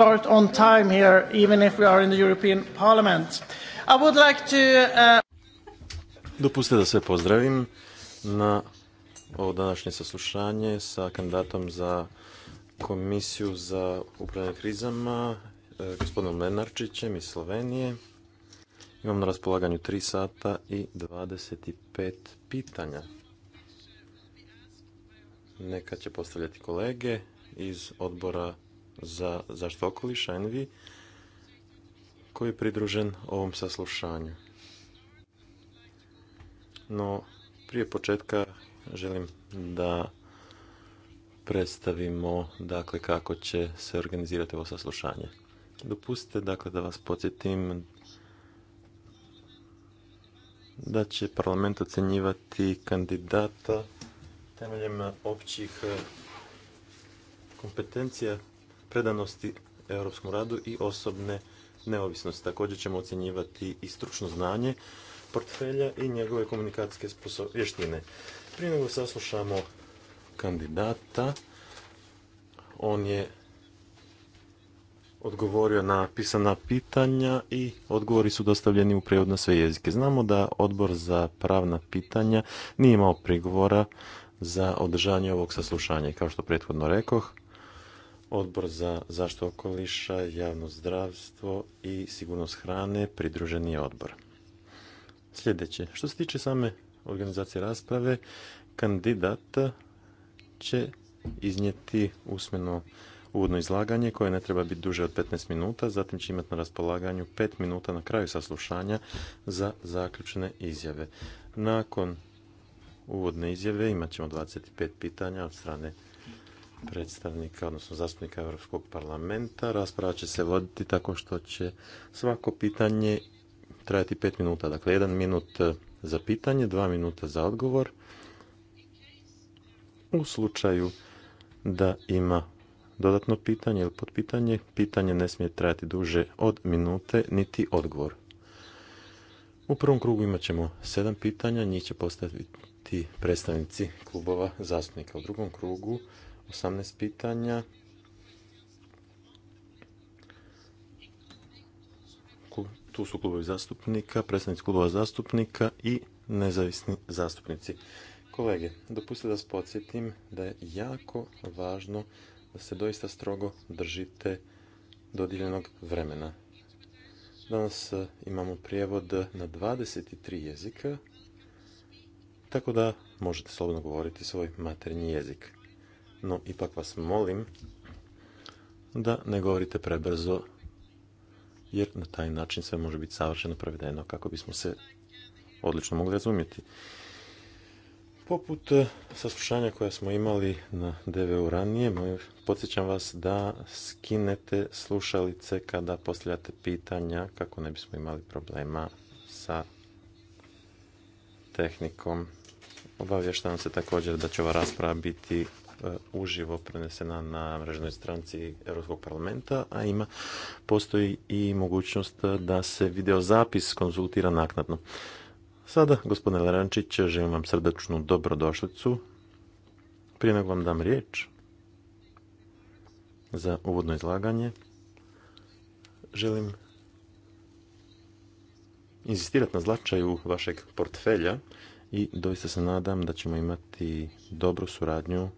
start on time here, even if we are in the European Parliament. I would like to... Uh, Dopustite da sve pozdravim na ovo današnje saslušanje sa kandidatom za komisiju za upravljanje krizama, e, gospodinom Lenarčićem iz Slovenije. Imam na raspolaganju 3 sata i 25 pitanja. Neka će postavljati kolege iz odbora za zaštitu okoliša, Envi, koji je pridružen ovom saslušanju. No, prije početka želim da predstavimo dakle kako će se organizirati ovo saslušanje. Dopustite dakle da vas podsjetim da će parlament ocjenjivati kandidata temeljem općih kompetencija predanosti europskom radu i osobne neovisnosti. Također ćemo ocjenjivati i stručno znanje portfelja i njegove komunikacijske vještine. Prije nego saslušamo kandidata, on je odgovorio na pisana pitanja i odgovori su dostavljeni u prijevod na sve jezike. Znamo da odbor za pravna pitanja nije imao prigovora za održanje ovog saslušanja kao što prethodno rekoh, Odbor za zaštitu okoliša, javno zdravstvo i sigurnost hrane pridruženi je odbor. Sljedeće, što se tiče same organizacije rasprave, kandidat će iznijeti usmeno uvodno izlaganje koje ne treba biti duže od 15 minuta, zatim će imati na raspolaganju 5 minuta na kraju saslušanja za zaključene izjave. Nakon uvodne izjave imat ćemo 25 pitanja od strane predstavnika, odnosno zastupnika Europskog parlamenta. Rasprava će se voditi tako što će svako pitanje trajati pet minuta. Dakle, jedan minut za pitanje, dva minuta za odgovor. U slučaju da ima dodatno pitanje ili podpitanje, pitanje ne smije trajati duže od minute niti odgovor. U prvom krugu imat ćemo sedam pitanja, njih će postaviti predstavnici klubova zastupnika. U drugom krugu 18 pitanja. Tu su klubovi zastupnika, predstavnici klubova zastupnika i nezavisni zastupnici. Kolege, dopustite da vas podsjetim da je jako važno da se doista strogo držite dodijeljenog vremena. Danas e, imamo prijevod na 23 jezika, tako da možete slobodno govoriti svoj maternji jezik no ipak vas molim da ne govorite prebrzo, jer na taj način sve može biti savršeno prevedeno kako bismo se odlično mogli razumjeti. Poput eh, saslušanja koja smo imali na DVU ranije, podsjećam vas da skinete slušalice kada postavljate pitanja kako ne bismo imali problema sa tehnikom. Obavještavam se također da će ova rasprava biti E, uživo prenesena na mrežnoj stranci Europskog parlamenta, a ima postoji i mogućnost da se videozapis konzultira naknadno. Sada, gospodine Larančić, želim vam srdečnu dobrodošlicu. Prije nego vam dam riječ za uvodno izlaganje, želim insistirati na značaju vašeg portfelja i doista se nadam da ćemo imati dobru suradnju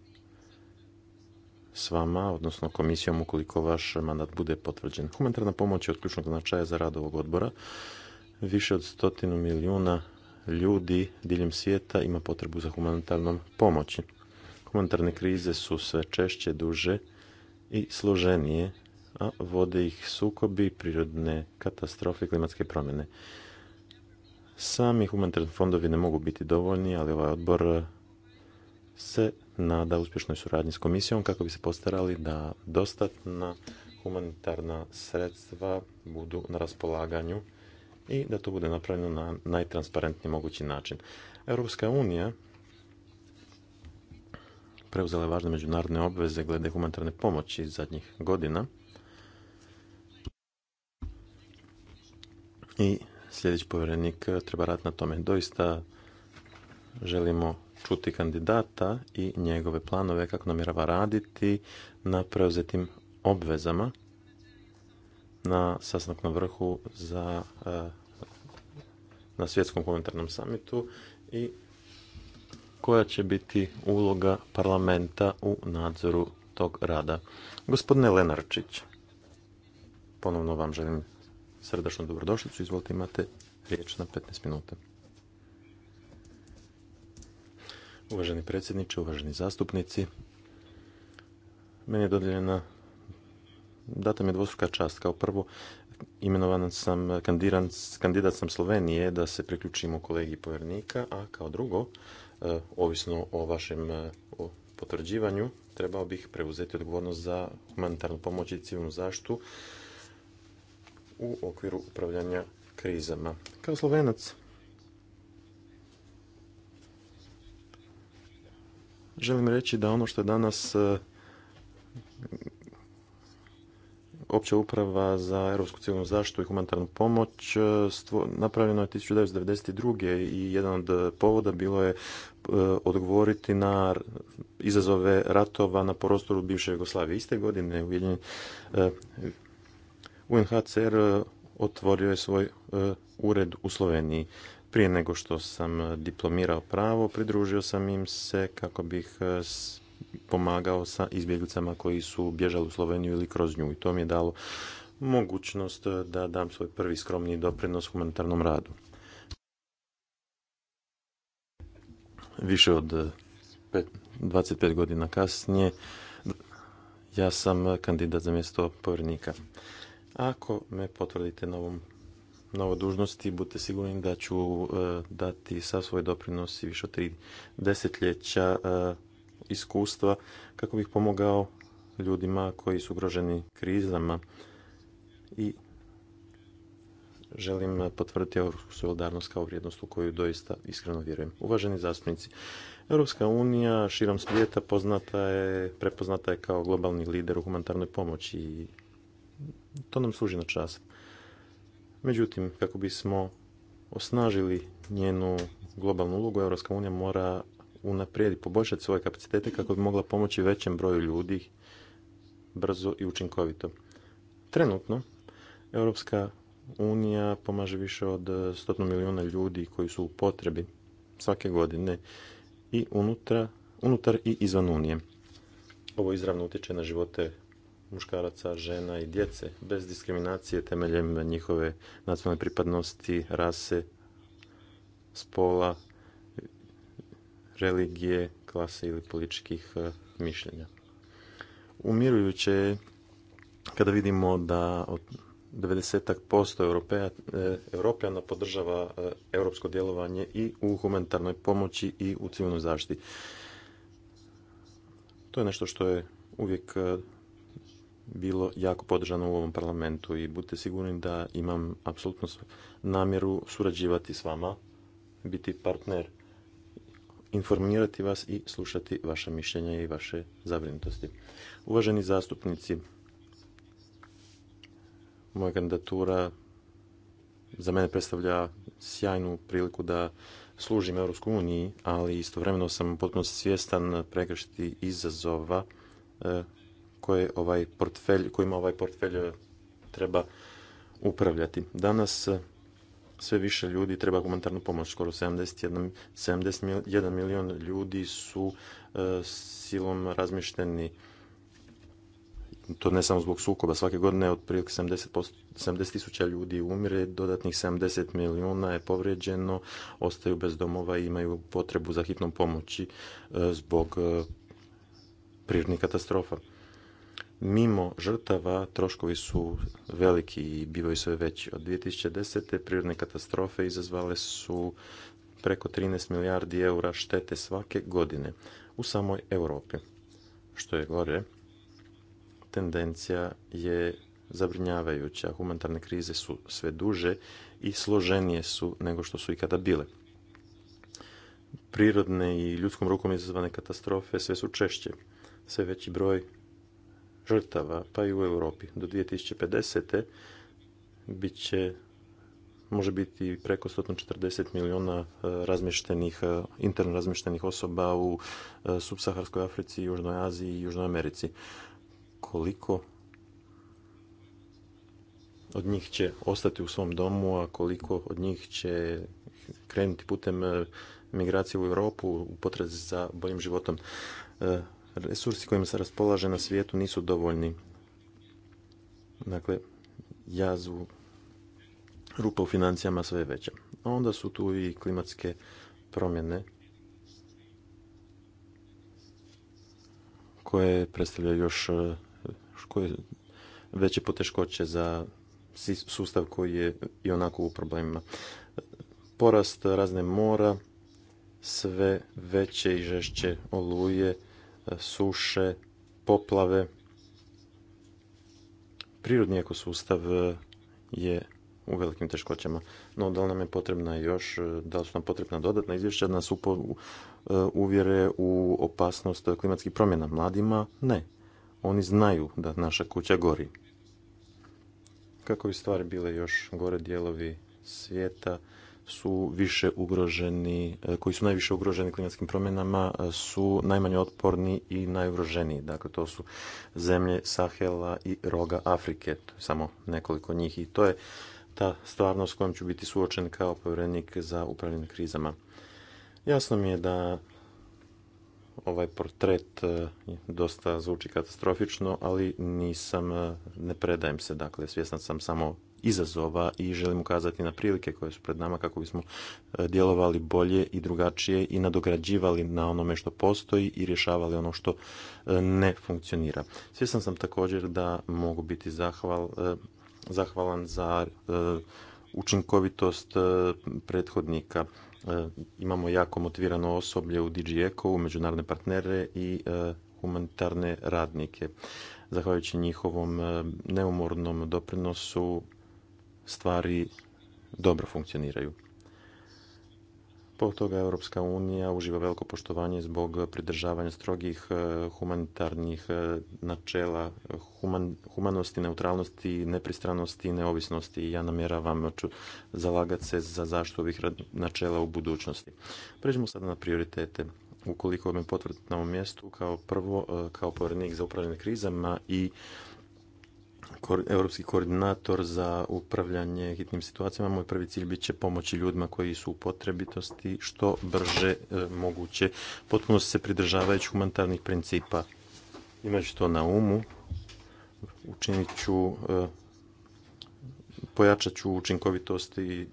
s vama, odnosno komisijom, ukoliko vaš mandat bude potvrđen. Humanitarna pomoć je od ključnog značaja za rad ovog odbora. Više od stotinu milijuna ljudi diljem svijeta ima potrebu za humanitarnom pomoći. Humanitarne krize su sve češće, duže i složenije, a vode ih sukobi, prirodne katastrofe i klimatske promjene. Sami humanitarni fondovi ne mogu biti dovoljni, ali ovaj odbor se da uspješnoj suradnji s komisijom kako bi se postarali da dostatna humanitarna sredstva budu na raspolaganju i da to bude napravljeno na najtransparentniji mogući način. Europska unija preuzela je važne međunarodne obveze glede humanitarne pomoći zadnjih godina. I sljedeći povjerenik treba raditi na tome. Doista želimo čuti kandidata i njegove planove kako namjerava raditi na preuzetim obvezama na sastanak na vrhu za eh, na svjetskom humanitarnom samitu i koja će biti uloga parlamenta u nadzoru tog rada. Gospodine Lenarčić, ponovno vam želim srdačnu dobrodošlicu. Izvolite, imate riječ na 15 minuta. Uvaženi predsjedniče, uvaženi zastupnici, meni je dodijeljena, data mi je dvostruka čast. Kao prvo, imenovan sam, kandidan, kandidat sam Slovenije da se priključimo kolegi povjernika, a kao drugo, e, ovisno o vašem e, potvrđivanju, trebao bih preuzeti odgovornost za humanitarnu pomoć i civilnu zaštitu u okviru upravljanja krizama. Kao slovenac želim reći da ono što je danas e, opća uprava za europsku civilnu zaštitu i humanitarnu pomoć e, napravljeno je 1992. i jedan od e, povoda bilo je odgovoriti na izazove ratova na prostoru bivše Jugoslavije. Iste godine UNHCR otvorio je svoj ured u Sloveniji. Prije nego što sam diplomirao pravo, pridružio sam im se kako bih e, pomagao sa izbjeglicama koji su bježali u Sloveniju ili kroz nju i to mi je dalo mogućnost e, da dam svoj prvi skromni doprinos humanitarnom radu. Više od 25 e, godina kasnije ja sam kandidat za mjesto povjernika. Ako me potvrdite na ovom ovoj dužnosti, budite sigurni da ću e, dati sa svoj doprinos i više od tri desetljeća e, iskustva kako bih pomogao ljudima koji su ugroženi krizama i želim potvrditi europsku solidarnost kao vrijednost u koju doista iskreno vjerujem. Uvaženi zastupnici, Europska unija širom svijeta poznata je, prepoznata je kao globalni lider u humanitarnoj pomoći i to nam služi na čast. Međutim, kako bismo osnažili njenu globalnu ulogu, Europska unija mora unaprijedi poboljšati svoje kapacitete kako bi mogla pomoći većem broju ljudi brzo i učinkovito. Trenutno, Europska unija pomaže više od 100 milijuna ljudi koji su u potrebi svake godine i unutra, unutar i izvan unije. Ovo izravno utječe na živote muškaraca, žena i djece, bez diskriminacije temeljem njihove nacionalne pripadnosti, rase, spola, religije, klase ili političkih eh, mišljenja. Umirujuće je kada vidimo da od 90% Europejana eh, podržava eh, europsko djelovanje i u humanitarnoj pomoći i u civilnoj zaštiti. To je nešto što je uvijek bilo jako podržano u ovom parlamentu i budite sigurni da imam apsolutno namjeru surađivati s vama, biti partner, informirati vas i slušati vaše mišljenja i vaše zabrinutosti. Uvaženi zastupnici, moja kandidatura za mene predstavlja sjajnu priliku da služim Europskoj uniji, ali istovremeno sam potpuno svjestan prekršiti izazova eh, koje ovaj portfelj, kojima ovaj portfelj eh, treba upravljati. Danas eh, sve više ljudi treba humanitarnu pomoć. Skoro 71, 71 milion ljudi su eh, silom razmišteni to ne samo zbog sukoba, svake godine otprilike 70, tisuća ljudi umire, dodatnih 70 milijuna je povrijeđeno, ostaju bez domova i imaju potrebu za hitnom pomoći zbog prirodnih katastrofa mimo žrtava troškovi su veliki i bivaju sve veći. Od 2010. prirodne katastrofe izazvale su preko 13 milijardi eura štete svake godine u samoj Europi. Što je gore, tendencija je zabrinjavajuća. Humanitarne krize su sve duže i složenije su nego što su ikada bile. Prirodne i ljudskom rukom izazvane katastrofe sve su češće. Sve veći broj žrtava, pa i u Europi. Do 2050. bit će može biti preko 140 milijuna e, razmještenih, e, interno razmještenih osoba u e, subsaharskoj Africi, Južnoj Aziji i Južnoj Americi. Koliko od njih će ostati u svom domu, a koliko od njih će krenuti putem migracije u Europu u potrazi za boljim životom resursi kojima se raspolaže na svijetu nisu dovoljni. Dakle, jazvu, rupa u financijama sve je veća. A onda su tu i klimatske promjene koje predstavljaju još eh, koje veće poteškoće za sustav koji je i onako u problemima. Porast razne mora, sve veće i žešće oluje, suše, poplave. Prirodni ekosustav e, je u velikim teškoćama. No, da li nam je potrebna još, e, da li su nam potrebna dodatna izvješća, da nas e, uvjere u opasnost klimatskih promjena mladima? Ne. Oni znaju da naša kuća gori. Kako bi stvari bile još gore dijelovi svijeta, su više ugroženi, e, koji su najviše ugroženi klimatskim promjenama e, su najmanje otporni i najugroženiji. Dakle, to su zemlje Sahela i roga Afrike, to je samo nekoliko njih i to je ta stvarnost s kojom ću biti suočen kao povjerenik za upravljanje krizama. Jasno mi je da ovaj portret e, dosta zvuči katastrofično, ali nisam, ne predajem se, dakle svjestan sam samo izazova i želim ukazati na prilike koje su pred nama kako bismo e, djelovali bolje i drugačije i nadograđivali na onome što postoji i rješavali ono što e, ne funkcionira. Svjestan sam također da mogu biti zahval, e, zahvalan za učinkovitost prethodnika. Imamo jako motivirano osoblje u DG Eco, međunarodne partnere i humanitarne radnike. Zahvaljujući njihovom neumornom doprinosu stvari dobro funkcioniraju. Po toga Europska unija uživa veliko poštovanje zbog pridržavanja strogih e, humanitarnih e, načela humanosti, neutralnosti, nepristranosti i neovisnosti. Ja namjeravam zalagati se za zaštitu ovih načela u budućnosti. Pređimo sada na prioritete. Ukoliko me potvrdite na ovom mjestu, kao prvo, e, kao povjerenik za upravljanje krizama i europski koordinator za upravljanje hitnim situacijama. Moj prvi cilj bit će pomoći ljudima koji su u potrebitosti što brže e, moguće, potpuno se pridržavajući humanitarnih principa. Imajući to na umu, učinit ću, e, pojačat ću učinkovitost i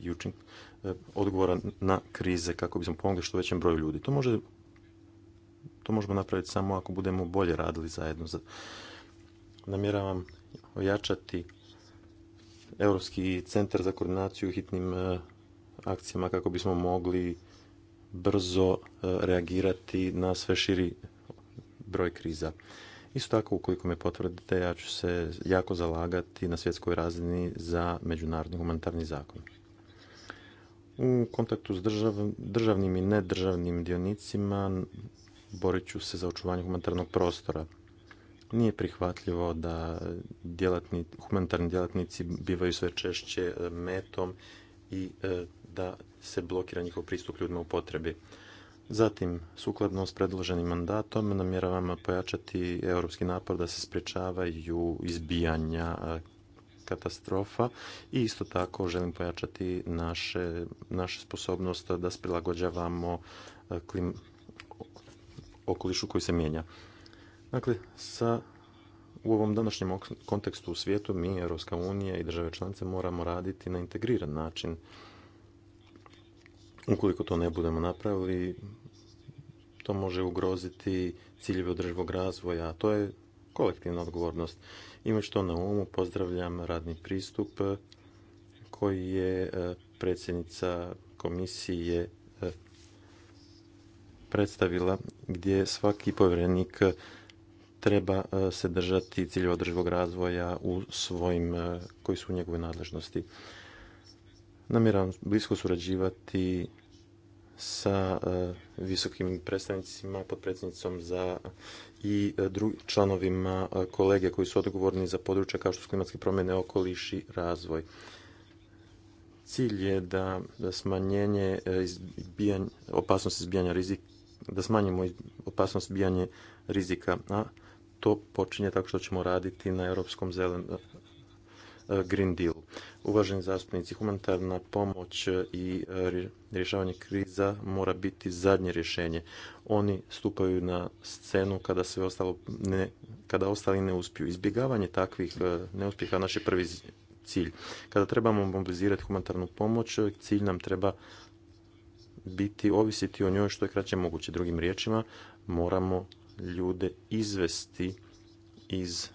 e, odgovora na krize kako bismo pomogli što većem broju ljudi. To, može, to možemo napraviti samo ako budemo bolje radili zajedno. Namjeravam ojačati Europski centar za koordinaciju hitnim e, akcijama kako bismo mogli brzo e, reagirati na sve širi broj kriza. Isto tako, ukoliko me potvrdite, ja ću se jako zalagati na svjetskoj razini za međunarodni humanitarni zakon. U kontaktu s državnim i nedržavnim dionicima borit ću se za očuvanje humanitarnog prostora nije prihvatljivo da humanitarni djelatnici bivaju sve češće e, metom i e, da se blokira njihov pristup ljudima u potrebi. Zatim, sukladno s predloženim mandatom, namjeravamo pojačati europski napor da se sprečavaju izbijanja e, katastrofa i isto tako želim pojačati naše, našu sposobnost da se prilagođavamo okolišu koji se mijenja. Dakle, sa u ovom današnjem kontekstu u svijetu mi, Europska unija i države članice moramo raditi na integriran način. Ukoliko to ne budemo napravili, to može ugroziti ciljeve održivog razvoja, a to je kolektivna odgovornost. Ime to na umu, pozdravljam radni pristup koji je e, predsjednica komisije e, predstavila gdje svaki povjerenik treba e, se držati ciljeva održivog razvoja u svojim, e, koji su u njegove nadležnosti. Namjeram blisko surađivati sa e, visokim predstavnicima, potpredsjednicom za i članovima kolege koji su odgovorni za područja kao što su klimatske promjene, okoliš i razvoj. Cilj je da, smanjenje opasnosti izbijanja rizika da smanjimo opasnost izbijanja rizika, a to počinje tako što ćemo raditi na Europskom zelenom eh, Green Deal. Uvaženi zastupnici, humanitarna pomoć i eh, rješavanje kriza mora biti zadnje rješenje. Oni stupaju na scenu kada sve ostalo ne, kada ostali ne uspiju. Izbjegavanje takvih eh, neuspjeha naš je prvi cilj. Kada trebamo mobilizirati humanitarnu pomoć, cilj nam treba biti ovisiti o njoj što je kraće moguće. Drugim riječima, moramo ljude izvesti iz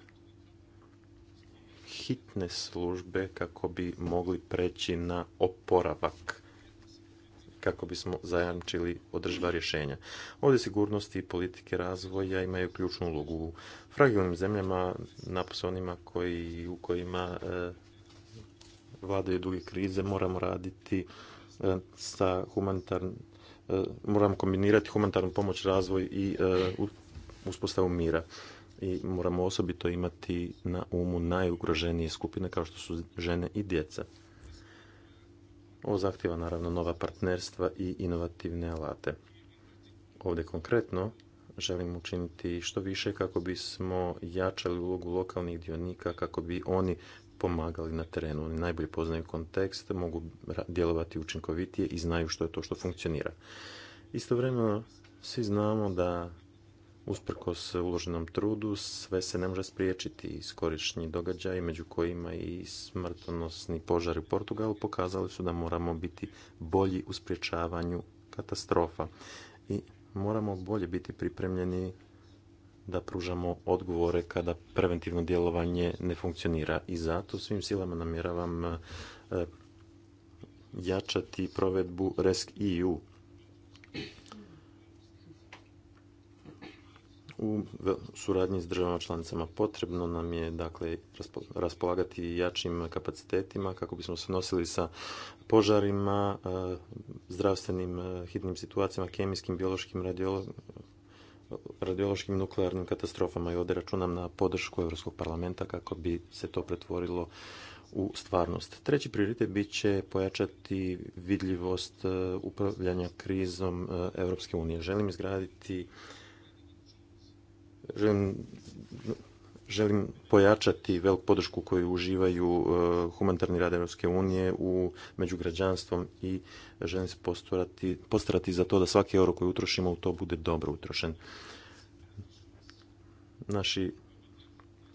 hitne službe kako bi mogli preći na oporavak kako bismo zajamčili održiva rješenja. Ovdje sigurnosti i politike razvoja imaju ključnu ulogu u fragilnim zemljama, napose onima koji, u kojima e, vladaju duge krize, moramo raditi e, sa humanitarnim e, moramo kombinirati humanitarnu pomoć, razvoj i uspostavu mira i moramo osobito imati na umu najugroženije skupine kao što su žene i djeca. Ovo zahtjeva naravno nova partnerstva i inovativne alate. Ovdje konkretno želim učiniti što više kako bismo jačali ulogu lokalnih dionika kako bi oni pomagali na terenu. Oni najbolje poznaju kontekst, mogu djelovati učinkovitije i znaju što je to što funkcionira. Istovremeno svi znamo da usprkos uloženom trudu, sve se ne može spriječiti. Skorišnji događaj, među kojima i smrtonosni požar u Portugalu, pokazali su da moramo biti bolji u spriječavanju katastrofa. I moramo bolje biti pripremljeni da pružamo odgovore kada preventivno djelovanje ne funkcionira. I zato svim silama namjeravam e, jačati provedbu RESC EU u suradnji s državama članicama. Potrebno nam je dakle raspolagati jačim kapacitetima kako bismo se nosili sa požarima, e, zdravstvenim e, hitnim situacijama, kemijskim, biološkim, radiolo radiološkim nuklearnim katastrofama i ovdje računam na podršku Europskog parlamenta kako bi se to pretvorilo u stvarnost. Treći prioritet bit će pojačati vidljivost e, upravljanja krizom Europske unije. Želim izgraditi želim, želim pojačati veliku podršku koju uživaju e, humanitarni rad Europske unije u među građanstvom i želim se postarati, postarati za to da svaki euro koji utrošimo u to bude dobro utrošen. Naši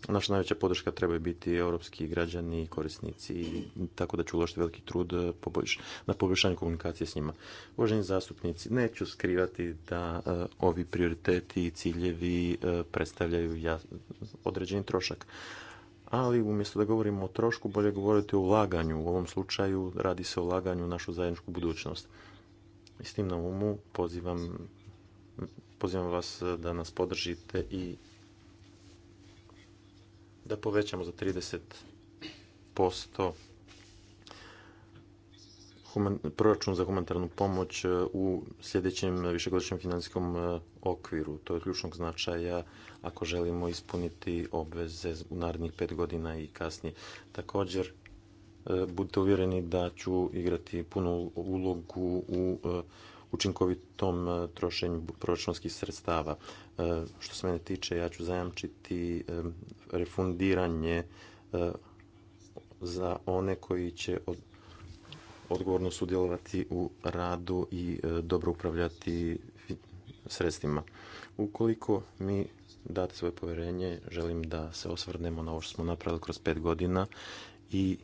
naša najveća podrška trebaju biti europski građani i korisnici, tako da ću uložiti veliki trud eh, na poboljšanju komunikacije s njima. Uvaženi zastupnici, neću skrivati da eh, ovi prioriteti i ciljevi eh, predstavljaju određeni trošak. Ali umjesto da govorimo o trošku, bolje govoriti o ulaganju. U ovom slučaju radi se o ulaganju u našu zajedničku budućnost. I s tim na umu pozivam, pozivam vas da nas podržite i da povećamo za 30% human, proračun za humanitarnu pomoć e, u sljedećem višegodišnjem financijskom e, okviru. To je ključnog značaja ako želimo ispuniti obveze u narednih pet godina i kasnije. Također, e, budite uvjereni da ću igrati punu ulogu u učinkovitom e, trošenju proračunskih sredstava. E, što se mene tiče, ja ću zajamčiti e, refundiranje za one koji će odgovorno sudjelovati u radu i dobro upravljati sredstvima. Ukoliko mi date svoje povjerenje, želim da se osvrnemo na ovo što smo napravili kroz pet godina i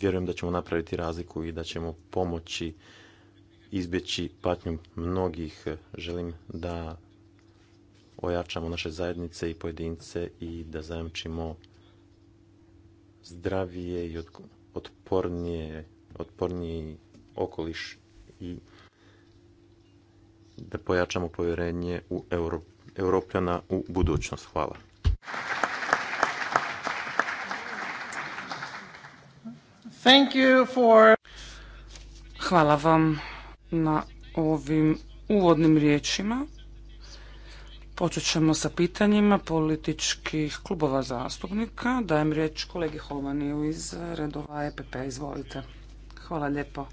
vjerujem da ćemo napraviti razliku i da ćemo pomoći izbjeći patnju mnogih. E, želim da ojačamo naše zajednice i pojedince i da zajamčimo zdravije i otpornije, otporniji okoliš i da pojačamo povjerenje u Europljana u budućnost. Hvala. Hvala vam na ovim uvodnim riječima. Počet ćemo sa pitanjima političkih klubova zastupnika. Dajem riječ kolegi Holmaniju iz redova EPP. Izvolite. Hvala lijepo.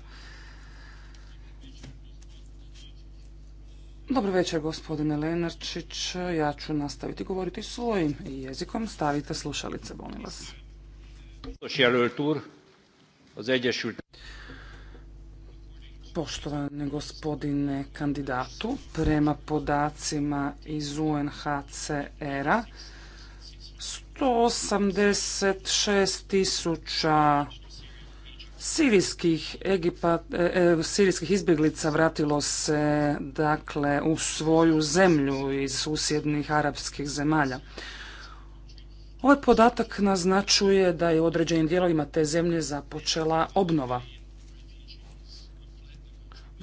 Dobro večer, gospodine Lenarčić. Ja ću nastaviti govoriti svojim jezikom. Stavite slušalice, molim vas. Poštovani gospodine kandidatu, prema podacima iz UNHCR-a 186 tisuća sirijskih, e, e, sirijskih izbjeglica vratilo se dakle u svoju zemlju iz susjednih arapskih zemalja. Ovaj podatak naznačuje da je u određenim dijelovima te zemlje započela obnova.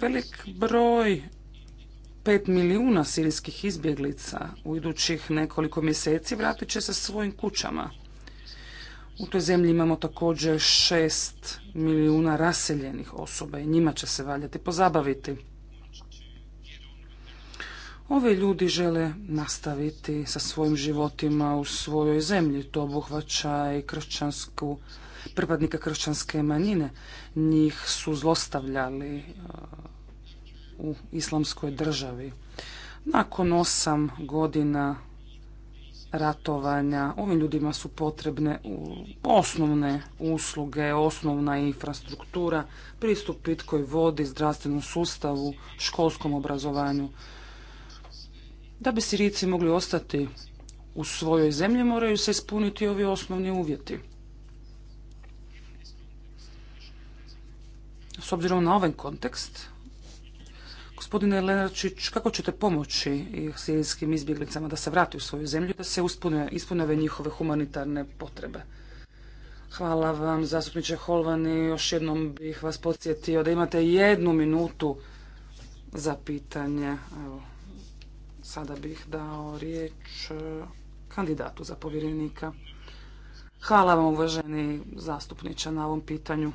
Velik broj 5 milijuna sirijskih izbjeglica u idućih nekoliko mjeseci vratit će se svojim kućama. U toj zemlji imamo također 6 milijuna raseljenih osoba i njima će se valjati pozabaviti. Ovi ljudi žele nastaviti sa svojim životima u svojoj zemlji. To obuhvaća i kršćansku pripadnika kršćanske manjine. Njih su zlostavljali e, u islamskoj državi. Nakon osam godina ratovanja, ovim ljudima su potrebne osnovne usluge, osnovna infrastruktura, pristup pitkoj vodi, zdravstvenom sustavu, školskom obrazovanju. Da bi Sirijci mogli ostati u svojoj zemlji moraju se ispuniti ovi osnovni uvjeti. S obzirom na ovaj kontekst, gospodine Lenarčić, kako ćete pomoći sirijskim izbjeglicama da se vrati u svoju zemlju, da se ispune, ispunove njihove humanitarne potrebe? Hvala vam, zastupniče Holvani. Još jednom bih vas podsjetio da imate jednu minutu za pitanje. Evo, sada bih dao riječ e, kandidatu za povjerenika. Hvala vam, uvaženi zastupniče, na ovom pitanju.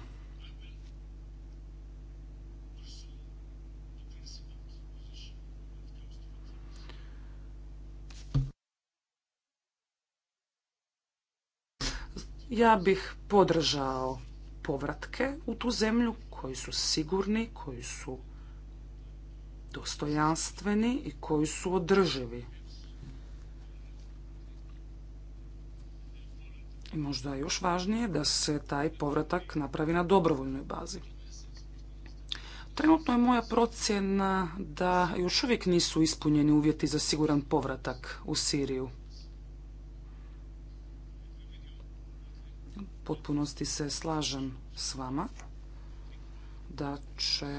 Ja bih podržao povratke u tu zemlju koji su sigurni, koji su dostojanstveni i koji su održivi. I možda još važnije da se taj povratak napravi na dobrovoljnoj bazi. Trenutno je moja procjena da još uvijek nisu ispunjeni uvjeti za siguran povratak u Siriju. potpunosti se slažem s vama da će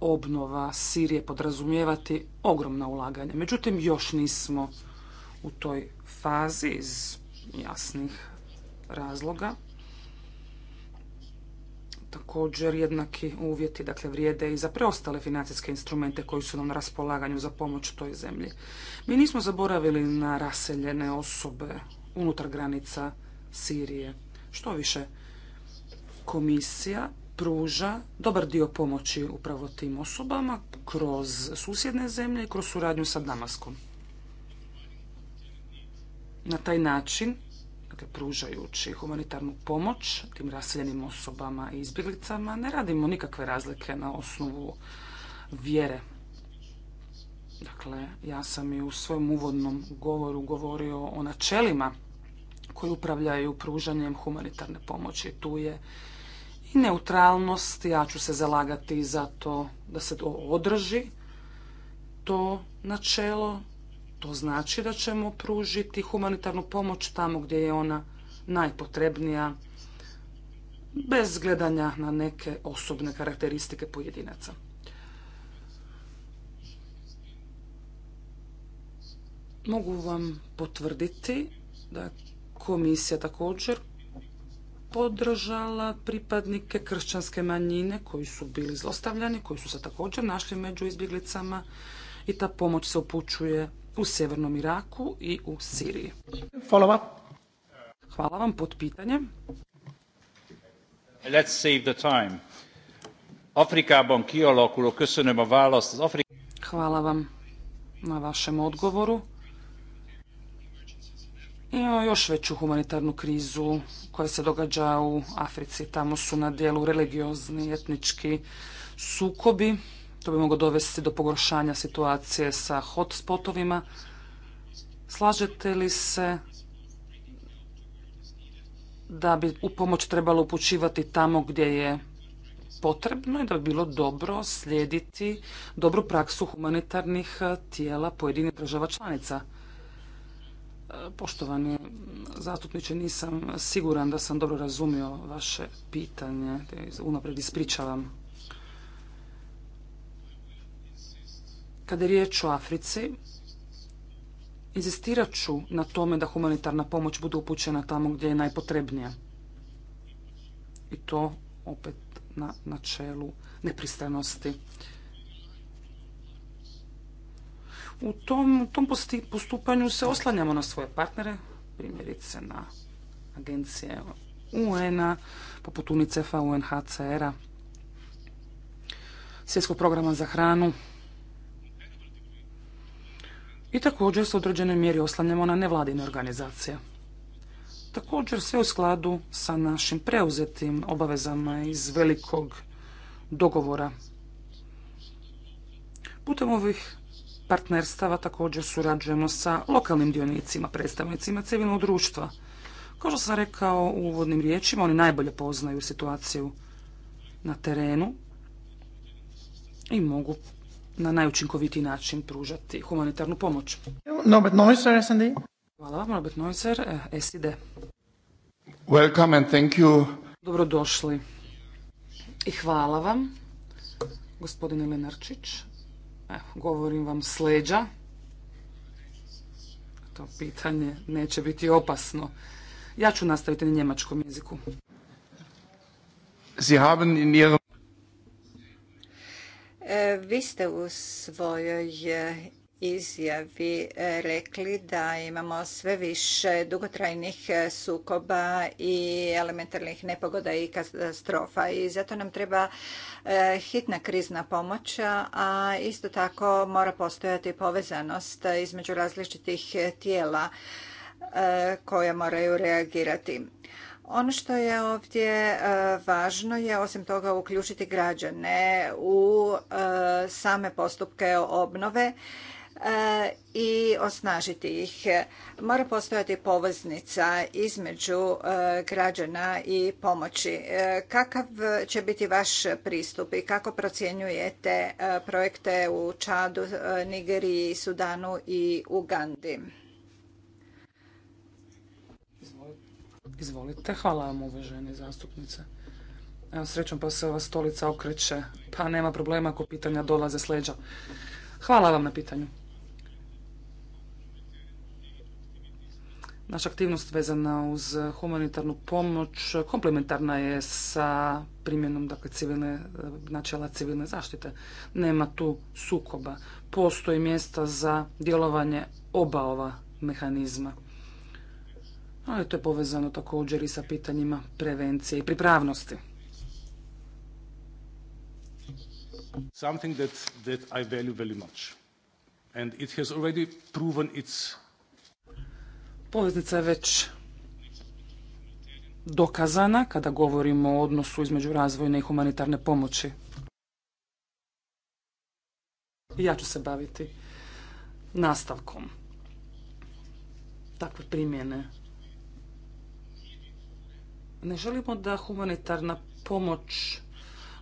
obnova Sirije podrazumijevati ogromna ulaganja. Međutim, još nismo u toj fazi iz jasnih razloga. Također, jednaki uvjeti dakle, vrijede i za preostale financijske instrumente koji su nam na raspolaganju za pomoć toj zemlji. Mi nismo zaboravili na raseljene osobe unutar granica Sirije. Što više, komisija pruža dobar dio pomoći upravo tim osobama kroz susjedne zemlje i kroz suradnju sa Damaskom. Na taj način, dakle, pružajući humanitarnu pomoć tim raseljenim osobama i izbjeglicama, ne radimo nikakve razlike na osnovu vjere. Dakle, ja sam i u svojem uvodnom govoru govorio o načelima koji upravljaju pružanjem humanitarne pomoći. Tu je i neutralnost, ja ću se zalagati za to da se to održi, to načelo, to znači da ćemo pružiti humanitarnu pomoć tamo gdje je ona najpotrebnija, bez gledanja na neke osobne karakteristike pojedinaca. Mogu vam potvrditi da komisija također podržala pripadnike kršćanske manjine koji su bili zlostavljani, koji su se također našli među izbjeglicama i ta pomoć se upućuje u Sjevernom Iraku i u Siriji. Hvala vam. pod pitanje. Let's save Hvala vam na vašem odgovoru. Imamo još veću humanitarnu krizu koja se događa u Africi. Tamo su na dijelu religiozni etnički sukobi. To bi moglo dovesti do pogoršanja situacije sa hotspotovima. Slažete li se da bi u pomoć trebalo upućivati tamo gdje je potrebno i da bi bilo dobro slijediti dobru praksu humanitarnih tijela pojedinih država članica? Poštovani zastupniče, nisam siguran da sam dobro razumio vaše pitanje, unaprijed ispričavam. Kada je riječ o Africi, inzistirat ću na tome da humanitarna pomoć bude upućena tamo gdje je najpotrebnija. I to opet na načelu nepristranosti. U tom, tom postupanju se oslanjamo na svoje partnere, primjerice na agencije UN-a, poput UNICEF-a, UNHCR-a, Svjetskog programa za hranu. I također se u određenoj mjeri oslanjamo na nevladine organizacije. Također sve u skladu sa našim preuzetim obavezama iz velikog dogovora. Putem ovih partnerstava također surađujemo sa lokalnim dionicima, predstavnicima civilnog društva. Kao što sam rekao u uvodnim riječima, oni najbolje poznaju situaciju na terenu i mogu na najučinkovitiji način pružati humanitarnu pomoć. Norbert Hvala vam, Norbert SID. Eh, and Dobrodošli. I hvala vam, gospodine Lenarčić, govorim vam s leđa. To pitanje neće biti opasno. Ja ću nastaviti na njemačkom jeziku. Sie haben in ihrem... E, vi ste u svojoj e, izjavi e, rekli da imamo sve više dugotrajnih e, sukoba i elementarnih nepogoda i katastrofa i zato nam treba e, hitna krizna pomoć, a isto tako mora postojati povezanost između različitih tijela koja moraju reagirati. Ono što je ovdje važno je osim toga uključiti građane u same postupke obnove E, i osnažiti ih. Mora postojati poveznica između e, građana i pomoći. E, kakav će biti vaš pristup i kako procjenjujete projekte u Čadu, Nigeriji, Sudanu i Ugandi? Izvolite, hvala vam uvažene zastupnice. Srećom pa se ova stolica okreće, pa nema problema ako pitanja dolaze s leđa. Hvala vam na pitanju. Naša aktivnost vezana uz humanitarnu pomoć komplementarna je sa primjenom dakle, civilne, eh, načela civilne zaštite. Nema tu sukoba. Postoji mjesta za djelovanje oba ova mehanizma. Ali to je povezano također i sa pitanjima prevencije i pripravnosti. Something that, that I value very much. And it has already proven its Poveznica je već dokazana kada govorimo o odnosu između razvojne i humanitarne pomoći. Ja ću se baviti nastavkom takve primjene. Ne želimo da humanitarna pomoć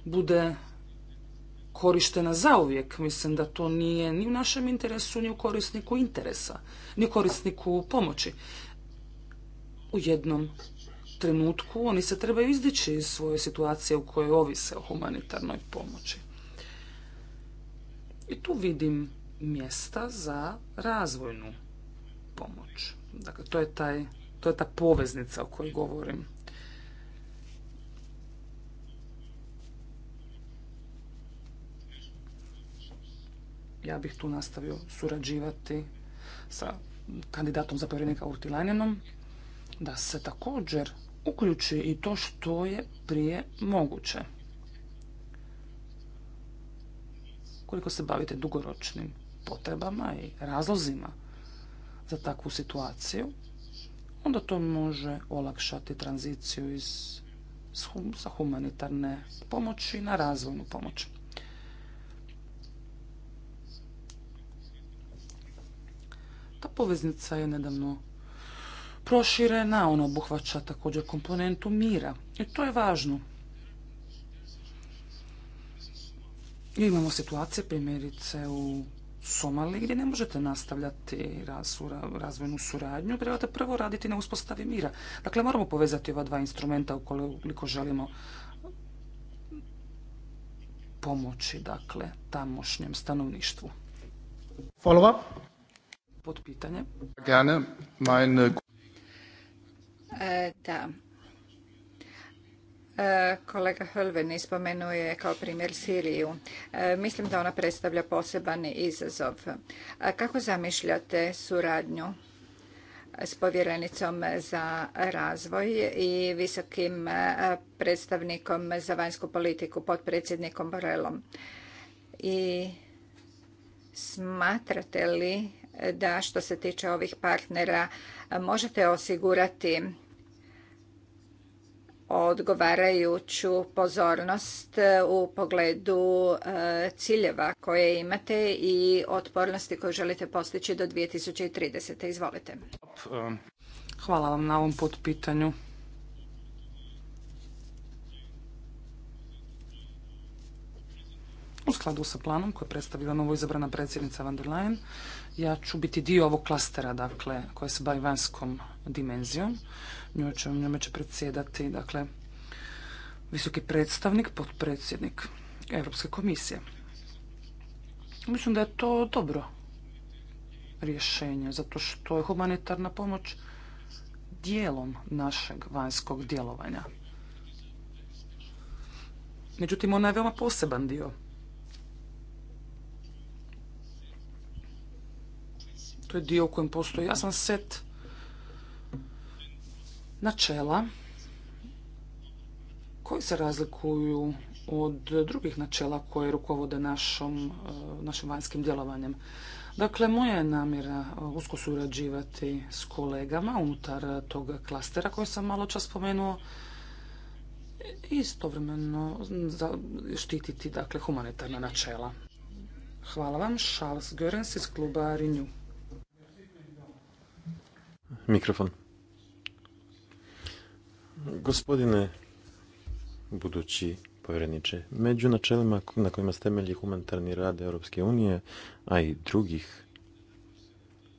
bude korištena zauvijek. Mislim da to nije ni u našem interesu, ni u korisniku interesa, ni u korisniku pomoći. U jednom trenutku oni se trebaju izdići iz svoje situacije u kojoj ovise o humanitarnoj pomoći. I tu vidim mjesta za razvojnu pomoć. Dakle, to je, to je ta poveznica o kojoj govorim. ja bih tu nastavio surađivati sa kandidatom za povjerenika Urtilanjenom da se također uključi i to što je prije moguće. Koliko se bavite dugoročnim potrebama i razlozima za takvu situaciju, onda to može olakšati tranziciju iz sa humanitarne pomoći na razvojnu pomoć. Ta poveznica je nedavno proširena, ona obuhvaća također komponentu mira i to je važno. I imamo situacije primjerice u Somaliji gdje ne možete nastavljati razvojnu suradnju, trebate prvo raditi na uspostavi mira. Dakle, moramo povezati ova dva instrumenta ukoliko želimo pomoći, dakle, tamošnjem stanovništvu. Follow up pod pitanje. Äh, e, da. E, kolega Hölven ispomenuje kao primjer Siriju. E, mislim da ona predstavlja poseban izazov. Kako zamišljate suradnju s povjerenicom za razvoj i visokim predstavnikom za vanjsku politiku, potpredsjednikom Borelom? I smatrate li da što se tiče ovih partnera možete osigurati odgovarajuću pozornost u pogledu e, ciljeva koje imate i otpornosti koju želite postići do 2030. Izvolite. Hvala vam na ovom pitanju U skladu sa planom koje je predstavila novo izabrana predsjednica van der Leyen, ja ću biti dio ovog klastera, dakle, koja se bavi vanjskom dimenzijom. Njome će, njome će predsjedati, dakle, visoki predstavnik, potpredsjednik Europske komisije. Mislim da je to dobro rješenje, zato što je humanitarna pomoć dijelom našeg vanjskog djelovanja. Međutim, ona je veoma poseban dio To je dio u kojem postoji jasan set načela koji se razlikuju od drugih načela koje rukovode eh, našim vanjskim djelovanjem. Dakle, moja je namjera eh, usko surađivati s kolegama unutar eh, tog klastera koji sam malo čas spomenuo i istovremeno štititi dakle, humanitarna načela. Hvala vam, Charles Görens iz kluba Renew. Mikrofon. Gospodine budući povjereniče, među načelima na kojima se temelji humanitarni rad Europske unije, a i drugih,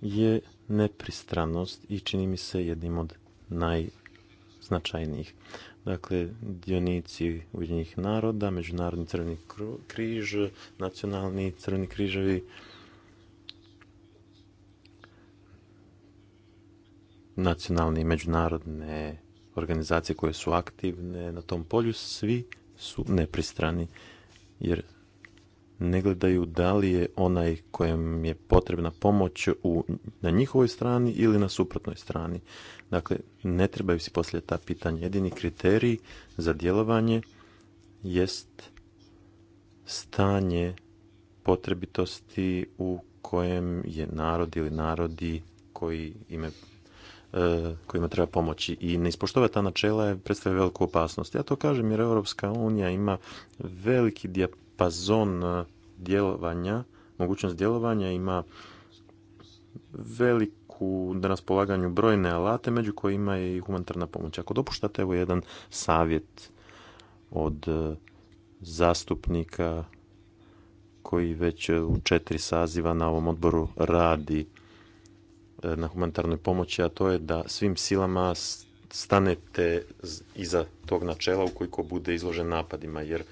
je nepristranost i čini mi se jednim od najznačajnijih. Dakle, dionici Ujedinjenih naroda, Međunarodni crveni križ, nacionalni crveni križevi, nacionalne i međunarodne organizacije koje su aktivne na tom polju, svi su nepristrani jer ne gledaju da li je onaj kojem je potrebna pomoć u, na njihovoj strani ili na suprotnoj strani. Dakle, ne trebaju si poslije ta pitanja. Jedini kriterij za djelovanje jest stanje potrebitosti u kojem je narod ili narodi koji imaju E, kojima treba pomoći i ne ispoštovati ta načela predstavlja veliku opasnost. Ja to kažem jer Europska unija ima veliki dijapazon e, djelovanja, mogućnost djelovanja, ima veliku na raspolaganju brojne alate, među kojima je i humanitarna pomoć. Ako dopuštate, evo jedan savjet od e, zastupnika koji već u četiri saziva na ovom odboru radi E, na humanitarnoj pomoći, a to je da svim silama stanete iza tog načela ukoliko bude izložen napadima, jer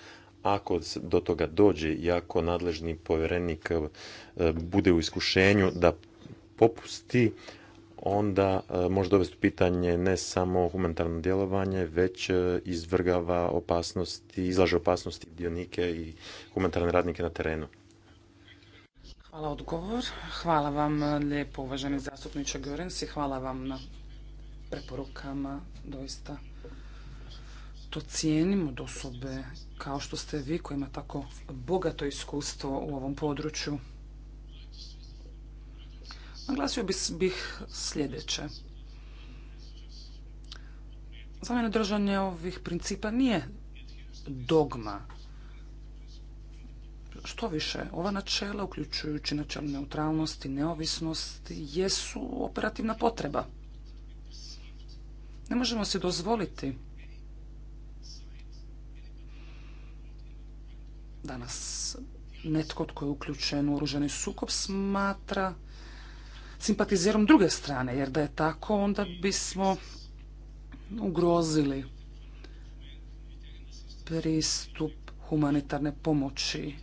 ako do toga dođe i ako nadležni povjerenik e, bude u iskušenju da popusti, onda e, može dovesti u pitanje ne samo humanitarno djelovanje, već izvrgava opasnosti, izlaže opasnosti dionike i humanitarne radnike na terenu. Hvala odgovor. Hvala vam e, lijepo uvaženi zastupniče Görens i hvala vam na preporukama. Doista to cijenim od osobe kao što ste vi koji ima tako bogato iskustvo u ovom području. Naglasio bih sljedeće. Za mene držanje ovih principa nije dogma što više, ova načela, uključujući načelo neutralnosti, neovisnosti, jesu operativna potreba. Ne možemo se dozvoliti danas netko tko je uključen u oružani sukob smatra simpatizerom druge strane, jer da je tako onda bismo ugrozili pristup humanitarne pomoći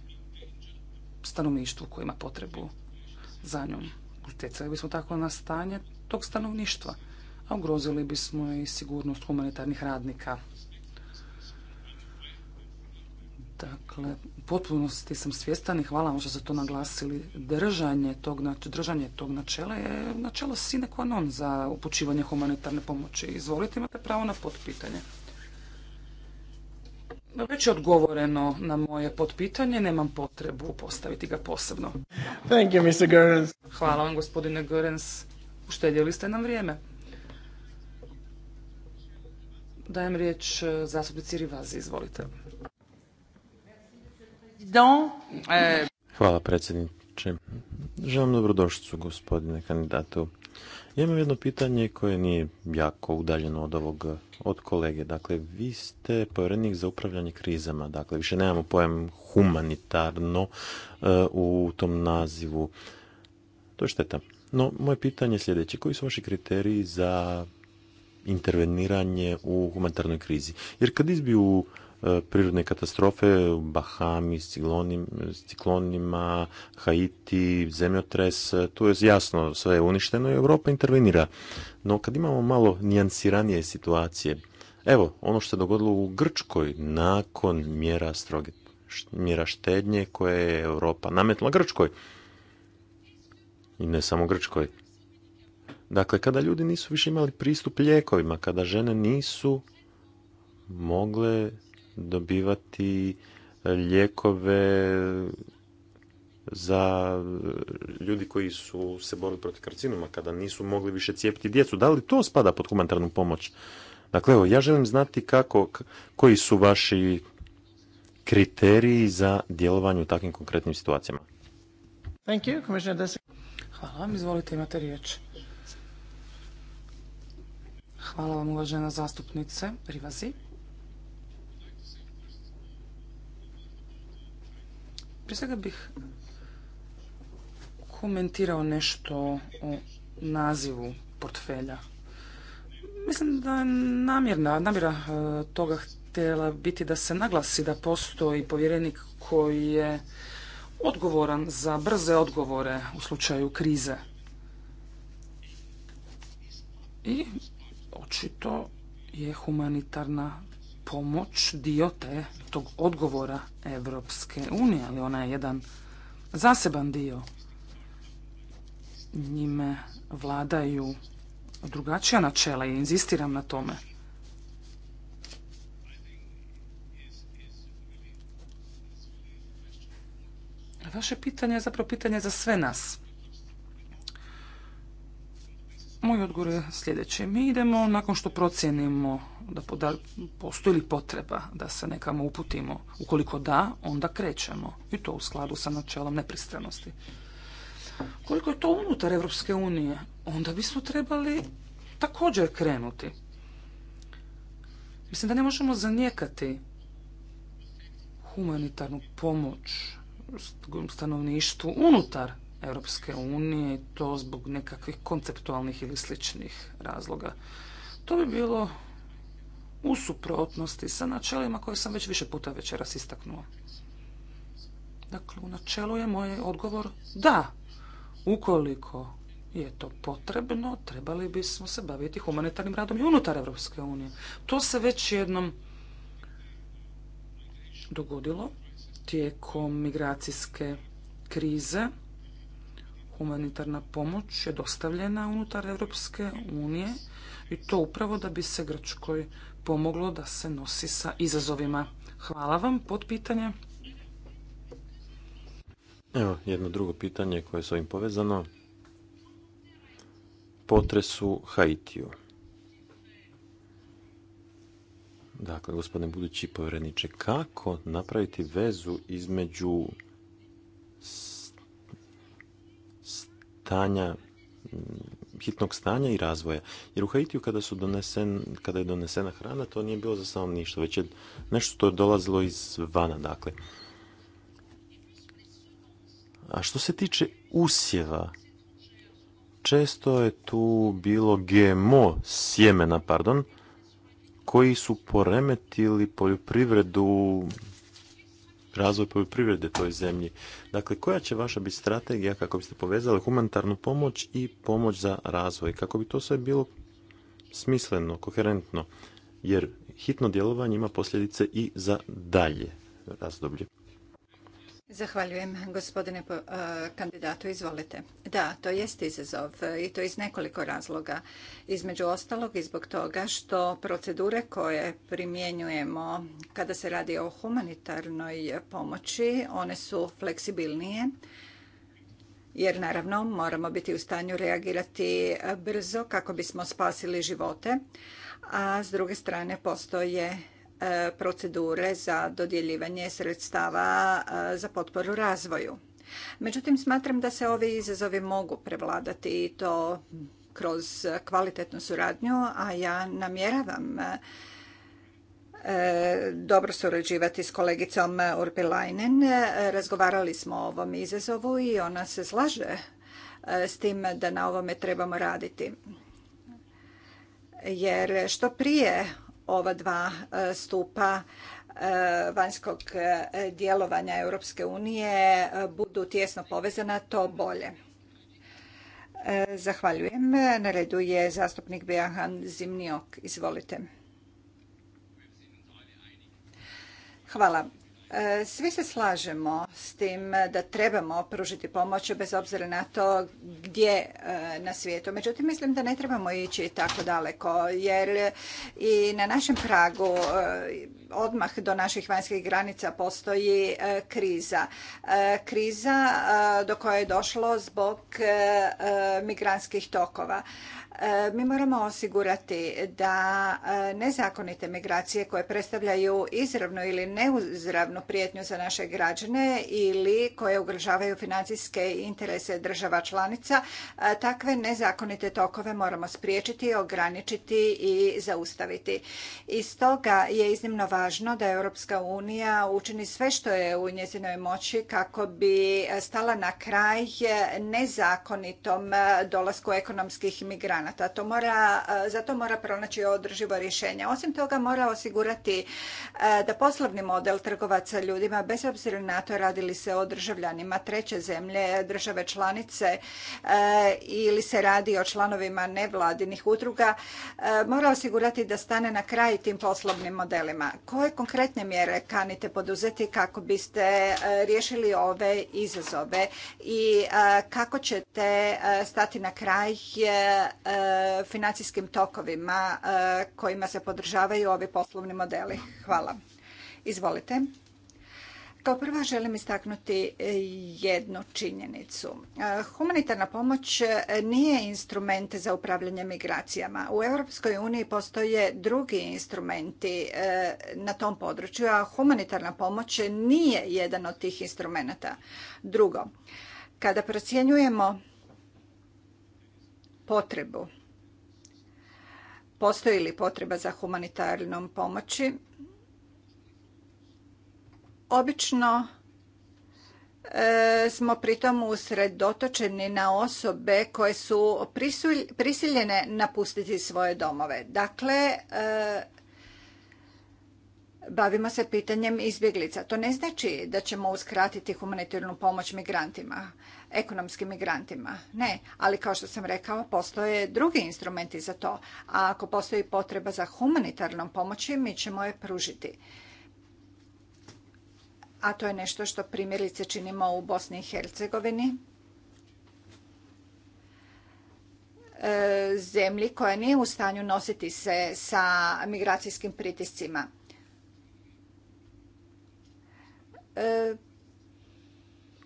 stanovništvu koji ima potrebu za njom. Utjecali bismo tako na stanje tog stanovništva, a ugrozili bismo i sigurnost humanitarnih radnika. Dakle, u potpunosti sam svjestan i hvala vam što ste to naglasili. Držanje tog, držanje tog načela je načelo sine qua non za upućivanje humanitarne pomoći. Izvolite, imate pravo na potpitanje. Već je odgovoreno na moje potpitanje, nemam potrebu postaviti ga posebno. Hvala vam, gospodine Gerens. Uštedjeli ste nam vrijeme. Dajem riječ e, zastupnici Rivazi, izvolite. E, Hvala predsjedniče. Želim dobrodošlicu gospodine kandidatu. Ja imam jedno pitanje koje nije jako udaljeno od od kolege. Dakle, vi ste povjerenik za upravljanje krizama. Dakle, više nemamo pojam humanitarno e, u tom nazivu. To je šteta. No, moje pitanje je sljedeće. Koji su vaši kriteriji za interveniranje u humanitarnoj krizi? Jer kad izbiju E, prirodne katastrofe u Bahami, s ciklonima, Haiti, zemljotres, e, tu je jasno sve je uništeno i Europa intervenira. No kad imamo malo nijansiranije situacije, evo ono što je dogodilo u Grčkoj nakon mjera stroge mjera štednje koje je Europa nametila Grčkoj. I ne samo Grčkoj. Dakle, kada ljudi nisu više imali pristup lijekovima, kada žene nisu mogle dobivati lijekove za ljudi koji su se borili protiv karcinoma kada nisu mogli više cijepiti djecu. Da li to spada pod humanitarnu pomoć? Dakle, evo, ja želim znati kako, koji su vaši kriteriji za djelovanje u takvim konkretnim situacijama. Thank you, Hvala vam, izvolite, imate riječ. Hvala vam, uvažena zastupnice Privazi. Prije svega bih komentirao nešto o nazivu portfelja. Mislim da je namjerna, namjera e, toga htjela biti da se naglasi da postoji povjerenik koji je odgovoran za brze odgovore u slučaju krize. I očito je humanitarna pomoć dio te, tog odgovora Evropske unije, ali ona je jedan zaseban dio. Njime vladaju drugačija načela i inzistiram na tome. Vaše pitanje je zapravo pitanje za sve nas. Moj odgovor je sljedeći. Mi idemo nakon što procijenimo da postoji li potreba da se nekamo uputimo. Ukoliko da, onda krećemo i to u skladu sa načelom nepristranosti. Koliko je to unutar Evropske unije, onda bismo trebali također krenuti. Mislim da ne možemo zanijekati humanitarnu pomoć stanovništvu unutar Europske unije i to zbog nekakvih konceptualnih ili sličnih razloga. To bi bilo u suprotnosti sa načelima koje sam već više puta večeras istaknuo. Dakle, u načelu je moj odgovor da. Ukoliko je to potrebno, trebali bismo se baviti humanitarnim radom i unutar Europske unije. To se već jednom dogodilo tijekom migracijske krize. Humanitarna pomoć je dostavljena unutar Europske unije i to upravo da bi se Grčkoj pomoglo da se nosi sa izazovima. Hvala vam. Pod pitanje. Evo, jedno drugo pitanje koje je s ovim povezano. Potresu Haitiju. Dakle, gospodine budući povjereniče, kako napraviti vezu između stanja hitnog stanja i razvoja. Jer u Haitiju kada, su donesen, kada je donesena hrana, to nije bilo za ništa, već je nešto što je dolazilo iz vana. Dakle. A što se tiče usjeva, često je tu bilo GMO sjemena, pardon, koji su poremetili poljoprivredu razvoj poljoprivrede toj zemlji. Dakle, koja će vaša biti strategija kako biste povezali humanitarnu pomoć i pomoć za razvoj? Kako bi to sve bilo smisleno, koherentno? Jer hitno djelovanje ima posljedice i za dalje razdoblje. Zahvaljujem gospodine e, kandidatu, izvolite. Da, to jest izazov i to iz nekoliko razloga. Između ostalog i zbog toga što procedure koje primjenjujemo kada se radi o humanitarnoj pomoći, one su fleksibilnije jer naravno moramo biti u stanju reagirati brzo kako bismo spasili živote, a s druge strane postoje E, procedure za dodjeljivanje sredstava e, za potporu razvoju. Međutim, smatram da se ovi izazovi mogu prevladati i to kroz kvalitetnu suradnju, a ja namjeravam e, dobro surađivati s kolegicom Urpilainen. Razgovarali smo o ovom izazovu i ona se slaže s tim da na ovome trebamo raditi. Jer što prije ova dva e, stupa e, vanjskog e, djelovanja Europske unije budu tjesno povezana, to bolje. Zahvaljujem. Na redu je zastupnik Bejahan Zimniok. Izvolite. Hvala. E, svi se slažemo s tim da trebamo pružiti pomoć bez obzira na to gdje e, na svijetu. Međutim, mislim da ne trebamo ići tako daleko jer i na našem pragu e, odmah do naših vanjskih granica postoji kriza. Kriza do koje je došlo zbog migrantskih tokova. E, mi moramo osigurati da e, nezakonite migracije koje predstavljaju izravnu ili neuzravnu prijetnju za naše građane ili koje ugrožavaju financijske interese država članica, e, takve nezakonite tokove moramo spriječiti, ograničiti i zaustaviti. I stoga je iznimno važno da Europska unija učini sve što je u njezinoj moći kako bi stala na kraj nezakonitom dolasku ekonomskih migranata migranata. To mora, e, zato mora pronaći održivo rješenje. Osim toga mora osigurati e, da poslovni model trgovaca ljudima, bez obzira na to radili se o državljanima treće zemlje, države članice e, ili se radi o članovima nevladinih udruga, mora osigurati da stane na kraj tim poslovnim modelima. Koje konkretne mjere kanite poduzeti kako biste riješili ove izazove i kako ćete stati na kraj Eh, financijskim tokovima eh, kojima se podržavaju ovi poslovni modeli. Hvala. Izvolite. Kao prva želim istaknuti eh, jednu činjenicu. Humanitarna pomoć nije instrument za upravljanje migracijama. U Europskoj uniji postoje drugi instrumenti na tom području, a humanitarna pomoć nije jedan od tih instrumenata. Drugo, kada procjenjujemo potrebu. Postoji li potreba za humanitarnom pomoći? Obično e, smo pritom usredotočeni na osobe koje su prisiljene napustiti svoje domove. Dakle, e, bavimo se pitanjem izbjeglica. To ne znači da ćemo uskratiti humanitarnu pomoć migrantima ekonomskim migrantima. Ne, ali kao što sam rekao, postoje drugi instrumenti za to. A ako postoji potreba za humanitarnom pomoći, mi ćemo je pružiti. A to je nešto što primjerice činimo u Bosni i Hercegovini. E, zemlji koja nije u stanju nositi se sa migracijskim pritiscima. E,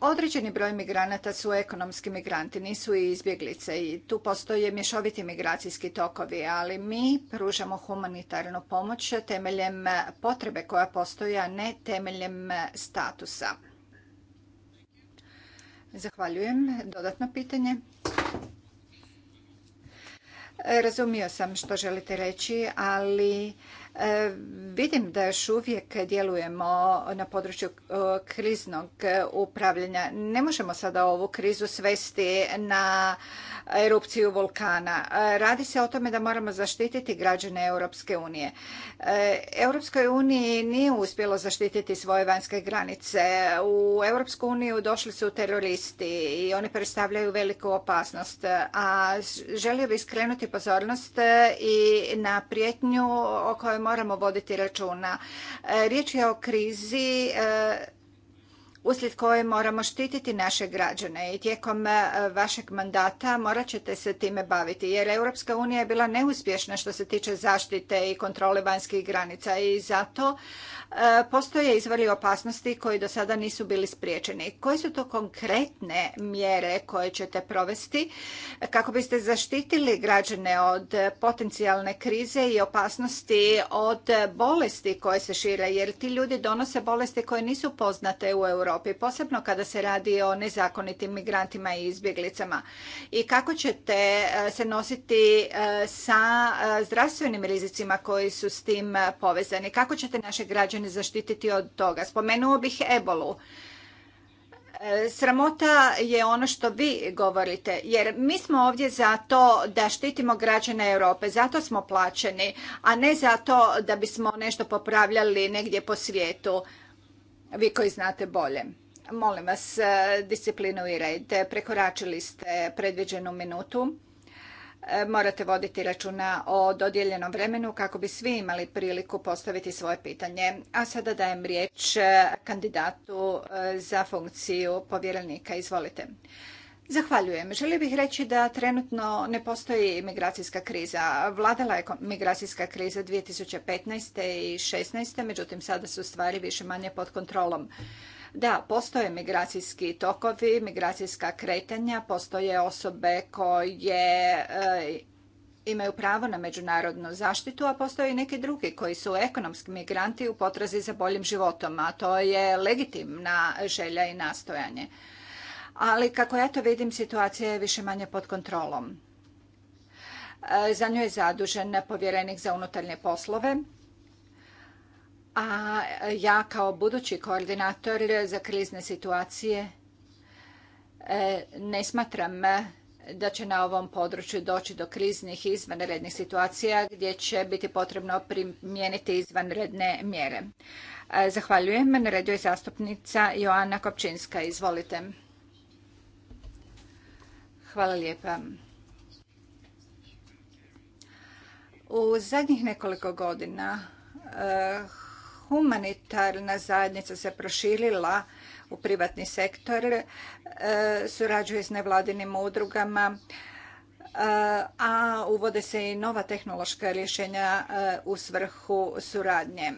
Određeni broj migranata su ekonomski migranti, nisu i izbjeglice i tu postoje mješoviti migracijski tokovi, ali mi pružamo humanitarnu pomoć temeljem potrebe koja postoji, a ne temeljem statusa. Zahvaljujem. Dodatno pitanje? Razumio sam što želite reći, ali E, vidim da još uvijek djelujemo na području e, kriznog upravljanja. Ne možemo sada ovu krizu svesti na erupciju vulkana. E, radi se o tome da moramo zaštititi građane Europske unije. Europskoj uniji nije uspjelo zaštititi svoje vanjske granice. U Europsku uniju došli su teroristi i oni predstavljaju veliku opasnost. A želio bih skrenuti pozornost i na prijetnju o kojoj moramo voditi računa. E, riječ je o krizi e, uslijed koje moramo štititi naše građane i tijekom e, vašeg mandata morat ćete se time baviti jer Europska unija je bila neuspješna što se tiče zaštite i kontrole vanjskih granica i zato e, postoje izvori opasnosti koji do sada nisu bili spriječeni. Koje su to konkretne mjere koje ćete provesti kako biste zaštitili građane od potencijalne krize i opasnosti od bolesti koje se šire jer ti ljudi donose bolesti koje nisu poznate u Europi? posebno kada se radi o nezakonitim migrantima i izbjeglicama? I kako ćete e, se nositi e, sa e, zdravstvenim rizicima koji su s tim povezani? Kako ćete naše građane zaštititi od toga? Spomenuo bih ebolu. Sramota je ono što vi govorite, jer mi smo ovdje zato da štitimo građane Europe, zato smo plaćeni, a ne zato da bismo nešto popravljali negdje po svijetu vi koji znate bolje. Molim vas, e, irajte. Prekoračili ste predviđenu minutu. E, morate voditi računa o dodijeljenom vremenu kako bi svi imali priliku postaviti svoje pitanje. A sada dajem riječ e, kandidatu za funkciju povjerenika. Izvolite. Zahvaljujem. Želio bih reći da trenutno ne postoji migracijska kriza. Vladala je migracijska kriza 2015. i 2016. Međutim, sada su stvari više manje pod kontrolom. Da, postoje migracijski tokovi, migracijska kretanja, postoje osobe koje e, imaju pravo na međunarodnu zaštitu, a postoje i neki drugi koji su ekonomski migranti u potrazi za boljim životom, a to je legitimna želja i nastojanje ali kako ja to vidim situacija je više manje pod kontrolom. E, za nju je zadužen povjerenik za unutarnje poslove, a ja kao budući koordinator za krizne situacije e, ne smatram da će na ovom području doći do kriznih i izvanrednih situacija gdje će biti potrebno primijeniti izvanredne mjere. E, zahvaljujem. Na redu je zastupnica Joana Kopčinska. Izvolite. Hvala lijepa. U zadnjih nekoliko godina e, humanitarna zajednica se proširila u privatni sektor, e, surađuje s nevladinim udrugama, e, a uvode se i nova tehnološka rješenja u svrhu suradnje.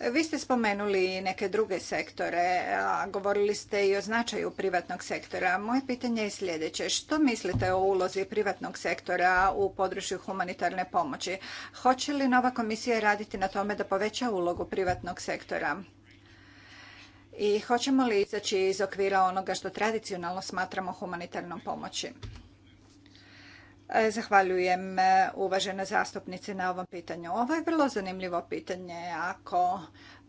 Vi ste spomenuli i neke druge sektore, a govorili ste i o značaju privatnog sektora. Moje pitanje je sljedeće. Što mislite o ulozi privatnog sektora u području humanitarne pomoći? Hoće li nova komisija raditi na tome da poveća ulogu privatnog sektora? I hoćemo li izaći iz okvira onoga što tradicionalno smatramo humanitarnom pomoći? Zahvaljujem e, uvažena zastupnice na ovom pitanju. Ovo je vrlo zanimljivo pitanje. Ako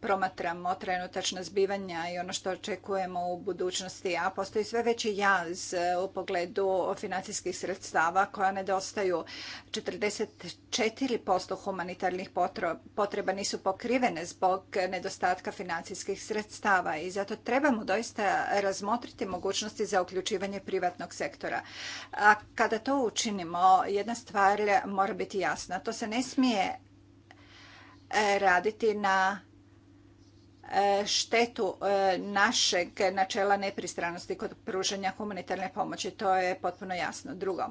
promatramo trenutačna zbivanja i ono što očekujemo u budućnosti, a postoji sve veći jaz e, u pogledu financijskih sredstava koja nedostaju. 44% humanitarnih potreba nisu pokrivene zbog nedostatka financijskih sredstava i zato trebamo doista razmotriti mogućnosti za uključivanje privatnog sektora. A kada to učinimo, jedna stvar mora biti jasna. To se ne smije e, raditi na E, štetu e, našeg načela nepristranosti kod pružanja humanitarne pomoći. To je potpuno jasno. Drugo, e,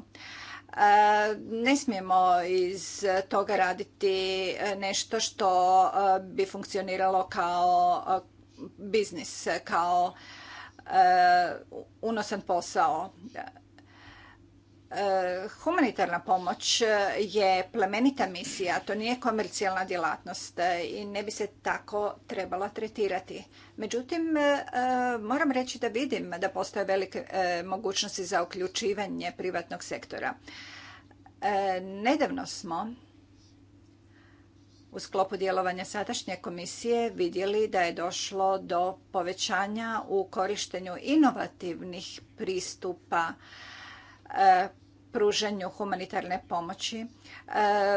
ne smijemo iz toga raditi nešto što bi funkcioniralo kao biznis, kao unosan posao. Humanitarna pomoć e, je plemenita misija, to nije komercijalna djelatnost e, i ne bi se tako trebala tretirati. Međutim, e, moram reći da vidim da postoje velike mogućnosti za uključivanje privatnog sektora. Nedavno smo u sklopu djelovanja sadašnje komisije vidjeli da je došlo do povećanja u korištenju inovativnih pristupa pružanju humanitarne pomoći e,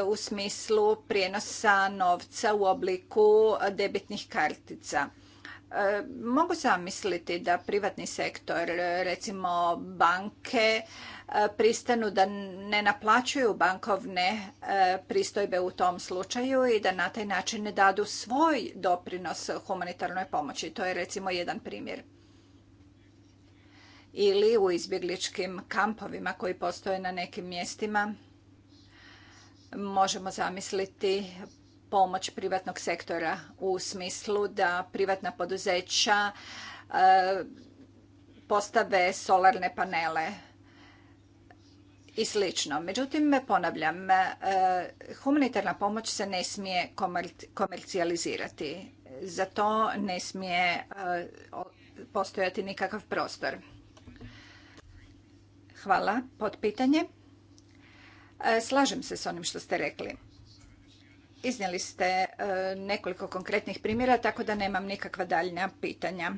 u smislu prijenosa novca u obliku debitnih kartica. E, mogu zamisliti da privatni sektor, recimo banke, e, pristanu da ne naplaćuju bankovne pristojbe u tom slučaju i da na taj način ne dadu svoj doprinos humanitarnoj pomoći. To je recimo jedan primjer ili u izbjegličkim kampovima koji postoje na nekim mjestima. Možemo zamisliti pomoć privatnog sektora u smislu da privatna poduzeća e, postave solarne panele i slično. Međutim, ponavljam, e, humanitarna pomoć se ne smije komercijalizirati. Za to ne smije e, postojati nikakav prostor. Hvala. Potpitanje. E, slažem se s onim što ste rekli. Iznijeli ste e, nekoliko konkretnih primjera, tako da nemam nikakva daljnja pitanja.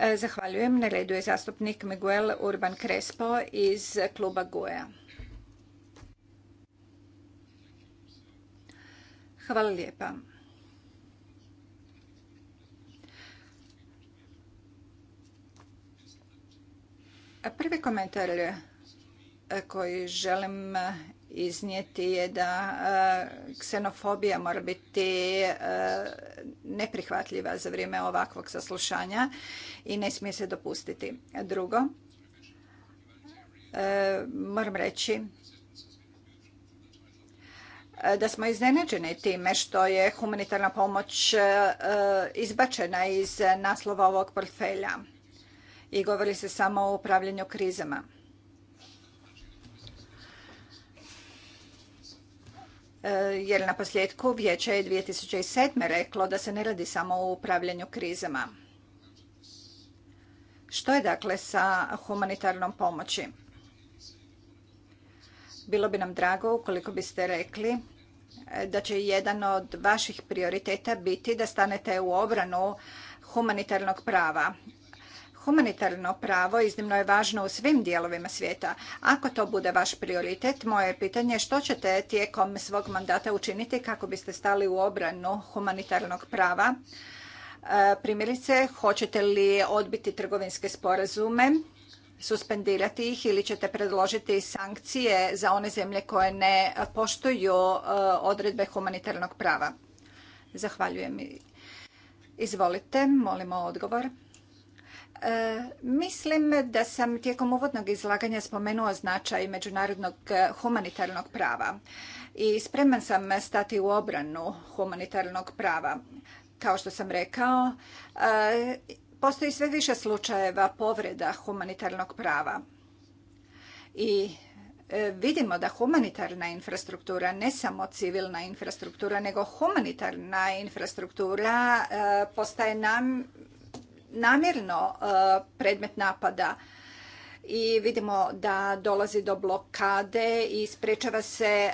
E, zahvaljujem. Na redu je zastupnik Miguel Urban Crespo iz kluba GUE-a. Hvala lijepa. Prvi komentar e, koji želim e, iznijeti je da e, ksenofobija mora biti neprihvatljiva za vrijeme ovakvog saslušanja i ne smije se dopustiti. Drugo, moram reći da smo iznenađeni time što je humanitarna pomoć izbačena iz naslova ovog portfelja i govori se samo o upravljanju krizama. E, jer na posljedku vijeće je 2007. reklo da se ne radi samo o upravljanju krizama. Što je dakle sa humanitarnom pomoći? Bilo bi nam drago ukoliko biste rekli e, da će jedan od vaših prioriteta biti da stanete u obranu humanitarnog prava Humanitarno pravo iznimno je važno u svim dijelovima svijeta. Ako to bude vaš prioritet, moje pitanje je što ćete tijekom svog mandata učiniti kako biste stali u obranu humanitarnog prava? E, primjerice, hoćete li odbiti trgovinske sporazume, suspendirati ih ili ćete predložiti sankcije za one zemlje koje ne poštuju e, odredbe humanitarnog prava? Zahvaljujem. Izvolite, molimo odgovor. E, mislim da sam tijekom uvodnog izlaganja spomenuo značaj međunarodnog e, humanitarnog prava i spreman sam stati u obranu humanitarnog prava. Kao što sam rekao, e, postoji sve više slučajeva povreda humanitarnog prava i vidimo da humanitarna infrastruktura, ne samo civilna infrastruktura, nego humanitarna infrastruktura postaje nam namjerno e, predmet napada i vidimo da dolazi do blokade i sprečava se e,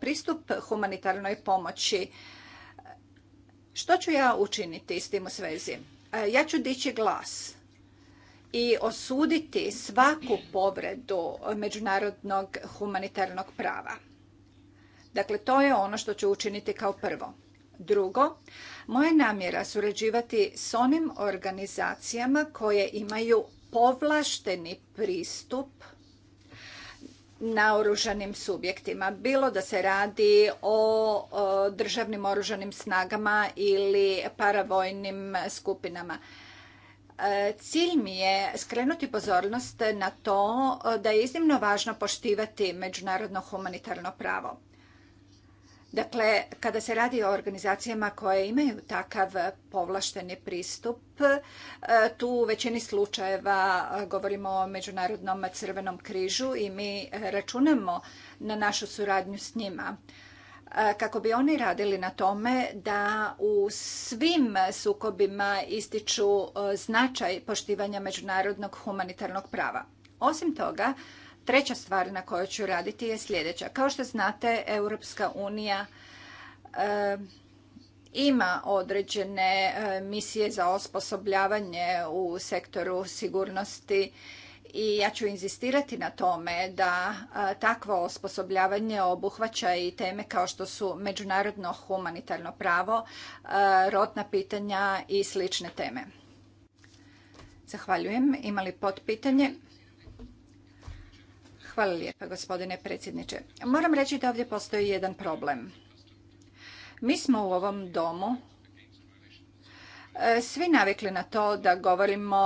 pristup humanitarnoj pomoći. Što ću ja učiniti s tim u svezi? E, ja ću dići glas i osuditi svaku povredu međunarodnog humanitarnog prava. Dakle, to je ono što ću učiniti kao prvo. Drugo, moja namjera surađivati s onim organizacijama koje imaju povlašteni pristup naoružanim subjektima, bilo da se radi o državnim oružanim snagama ili paravojnim skupinama. E, cilj mi je skrenuti pozornost na to da je iznimno važno poštivati međunarodno humanitarno pravo. Dakle, kada se radi o organizacijama koje imaju takav povlašteni pristup, e, tu u većini slučajeva e, govorimo o Međunarodnom crvenom križu i mi računamo na našu suradnju s njima e, kako bi oni radili na tome da u svim sukobima ističu značaj poštivanja međunarodnog humanitarnog prava. Osim toga, Treća stvar na kojoj ću raditi je sljedeća. Kao što znate, Europska unija eh, ima određene eh, misije za osposobljavanje u sektoru sigurnosti i ja ću inzistirati na tome da eh, takvo osposobljavanje obuhvaća i teme kao što su međunarodno humanitarno pravo, rotna pitanja i slične teme. Zahvaljujem. Imali potpitanje? Hvala lijepa, gospodine predsjedniče. Moram reći da ovdje postoji jedan problem. Mi smo u ovom domu e, svi navikli na to da govorimo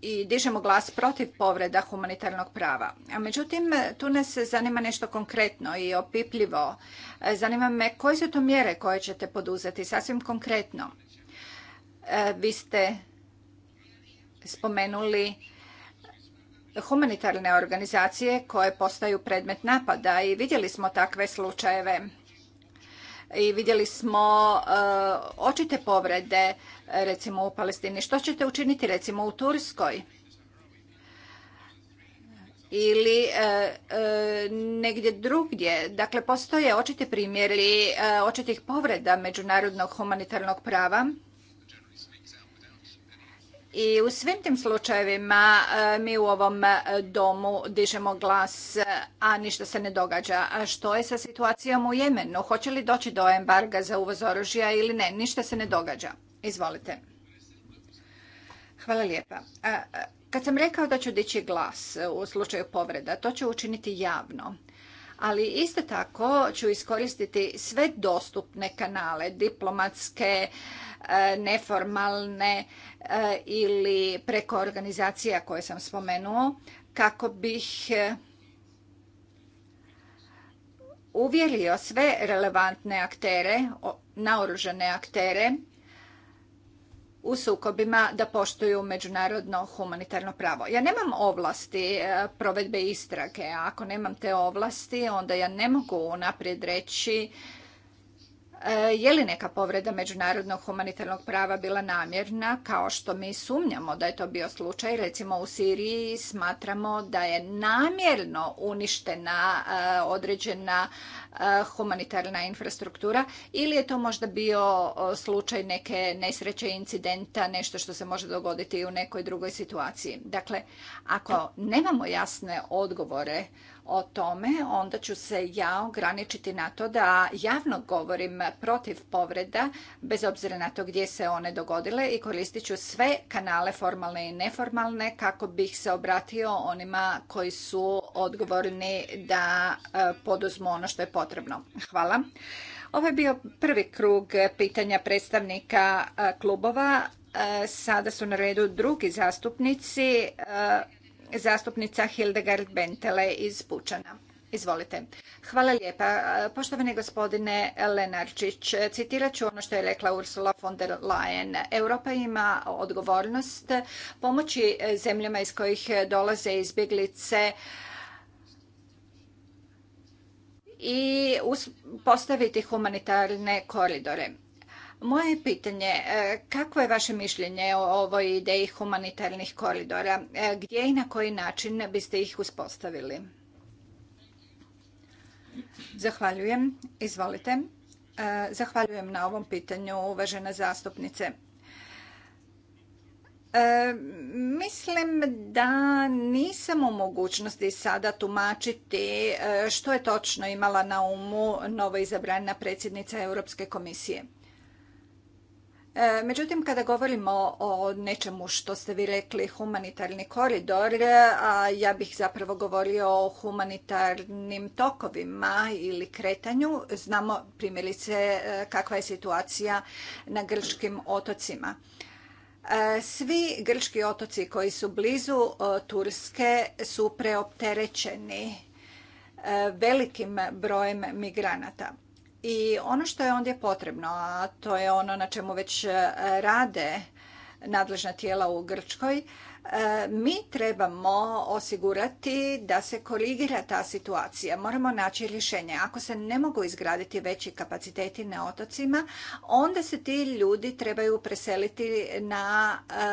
i dižemo glas protiv povreda humanitarnog prava. Međutim, tu nas zanima nešto konkretno i opipljivo. E, zanima me koje su to mjere koje ćete poduzeti sasvim konkretno. E, vi ste spomenuli humanitarne organizacije koje postaju predmet napada i vidjeli smo takve slučajeve i vidjeli smo e, očite povrede recimo u Palestini. Što ćete učiniti recimo u Turskoj? ili e, e, negdje drugdje. Dakle, postoje očiti primjeri e, očitih povreda međunarodnog humanitarnog prava i u svim tim slučajevima e, mi u ovom e, domu dižemo glas, e, a ništa se ne događa. A što je sa situacijom u Jemenu? Hoće li doći do embarga za uvoz oružja ili ne? Ništa se ne događa. Izvolite. Hvala lijepa. Kad sam rekao da ću dići glas u slučaju povreda, to ću učiniti javno. Ali isto tako ću iskoristiti sve dostupne kanale, diplomatske, E, neformalne e, ili preko organizacija koje sam spomenuo kako bih e, uvjerio sve relevantne aktere, naoružene aktere u sukobima da poštuju međunarodno humanitarno pravo. Ja nemam ovlasti provedbe istrage, a ako nemam te ovlasti onda ja ne mogu unaprijed reći E, je li neka povreda međunarodnog humanitarnog prava bila namjerna, kao što mi sumnjamo da je to bio slučaj. Recimo u Siriji smatramo da je namjerno uništena e, određena e, humanitarna infrastruktura ili je to možda bio slučaj neke nesreće, incidenta, nešto što se može dogoditi i u nekoj drugoj situaciji. Dakle, ako nemamo jasne odgovore o tome, onda ću se ja ograničiti na to da javno govorim protiv povreda, bez obzira na to gdje se one dogodile i koristit ću sve kanale formalne i neformalne kako bih se obratio onima koji su odgovorni da e, poduzmu ono što je potrebno. Hvala. Ovo je bio prvi krug pitanja predstavnika e, klubova. E, sada su na redu drugi zastupnici zastupnica Hildegard Bentele iz Pučana. Izvolite. Hvala lijepa. Poštovani gospodine Lenarčić, citirat ću ono što je rekla Ursula von der Leyen. Europa ima odgovornost pomoći zemljama iz kojih dolaze izbjeglice i postaviti humanitarne koridore. Moje pitanje, e, kako je vaše mišljenje o ovoj ideji humanitarnih koridora? E, gdje i na koji način biste ih uspostavili? Zahvaljujem. Izvolite. E, zahvaljujem na ovom pitanju, uvažena zastupnice. mislim da nisam u mogućnosti sada tumačiti što je točno imala na umu izabrana predsjednica Europske komisije. E, međutim, kada govorimo o nečemu što ste vi rekli humanitarni koridor, e, a ja bih zapravo govorio o humanitarnim tokovima ili kretanju, znamo primjerice e, kakva je situacija na grčkim otocima. Svi grčki otoci koji su blizu Turske su preopterećeni velikim brojem migranata. I ono što je ondje potrebno, a to je ono na čemu već e, rade nadležna tijela u Grčkoj, e, mi trebamo osigurati da se korigira ta situacija. Moramo naći rješenje. Ako se ne mogu izgraditi veći kapaciteti na otocima, onda se ti ljudi trebaju preseliti na e,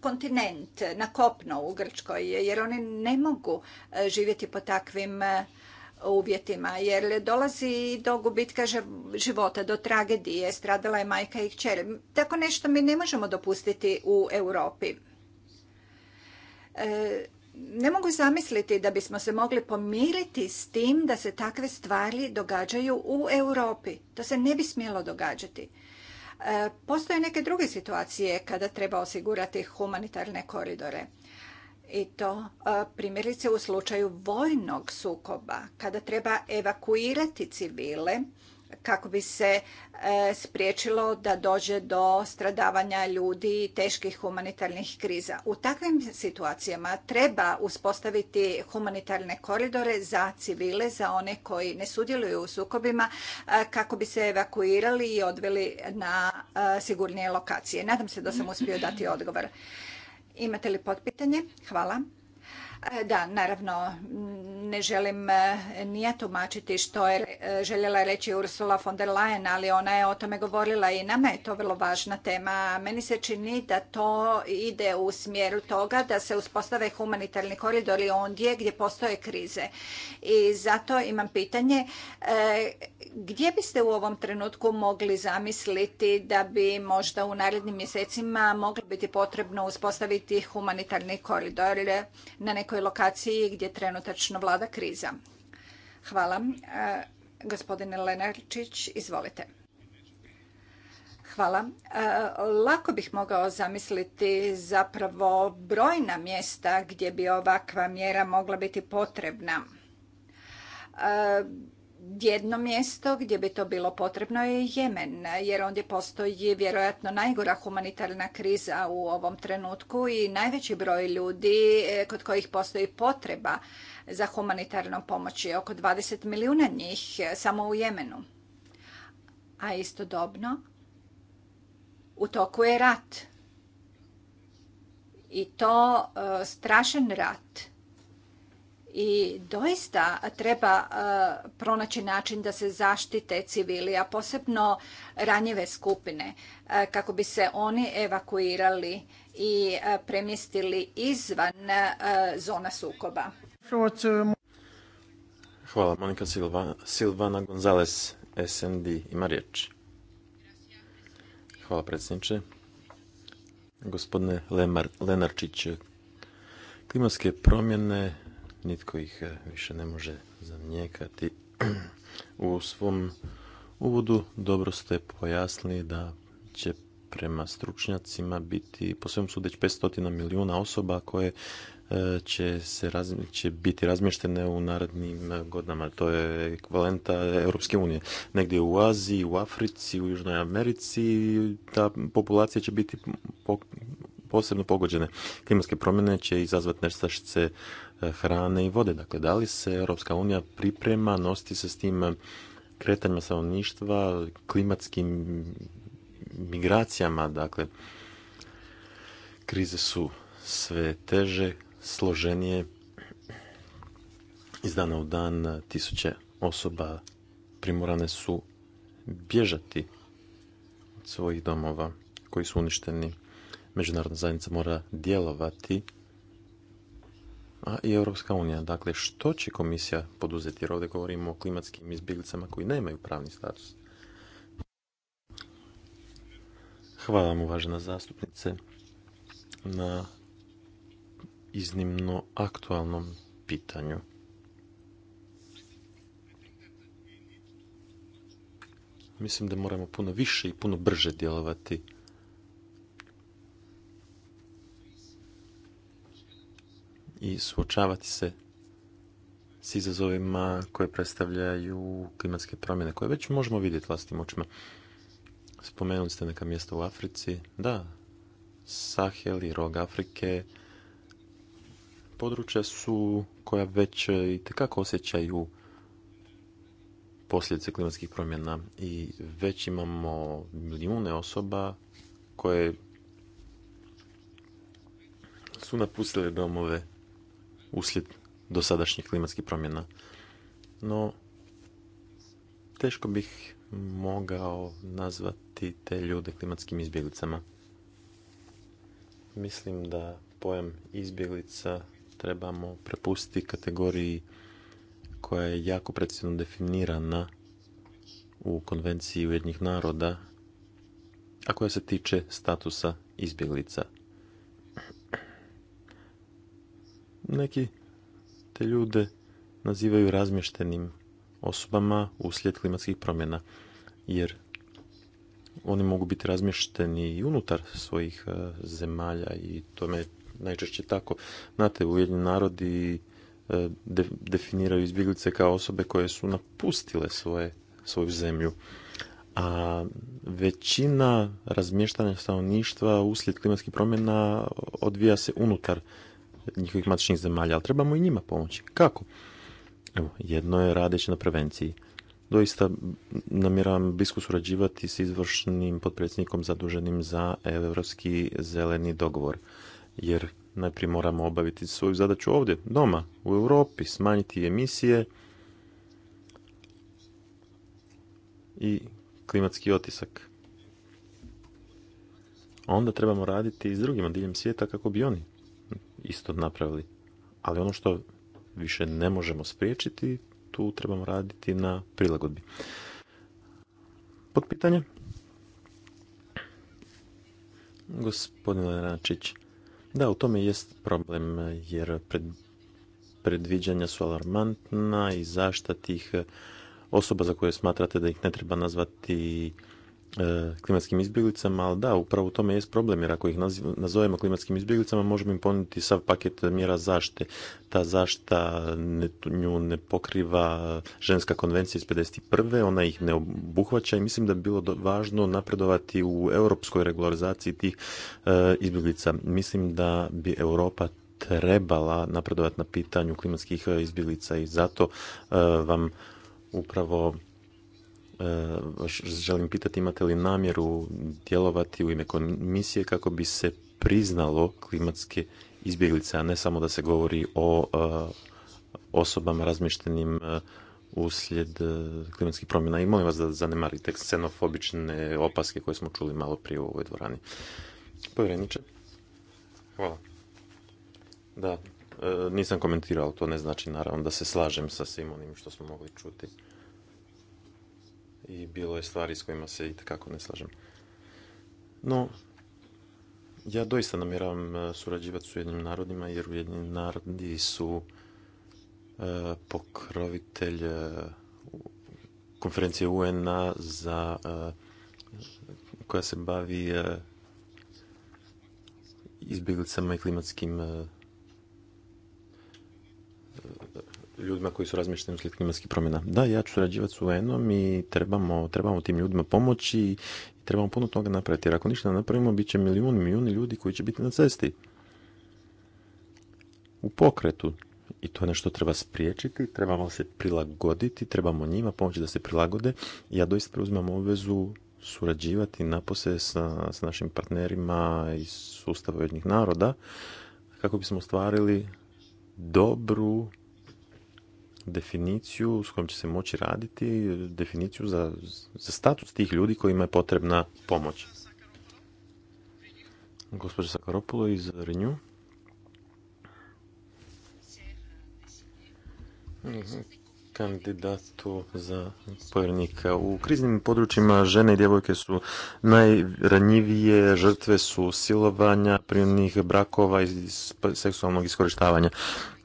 kontinent, na kopno u Grčkoj, jer oni ne mogu živjeti po takvim uvjetima jer dolazi do gubitka života, do tragedije, stradala je majka i kćer. Tako nešto mi ne možemo dopustiti u Europi. E, ne mogu zamisliti da bismo se mogli pomiriti s tim da se takve stvari događaju u Europi. To se ne bi smjelo događati. E, postoje neke druge situacije kada treba osigurati humanitarne koridore i to e, primjerice u slučaju vojnog sukoba kada treba evakuirati civile kako bi se e, spriječilo da dođe do stradavanja ljudi i teških humanitarnih kriza. U takvim situacijama treba uspostaviti humanitarne koridore za civile, za one koji ne sudjeluju u sukobima e, kako bi se evakuirali i odveli na sigurnije lokacije. Nadam se da sam uspio dati odgovor. Imate li potpitanje? Hvala. E, da, naravno, ne želim e, nije tumačiti što je e, željela reći Ursula von der Leyen, ali ona je o tome govorila i nama je to vrlo važna tema. Meni se čini da to ide u smjeru toga da se uspostave humanitarni koridori ondje gdje postoje krize. I zato imam pitanje, e, gdje biste u ovom trenutku mogli zamisliti da bi možda u narednim mjesecima moglo biti potrebno uspostaviti humanitarni koridor na nekoj lokaciji gdje trenutačno vlada kriza. Hvala. E, gospodine Lenarčić, izvolite. Hvala. E, lako bih mogao zamisliti zapravo brojna mjesta gdje bi ovakva mjera mogla biti potrebna. E, jedno mjesto gdje bi to bilo potrebno je Jemen, jer ondje postoji vjerojatno najgora humanitarna kriza u ovom trenutku i najveći broj ljudi kod kojih postoji potreba za humanitarno pomoći, oko 20 milijuna njih e, samo u Jemenu. A istodobno u toku je rat. I to e, strašen rat. I doista treba e, pronaći način da se zaštite civili, a posebno ranjive skupine, kako bi se oni evakuirali i premjestili izvan zona sukoba. Uh, Hvala, Monika Silva, Silvana Gonzalez, SND, ima riječ. Hvala, predsjedniče. Gospodine Lemar, Lenarčić, klimatske promjene, nitko ih eh, više ne može zanijekati. U svom uvodu dobro ste pojasnili da će prema stručnjacima biti po svemu sudeć 500 milijuna osoba koje E, će, se će biti razmještene u narednim godinama. To je ekvalenta Europske unije. Negdje u Aziji, u Africi, u Južnoj Americi ta populacija će biti posebno pogođene. Klimatske promjene će izazvati nestašice e, hrane i vode. Dakle, da li se Europska unija priprema nositi se s tim kretanjima stanovništva, klimatskim migracijama, dakle, krize su sve teže, složenije. Iz dana u dan tisuće osoba primorane su bježati od svojih domova koji su uništeni. Međunarodna zajednica mora djelovati, a i Europska unija. Dakle, što će komisija poduzeti? Jer ovdje govorimo o klimatskim izbjeglicama koji nemaju pravni status. Hvala vam, uvažena zastupnice, na iznimno aktualnom pitanju. Mislim da moramo puno više i puno brže djelovati. I suočavati se s izazovima koje predstavljaju klimatske promjene, koje već možemo vidjeti vlastitim očima. Spomenuli ste neka mjesta u Africi. Da, Sahel i rog Afrike, područja su koja već e, i tekako osjećaju posljedice klimatskih promjena i već imamo milijune osoba koje su napustile domove uslijed dosadašnjih klimatskih promjena. No, teško bih mogao nazvati te ljude klimatskim izbjeglicama. Mislim da pojam izbjeglica trebamo prepustiti kategoriji koja je jako precizno definirana u konvenciji Ujedinjenih naroda, a koja se tiče statusa izbjeglica. Neki te ljude nazivaju razmještenim osobama uslijed klimatskih promjena, jer oni mogu biti razmješteni i unutar svojih e, zemalja i tome najčešće tako. Znate, ujedni narodi e, definiraju izbjeglice kao osobe koje su napustile svoje, svoju zemlju. A većina razmještanja stanovništva uslijed klimatskih promjena odvija se unutar njihovih matičnih zemalja, ali trebamo i njima pomoći. Kako? Evo, jedno je radeći na prevenciji. Doista namjeravam blisko surađivati s izvršnim potpredsjednikom zaduženim za Europski zeleni dogovor jer najprije moramo obaviti svoju zadaću ovdje, doma, u Europi, smanjiti emisije i klimatski otisak. onda trebamo raditi i s drugima diljem svijeta kako bi oni isto napravili. Ali ono što više ne možemo spriječiti, tu trebamo raditi na prilagodbi. Pod pitanje? gospodine Lenačić. Da, u tome jest problem, jer predviđanja su alarmantna i zašta tih osoba za koje smatrate da ih ne treba nazvati E, klimatskim izbjeglicama, ali da, upravo u tome jest problem, jer ako ih nazovemo klimatskim izbjeglicama, možemo im ponuditi sav paket mjera zaštite. Ta zašta ne, nju ne pokriva ženska konvencija iz 51. Ona ih ne obuhvaća i mislim da bi bilo važno napredovati u europskoj regularizaciji tih e, izbjeglica. Mislim da bi Europa trebala napredovati na pitanju klimatskih e, izbjeglica i zato vam upravo želim pitati imate li namjeru djelovati u ime komisije kako bi se priznalo klimatske izbjeglice, a ne samo da se govori o e, osobama razmještenim e, uslijed e, klimatskih promjena. I molim vas da zanemarite ksenofobične opaske koje smo čuli malo prije u ovoj dvorani. Povjereniče. Hvala. Da, nisam komentirao, to ne znači naravno da se slažem sa svim onim što smo mogli čuti i bilo je stvari s kojima se i kako ne slažem. No, ja doista namjeravam e, surađivati s Ujedinjenim narodima jer Ujedinjeni narodi su e, pokrovitelj e, konferencije UN-a za koja se bavi izbjeglicama i klimatskim ljudima koji su razmišljeni uslijed klimatskih promjena. Da, ja ću surađivati s UN-om i trebamo, trebamo tim ljudima pomoći i trebamo puno toga napraviti. Jer ako ništa ne napravimo, bit će milijun, milijuni ljudi koji će biti na cesti. U pokretu. I to je nešto treba spriječiti, trebamo se prilagoditi, trebamo njima pomoći da se prilagode. Ja doista preuzimam obvezu surađivati napose sa, sa našim partnerima iz sustava jednih naroda kako bismo ostvarili dobru definiciju s kojom će se moći raditi, definiciju za, za status tih ljudi kojima je potrebna pomoć. Gospođa Sakaropolo iz Mm-hmm kandidatu za povjernika. U kriznim područjima žene i djevojke su najranjivije, žrtve su silovanja, primjenih brakova i seksualnog iskorištavanja.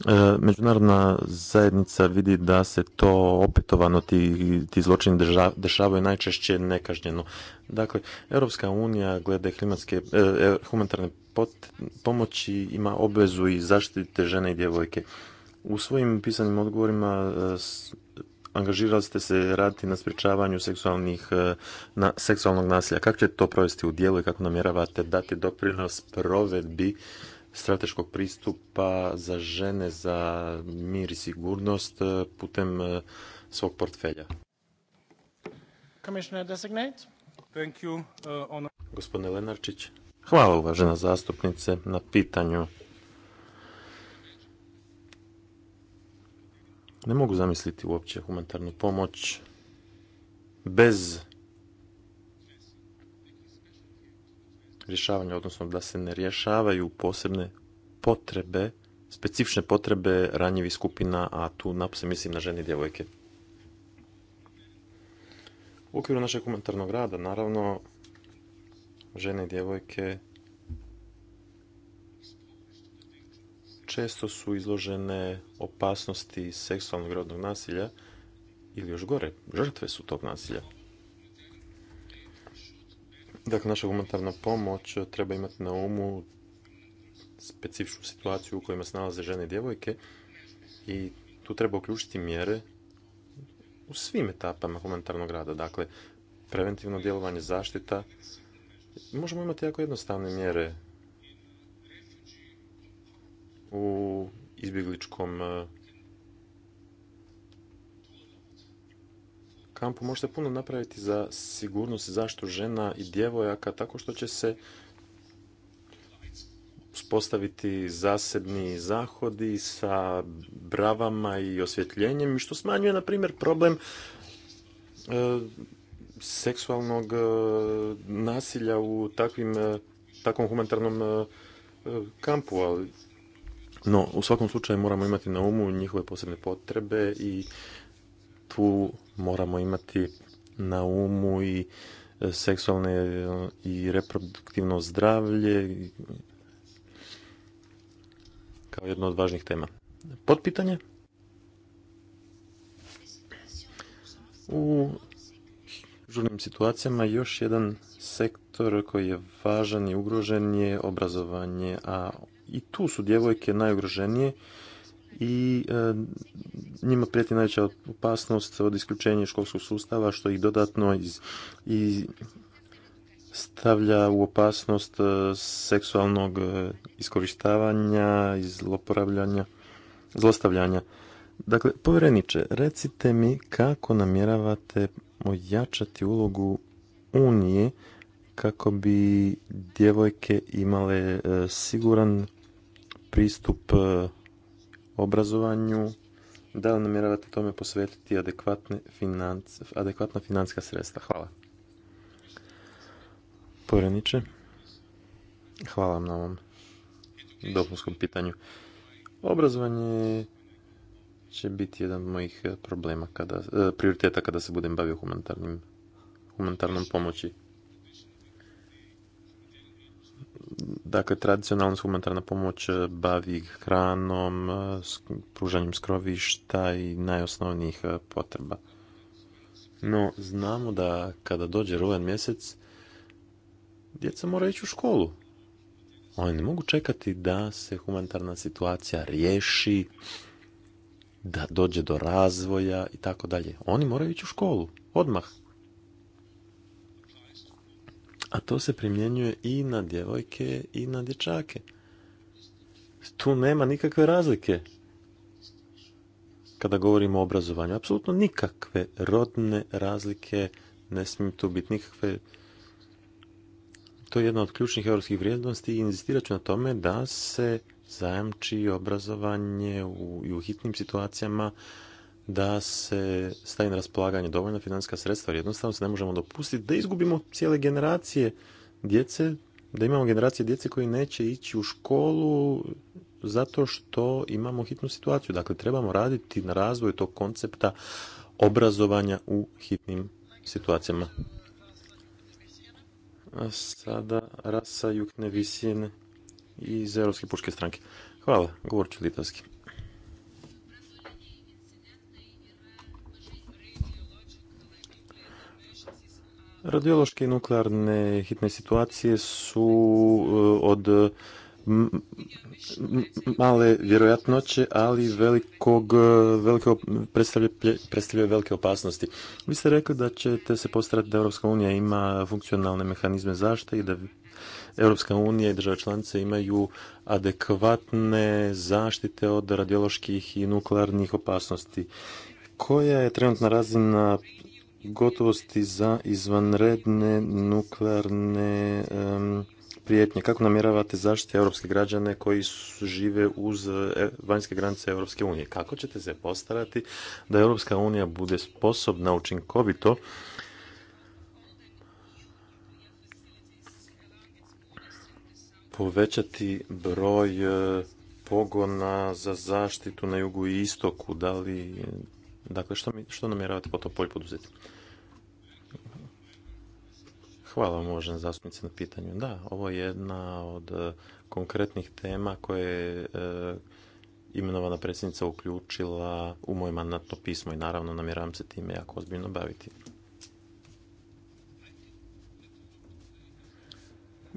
E, međunarodna zajednica vidi da se to opetovano, ti, ti zločini dešavaju najčešće nekažnjeno. Dakle, Europska unija glede klimatske, e, e, humanitarne pomoći ima obvezu i zaštite žene i djevojke. U svojim pisanim odgovorima e, angažirali ste se raditi na sprječavanju seksualnih, e, na, seksualnog nasilja. Kako ćete to provesti u dijelu i kako namjeravate dati doprinos provedbi strateškog pristupa za žene, za mir i sigurnost e, putem svog portfelja? Uh, Gospodine Lenarčić, hvala uvažena zastupnice na pitanju. Ne mogu zamisliti uopće humanitarnu pomoć bez rješavanja, odnosno da se ne rješavaju posebne potrebe, specifične potrebe ranjivih skupina, a tu napose mislim na žene i djevojke. U okviru našeg humanitarnog rada, naravno, žene i djevojke često su izložene opasnosti seksualnog rodnog nasilja ili još gore, žrtve su tog nasilja. Dakle, naša humanitarna pomoć treba imati na umu specifičnu situaciju u kojima se nalaze žene i djevojke i tu treba uključiti mjere u svim etapama humanitarnog rada. Dakle, preventivno djelovanje, zaštita. Možemo imati jako jednostavne mjere u izbjegličkom e, kampu možete puno napraviti za sigurnost i zaštitu žena i djevojaka tako što će se spostaviti zasebni zahodi sa bravama i osvjetljenjem što smanjuje na primjer problem e, seksualnog e, nasilja u takvim takvom humanitarnom kampu, ali no, u svakom slučaju moramo imati na umu njihove posebne potrebe i tu moramo imati na umu i e, seksualne e, i reproduktivno zdravlje kao jedno od važnih tema. Podpitanje? U žurnim situacijama još jedan sektor koji je važan i ugrožen je obrazovanje, a i tu su djevojke najugroženije i e, njima prijeti najveća opasnost od isključenja školskog sustava što ih dodatno i stavlja u opasnost e, seksualnog e, iskorištavanja i zloporavljanja, zlostavljanja. Dakle, povjereniče, recite mi kako namjeravate ojačati ulogu Unije kako bi djevojke imale siguran pristup e, obrazovanju, da li namjeravate tome posvetiti adekvatne adekvatna financijska sredstva? Hvala. Poreniče, hvala vam na ovom dopunskom pitanju. Obrazovanje će biti jedan od mojih problema kada, e, prioriteta kada se budem bavio humanitarnom pomoći. Dakle, tradicionalna se humanitarna pomoć e, bavi hranom, e, pružanjem skrovišta i najosnovnijih e, potreba. No, znamo da kada dođe rujan mjesec, djeca moraju ići u školu. Oni ne mogu čekati da se humanitarna situacija riješi, da dođe do razvoja i tako dalje. Oni moraju ići u školu, odmah. A to se primjenjuje i na djevojke i na dječake. Tu nema nikakve razlike kada govorimo o obrazovanju. Apsolutno nikakve rodne razlike ne smije tu biti nikakve. To je jedna od ključnih europskih vrijednosti i inzistirat ću na tome da se zajamči obrazovanje u, i u hitnim situacijama da se staje na raspolaganje dovoljna financijska sredstva, jer jednostavno se ne možemo dopustiti da izgubimo cijele generacije djece, da imamo generacije djece koji neće ići u školu zato što imamo hitnu situaciju. Dakle, trebamo raditi na razvoju tog koncepta obrazovanja u hitnim situacijama. A sada Rasa Jukne iz Europske puške stranke. Hvala, govorit ću litavski. Radiološke i nuklearne hitne situacije su e, od male vjerojatnoće, ali e, predstavljaju velike opasnosti. Vi ste rekli da ćete se postarati da Europska unija ima funkcionalne mehanizme zaštite i da Europska unija i države članice imaju adekvatne zaštite od radioloških i nuklearnih opasnosti. Koja je trenutna razina gotovosti za izvanredne nuklearne prijetnje. Kako namjeravate zaštiti europske građane koji su, žive uz e, vanjske granice Europske unije? Kako ćete se postarati da Europska unija bude sposobna učinkovito povećati broj e, pogona za zaštitu na jugu i istoku? Da li Dakle, što, mi, što namjeravate po to polju poduzeti? Hvala vam, uvažena zastupnice, na pitanju. Da, ovo je jedna od e, konkretnih tema koje je imenovana predsjednica uključila u moje mandatno pismo i naravno namjeravam se time jako ozbiljno baviti.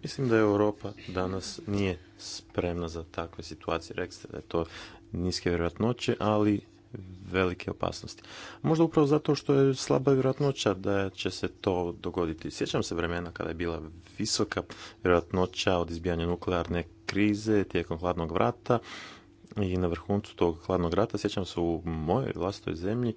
Mislim da je Europa danas nije spremna za takve situacije. Rekste da je to niske vjerojatnoće, ali velike opasnosti. Možda upravo zato što je slaba vjerojatnoća da će se to dogoditi. Sjećam se vremena kada je bila visoka vjerojatnoća od izbijanja nuklearne krize tijekom hladnog vrata i na vrhuncu tog hladnog rata, sjećam se u mojoj vlastoj zemlji,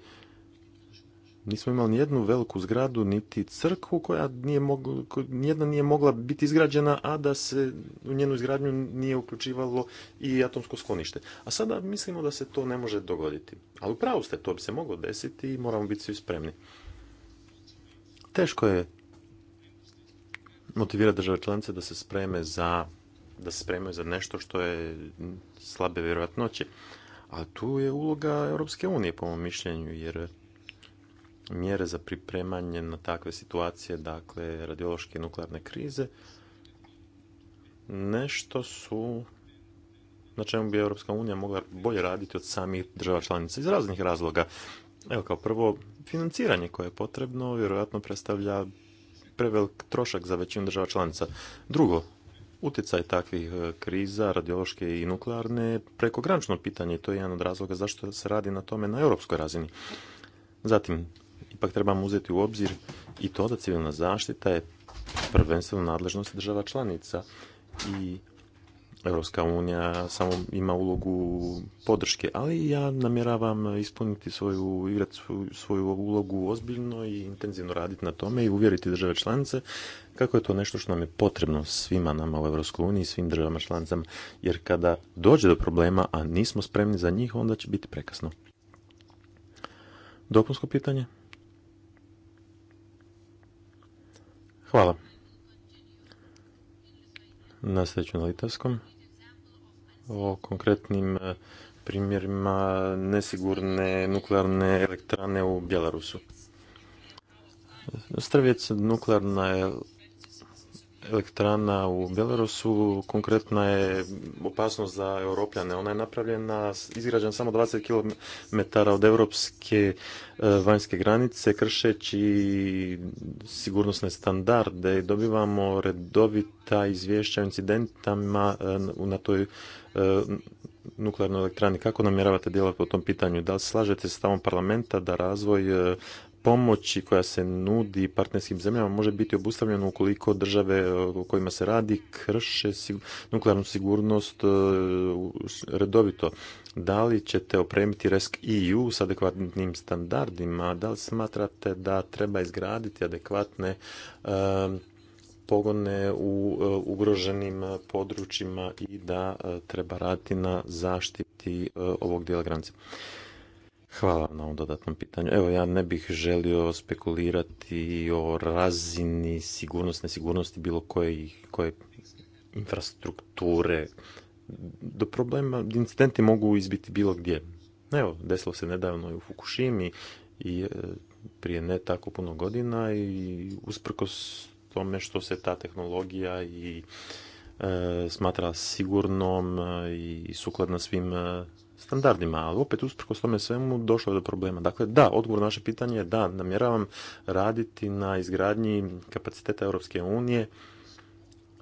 nismo imali ni jednu veliku zgradu, niti crkvu koja nije mogla, nijedna nije mogla biti izgrađena, a da se u njenu izgradnju nije uključivalo i atomsko sklonište. A sada mislimo da se to ne može dogoditi. Ali upravo ste, to bi se moglo desiti i moramo biti svi spremni. Teško je motivirati države članice da se spreme za da se za nešto što je slabe vjerojatnoće. A tu je uloga Europske unije, po mom mišljenju, jer mjere za pripremanje na takve situacije, dakle radiološke i nuklearne krize, nešto su na čemu bi Europska unija mogla bolje raditi od samih država članica iz raznih razloga. Evo kao prvo, financiranje koje je potrebno vjerojatno predstavlja prevelik trošak za većinu država članica. Drugo, utjecaj takvih e, kriza, radiološke i nuklearne, prekogranično pitanje i to je jedan od razloga zašto se radi na tome na europskoj razini. Zatim, Ipak trebamo uzeti u obzir i to da civilna zaštita je prvenstveno nadležnost država članica i Europska unija samo ima ulogu podrške, ali ja namjeravam ispuniti svoju, svoju ulogu ozbiljno i intenzivno raditi na tome i uvjeriti države članice kako je to nešto što nam je potrebno svima nama u EU uniji, svim državama članicama, jer kada dođe do problema, a nismo spremni za njih, onda će biti prekasno. Dopunsko pitanje? Hvala. Nastavit na litavskom. O konkretnim eh, primjerima nesigurne nuklearne elektrane u Bjelarusu. Strvjec nuklearna elektrana u Belarusu konkretna je opasnost za europljane. Ona je napravljena, izgrađena samo 20 km od europske e, vanjske granice, kršeći sigurnosne standarde. Dobivamo redovita izvješća o incidentama e, na toj e, nuklearnoj elektrani. Kako namjeravate djelovati po tom pitanju? Da li slažete sa stavom parlamenta da razvoj pomoći koja se nudi partnerskim zemljama može biti obustavljena ukoliko države o e, kojima se radi krše nuklearnu sigurnost e, redovito. Da li ćete opremiti RESC EU s adekvatnim standardima? Da li smatrate da treba izgraditi adekvatne e, pogone u ugroženim područjima i da treba raditi na zaštiti ovog dijela granice? Hvala na ovom dodatnom pitanju. Evo, ja ne bih želio spekulirati o razini sigurnosti, bilo koje, koje infrastrukture. Do problema, incidenti mogu izbiti bilo gdje. Evo, desilo se nedavno i u Fukushimi i e, prije ne tako puno godina i usprkos tome što se ta tehnologija i e, smatra sigurnom e, i sukladna svim standardima, ali opet usprkos tome svemu došlo je do problema. Dakle, da, odgovor na naše pitanje je da, namjeravam raditi na izgradnji kapaciteta Europske unije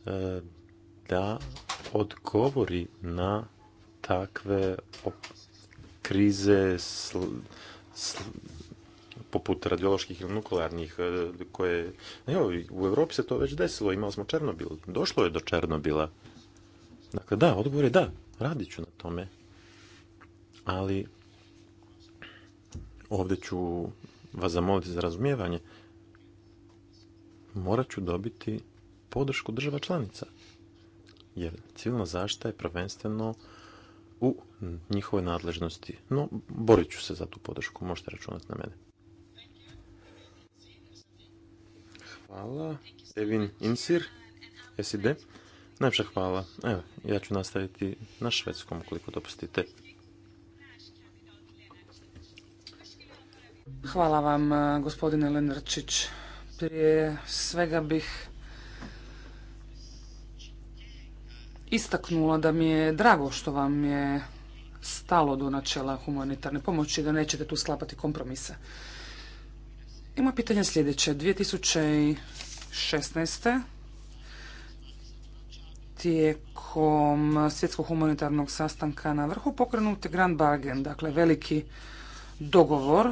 e, da odgovori na takve krize poput radioloških ili nuklearnih e, koje... Evo, u Europi se to već desilo, imali smo Černobil, došlo je do Černobila. Dakle, da, odgovor je da, radit ću na tome ali ovdje ću vas zamoliti za razumijevanje. Morat ću dobiti podršku država članica, jer civilna zaštita je prvenstveno u njihovoj nadležnosti. No, borit ću se za tu podršku, možete računati na mene. Hvala. Evin Insir, SID. Najpša hvala. Evo, ja ću nastaviti na švedskom, koliko dopustite. Hvala vam, e, gospodine Lenarčić. Prije svega bih istaknula da mi je drago što vam je stalo do načela humanitarne pomoći i da nećete tu sklapati kompromise. I moje pitanje je sljedeće. 2016. tijekom svjetskog humanitarnog sastanka na vrhu pokrenuti Grand Bargain, dakle veliki dogovor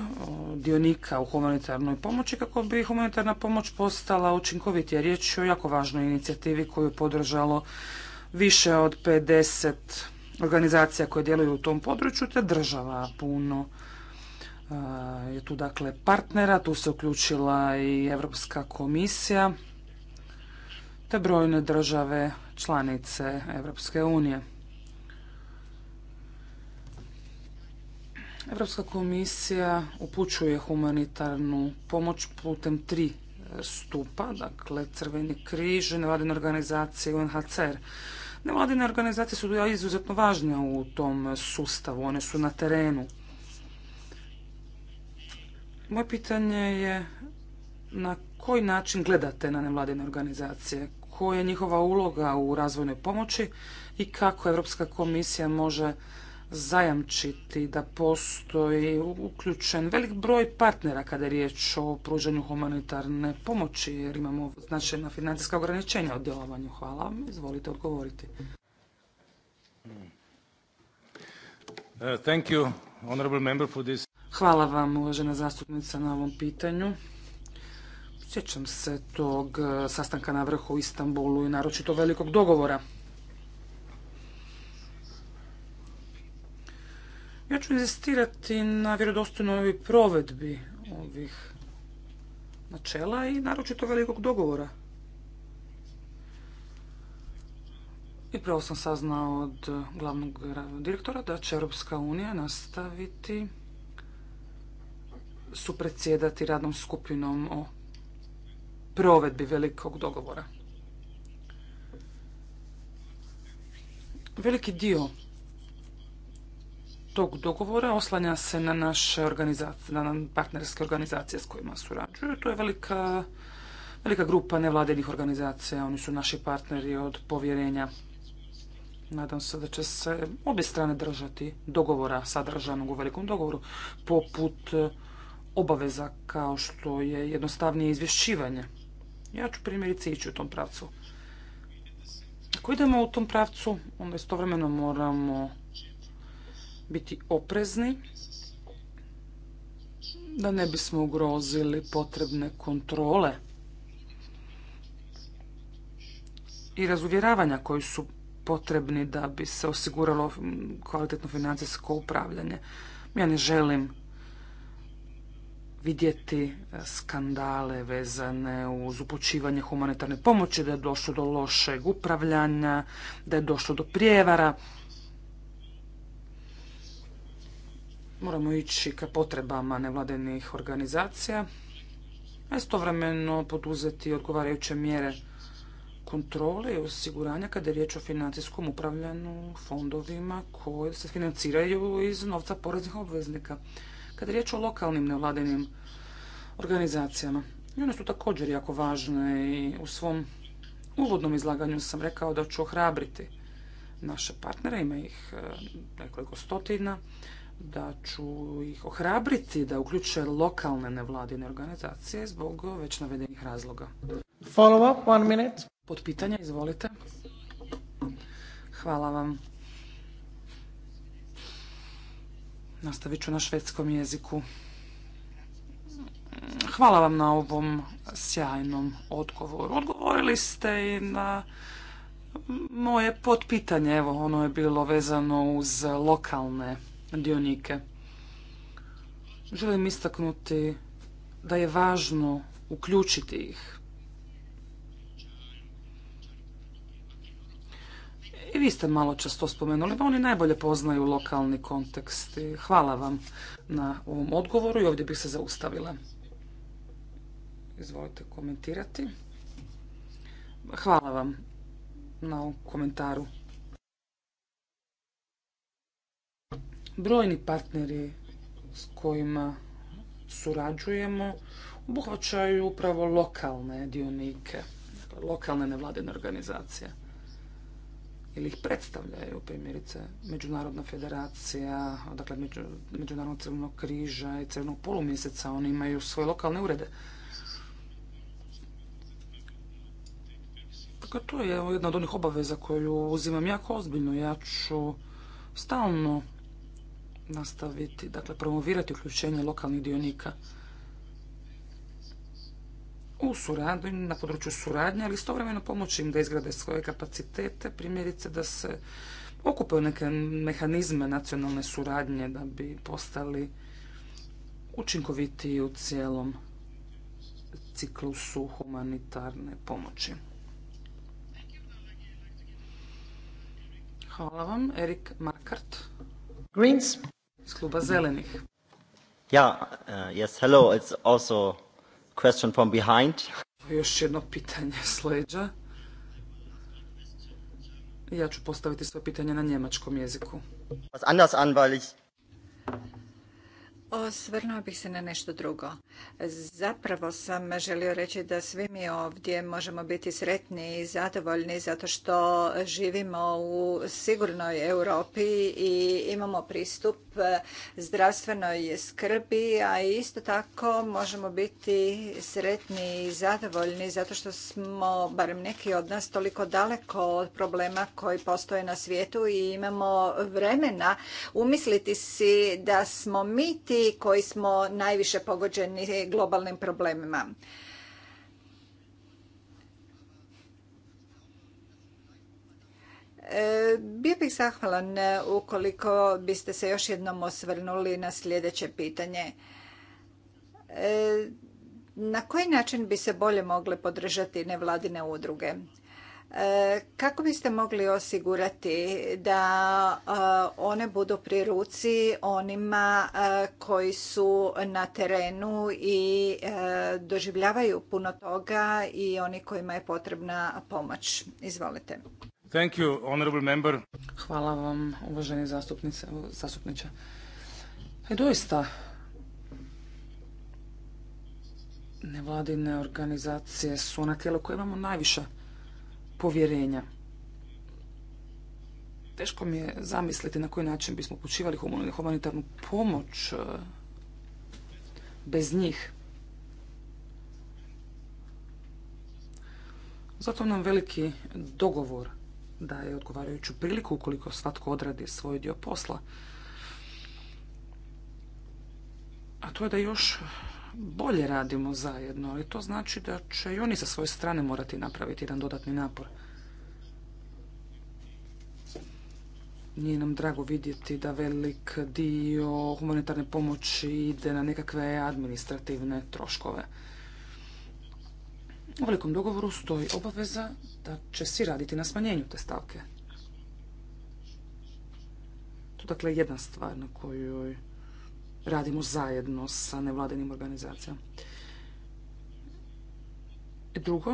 dionika u humanitarnoj pomoći kako bi humanitarna pomoć postala učinkovitija. Riječ je o jako važnoj inicijativi koju je podržalo više od 50 organizacija koje djeluju u tom području te država puno je tu dakle partnera, tu se uključila i Europska komisija te brojne države članice Europske unije. Europska komisija upućuje humanitarnu pomoć putem tri e, stupa, dakle Crveni križ, nevladine organizacije i UNHCR. Nevladine organizacije su izuzetno važne u tom sustavu, one su na terenu. Moje pitanje je na koji način gledate na nevladine organizacije? Koja je njihova uloga u razvojnoj pomoći i kako Europska komisija može zajamčiti da postoji uključen velik broj partnera kada je riječ o pružanju humanitarne pomoći jer imamo značajna financijska ograničenja o djelovanju. Hvala vam. Izvolite odgovoriti. Mm. Uh, thank Hvala vam, uvažena zastupnica, na ovom pitanju. Sjećam se tog uh, sastanka na vrhu u Istanbulu i naročito velikog dogovora. Ja ću inzistirati na vjerodostojnoj provedbi ovih načela i naročito velikog dogovora. I pravo sam saznao od glavnog direktora da će Europska unija nastaviti supredsjedati radnom skupinom o provedbi velikog dogovora. Veliki dio tog dogovora oslanja se na naše organizacije, na partnerske organizacije s kojima surađuju. To je velika, grupa nevladinih organizacija, oni su naši partneri od povjerenja. Nadam se da će se obje strane držati dogovora sadržanog u velikom dogovoru, poput e, obaveza kao što je jednostavnije izvješćivanje. Ja ću primjerice ići u tom pravcu. Ako idemo u tom pravcu, onda istovremeno moramo biti oprezni da ne bismo ugrozili potrebne kontrole i razuvjeravanja koji su potrebni da bi se osiguralo kvalitetno financijsko upravljanje. Ja ne želim vidjeti e, skandale vezane uz upućivanje humanitarne pomoći, da je došlo do lošeg upravljanja, da je došlo do prijevara. Moramo ići ka potrebama nevladenih organizacija, a istovremeno poduzeti odgovarajuće mjere kontrole i osiguranja kada je riječ o financijskom upravljanju fondovima koji se financiraju iz novca poreznih obveznika. Kada je riječ o lokalnim nevladenim organizacijama, one su također jako važne i u svom uvodnom izlaganju sam rekao da ću ohrabriti naše partnere, ima ih eh, nekoliko stotina, da ću ih ohrabriti da uključe lokalne nevladine organizacije zbog već navedenih razloga. Follow up, one minute. Pod izvolite. Hvala vam. Nastavit ću na švedskom jeziku. Hvala vam na ovom sjajnom odgovoru. Odgovorili ste i na moje potpitanje, evo ono je bilo vezano uz lokalne dionike. Želim istaknuti da je važno uključiti ih. I vi ste malo čas to spomenuli, pa oni najbolje poznaju lokalni kontekst. hvala vam na ovom odgovoru i ovdje bih se zaustavila. Izvolite komentirati. Hvala vam na ovom komentaru. Brojni partneri s kojima surađujemo obuhvaćaju upravo lokalne dionike, dakle, lokalne nevladine organizacije ili ih predstavljaju, primjerice Međunarodna federacija, dakle Međunarodno crvenog križa i crvenog polumjeseca, oni imaju svoje lokalne urede. Dakle, to je jedna od onih obaveza koju uzimam jako ozbiljno. Ja ću stalno nastaviti, dakle, promovirati uključenje lokalnih dionika u suradnju, na području suradnje, ali istovremeno pomoći im da izgrade svoje kapacitete, primjerice da se okupe neke mehanizme nacionalne suradnje da bi postali učinkovitiji u cijelom ciklusu humanitarne pomoći. Hvala vam. Erik Markart. Greens iz kluba zelenih. Ja, uh, yes, hello, it's also question from behind. Još jedno pitanje s leđa. Ja ću postaviti svoje pitanje na njemačkom jeziku. Was anders an, weil ich Osvrnuo bih se na nešto drugo. Zapravo sam želio reći da svi mi ovdje možemo biti sretni i zadovoljni zato što živimo u sigurnoj Europi i imamo pristup zdravstvenoj skrbi, a isto tako možemo biti sretni i zadovoljni zato što smo, barem neki od nas, toliko daleko od problema koji postoje na svijetu i imamo vremena umisliti si da smo mi ti koji smo najviše pogođeni globalnim problemima. E, bio bih zahvalan ukoliko biste se još jednom osvrnuli na sljedeće pitanje. E, na koji način bi se bolje mogle podržati nevladine udruge? Kako biste mogli osigurati da e, one budu pri ruci onima e, koji su na terenu i e, doživljavaju puno toga i oni kojima je potrebna pomoć? Izvolite. member. Hvala vam, uvaženi zastupniče. E, doista, nevladine organizacije su na tijelu koje imamo najviše povjerenja. Teško mi je zamisliti na koji način bismo upućivali humanitarnu pomoć e, bez njih. Zato nam veliki dogovor daje odgovarajuću priliku ukoliko svatko odradi svoj dio posla. A to je da još bolje radimo zajedno, ali to znači da će i oni sa svoje strane morati napraviti jedan dodatni napor. Nije nam drago vidjeti da velik dio humanitarne pomoći ide na nekakve administrativne troškove. U velikom dogovoru stoji obaveza da će svi raditi na smanjenju te stavke. To dakle jedna stvar na kojoj radimo zajedno sa nevladinim organizacijama. Drugo,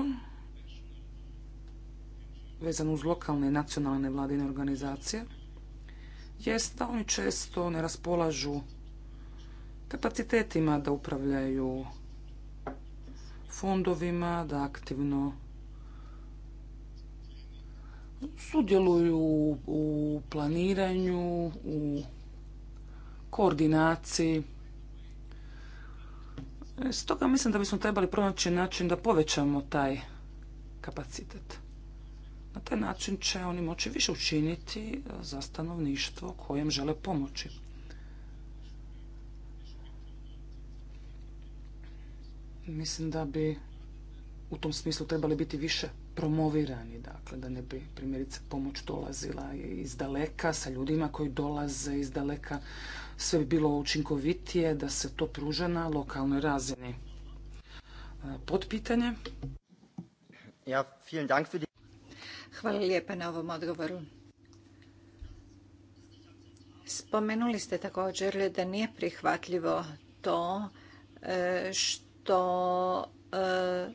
vezano uz lokalne i nacionalne vladine organizacije, jest da oni često ne raspolažu kapacitetima da upravljaju fondovima, da aktivno sudjeluju u planiranju, u koordinaciji. E, stoga mislim da bismo trebali pronaći način da povećamo taj kapacitet. Na taj način će oni moći više učiniti e, za stanovništvo kojem žele pomoći. Mislim da bi u tom smislu trebali biti više promovirani, dakle, da ne bi primjerice pomoć dolazila iz daleka sa ljudima koji dolaze iz daleka sve bi bilo učinkovitije da se to pruža na lokalnoj razini. E, potpitanje. Hvala lijepa na ovom odgovoru. Spomenuli ste također da nije prihvatljivo to e, što e,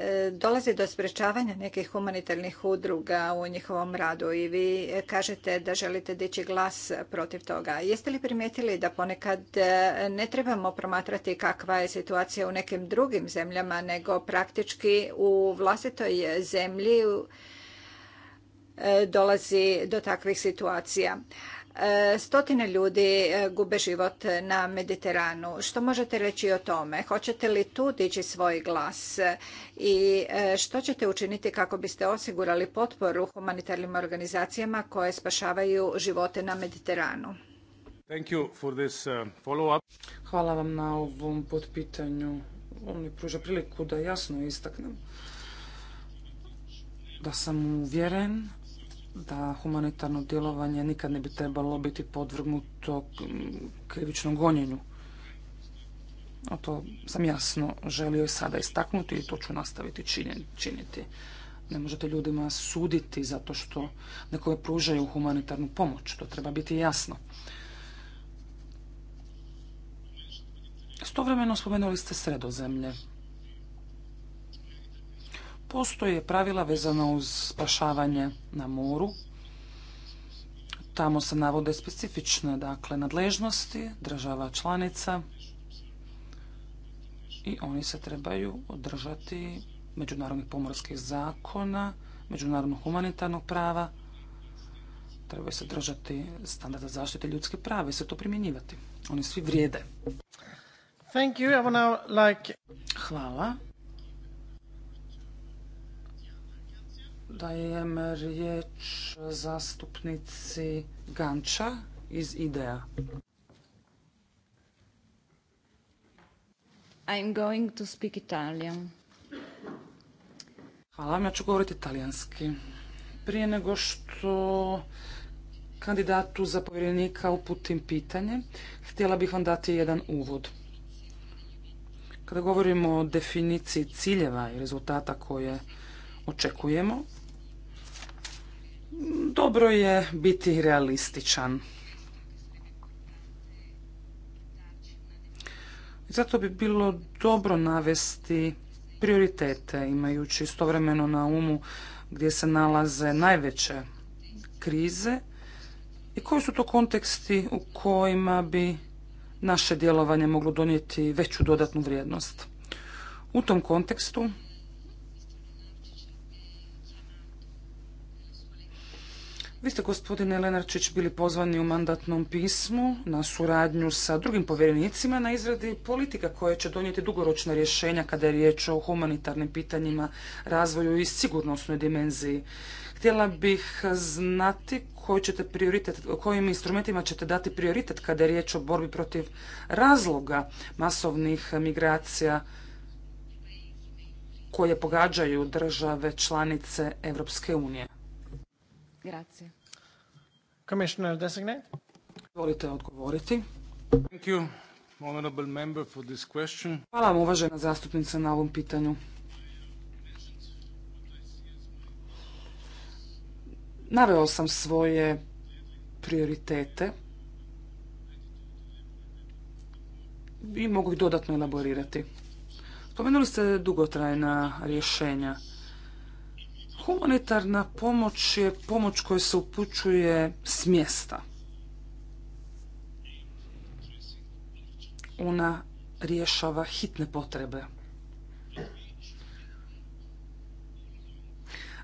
E, dolazi do sprečavanja nekih humanitarnih udruga u njihovom radu i vi kažete da želite dići glas protiv toga. Jeste li primijetili da ponekad e, ne trebamo promatrati kakva je situacija u nekim drugim zemljama, nego praktički u vlastitoj zemlji e, dolazi do takvih situacija. Stotine ljudi e, gube život na Mediteranu. Što možete reći o tome? Hoćete li tu dići svoj glas? I e, što ćete učiniti kako biste osigurali potporu humanitarnim organizacijama koje spašavaju živote na Mediteranu? Uh, Hvala vam na ovom potpitanju. On mi pruža priliku da jasno istaknem da sam uvjeren da humanitarno djelovanje nikad ne bi trebalo biti podvrgnuto mm, krivičnom gonjenju. O to sam jasno želio i sada istaknuti i to ću nastaviti činiti. Ne možete ljudima suditi zato što nekome pružaju humanitarnu pomoć. To treba biti jasno. Stovremeno spomenuli ste sredozemlje. Postoje pravila vezana uz spašavanje na moru. Tamo se navode specifične dakle, nadležnosti država članica i oni se trebaju održati međunarodnih pomorskih zakona, međunarodnog humanitarnog prava, trebaju se držati standarda zaštite ljudskih prava i se to primjenjivati. Oni svi vrijede. Thank you. I like... Hvala. Dajem riječ zastupnici Ganča iz IDEA. I'm going to speak Italian. Hvala vam, ja ću govoriti italijanski. Prije nego što kandidatu za povjerenika uputim pitanje, htjela bih vam dati jedan uvod. Kada govorimo o definiciji ciljeva i rezultata koje očekujemo, dobro je biti realističan. Zato bi bilo dobro navesti prioritete, imajući istovremeno na umu gdje se nalaze najveće krize i koji su to konteksti u kojima bi naše djelovanje moglo donijeti veću dodatnu vrijednost. U tom kontekstu Vi ste, gospodine Lenarčić, bili pozvani u mandatnom pismu na suradnju sa drugim povjerenicima na izradi politika koje će donijeti dugoročna rješenja kada je riječ o humanitarnim pitanjima, razvoju i sigurnosnoj dimenziji. Htjela bih znati koji ćete prioritet, kojim instrumentima ćete dati prioritet kada je riječ o borbi protiv razloga masovnih migracija koje pogađaju države članice Europske unije. Commissioner Volite odgovoriti. Thank you, honorable Hvala vam uvažena zastupnica na ovom pitanju. Naveo sam svoje prioritete i mogu ih dodatno elaborirati. Spomenuli ste dugotrajna rješenja. Humanitarna pomoć je pomoć koja se upućuje s mjesta. Ona rješava hitne potrebe.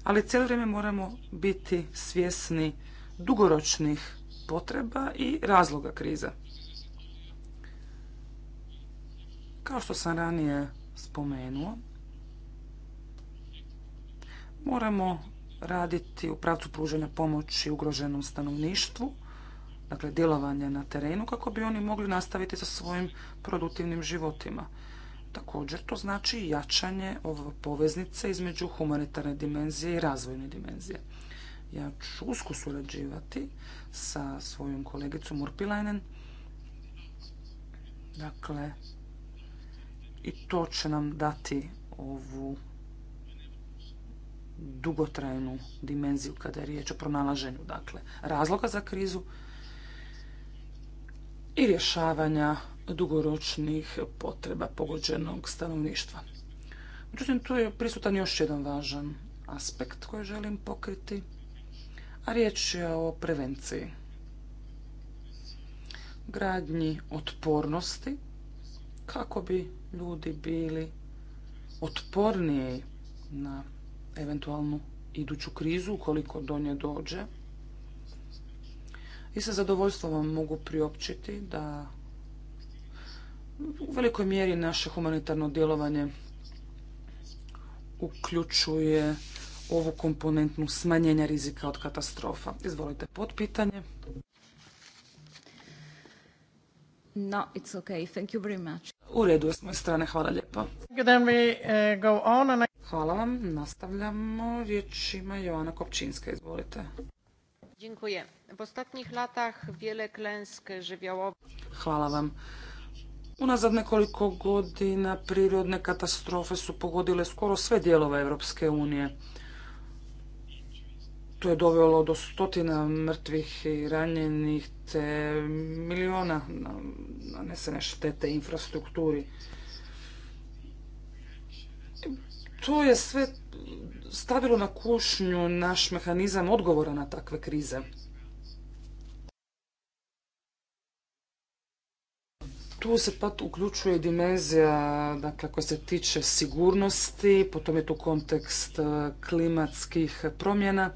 Ali cijelo vrijeme moramo biti svjesni dugoročnih potreba i razloga krize. Kao što sam ranije spomenuo, Moramo raditi u pravcu pružanja pomoći ugroženom stanovništvu, dakle djelovanje na terenu kako bi oni mogli nastaviti sa svojim produktivnim životima. Također to znači jačanje ove poveznice između humanitarne dimenzije i razvojne dimenzije. Ja ću usko surađivati sa svojom kolegicom Urpilajnen. Dakle, i to će nam dati ovu dugotrajnu dimenziju kada je riječ o pronalaženju dakle, razloga za krizu i rješavanja dugoročnih potreba pogođenog stanovništva. Međutim, tu je prisutan još jedan važan aspekt koji želim pokriti, a riječ je o prevenciji. Gradnji otpornosti kako bi ljudi bili otporniji na eventualnu iduću krizu ukoliko do nje dođe. I sa zadovoljstvom vam mogu priopćiti da u velikoj mjeri naše humanitarno djelovanje uključuje ovu komponentnu smanjenja rizika od katastrofa. Izvolite pod pitanje. No, it's okay. U redu s moje strane, hvala lijepo. Eh, hvala vam, nastavljamo. Riječ ima Joana Kopčinska, izvolite. Dziękuję. W ostatnich latach wiele klęsk żywiołowych. Hvala vam. Unazad nekoliko godina prirodne katastrofe su pogodile skoro sve dijelove Europske unije. To je dovelo do stotina mrtvih i ranjenih te miliona nanesene štete infrastrukturi. To je sve stavilo na kušnju naš mehanizam odgovora na takve krize. Tu se pa uključuje dimenzija dakle, koja se tiče sigurnosti, potom je tu kontekst eh, klimatskih promjena.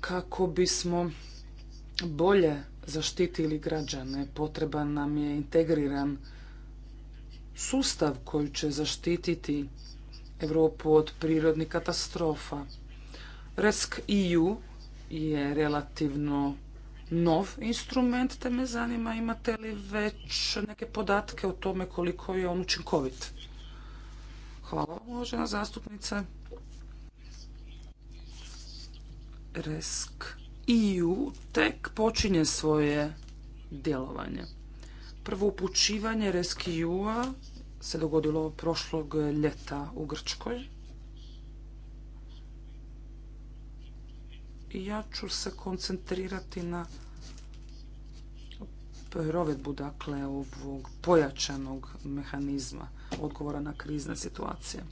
kako bismo bolje zaštitili građane. Potreban nam je integriran sustav koji će zaštititi Europu od prirodnih katastrofa. Resk EU je relativno nov instrument, te me zanima imate li već neke podatke o tome koliko je on učinkovit. Hvala vam, uvažena zastupnice. Resk EU tek počinje svoje djelovanje. Prvo upućivanje Resk a se dogodilo prošlog ljeta u Grčkoj. ja ću se koncentrirati na provedbu dakle ovog pojačanog mehanizma odgovora na krizne situacije.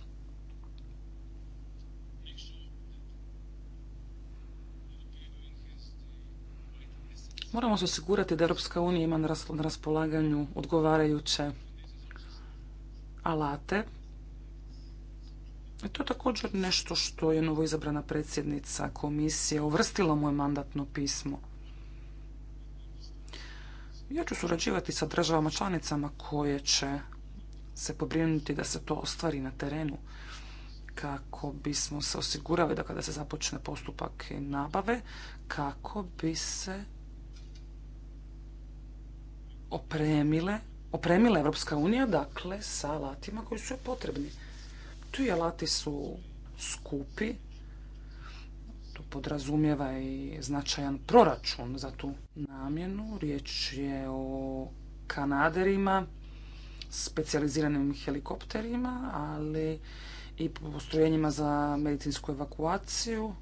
Moramo se osigurati da Europska unija ima na raspolaganju odgovarajuće alate. I to je također nešto što je izabrana predsjednica komisije uvrstila moje mandatno pismo. Ja ću surađivati sa državama članicama koje će se pobrinuti da se to ostvari na terenu kako bismo se osigurali da kada se započne postupak nabave, kako bi se opremile, opremila Evropska unija, dakle, sa alatima koji su joj potrebni. Ti alati su skupi, to podrazumijeva i značajan proračun za tu namjenu. Riječ je o kanaderima, specijaliziranim helikopterima, ali i postrojenjima za medicinsku evakuaciju,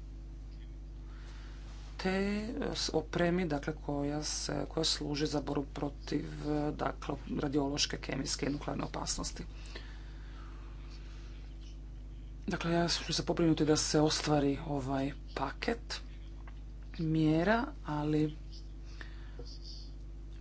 te e, opremi dakle, koja, se, koja služi za borbu protiv e, dakle, radiološke, kemijske i nuklearne opasnosti. Dakle, ja ću se pobrinuti da se ostvari ovaj paket mjera, ali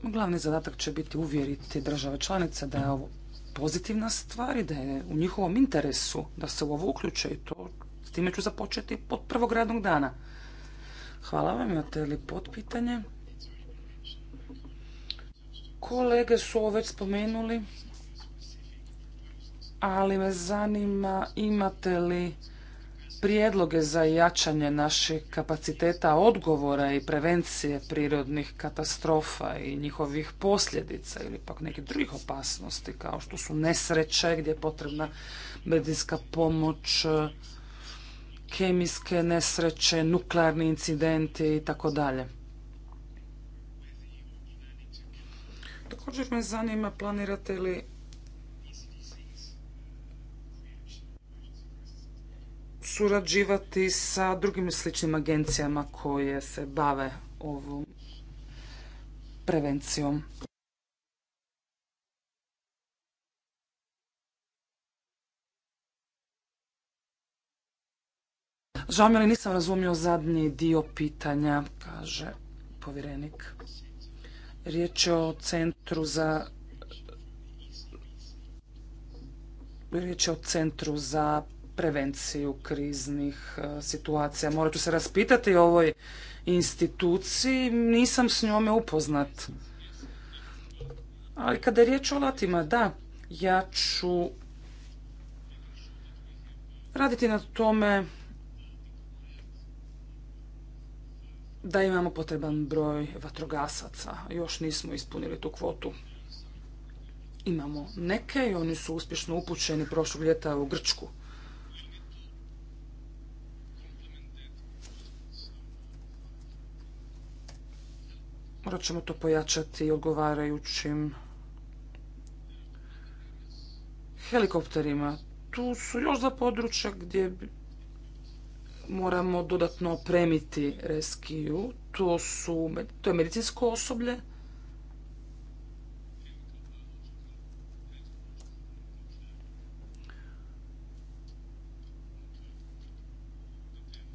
glavni zadatak će biti uvjeriti države članice da je ovo pozitivna stvar i da je u njihovom interesu da se u ovo uključe i to s time ću započeti od prvog radnog dana. Hvala vam. Imate li potpitanje? Kolege su ovo već spomenuli, ali me zanima imate li prijedloge za jačanje naših kapaciteta odgovora i prevencije prirodnih katastrofa i njihovih posljedica ili pak nekih drugih opasnosti kao što su nesreće gdje je potrebna medijska pomoć, kemijske nesreće, nuklearni incidenti i tako dalje. Također me zanima planirate li surađivati sa drugim sličnim agencijama koje se bave ovom prevencijom. Žao mi, ali nisam razumio zadnji dio pitanja, kaže povjerenik. Riječ je o centru za riječ je o centru za prevenciju kriznih e, situacija. Morat ću se raspitati o ovoj instituciji, nisam s njome upoznat. Ali kada je riječ o latima, da, ja ću raditi na tome da imamo potreban broj vatrogasaca. Još nismo ispunili tu kvotu. Imamo neke i oni su uspješno upućeni prošlog ljeta u Grčku. Morat ćemo to pojačati odgovarajućim helikopterima. Tu su još za područja gdje moramo dodatno opremiti reskiju. To, su, to je medicinsko osoblje.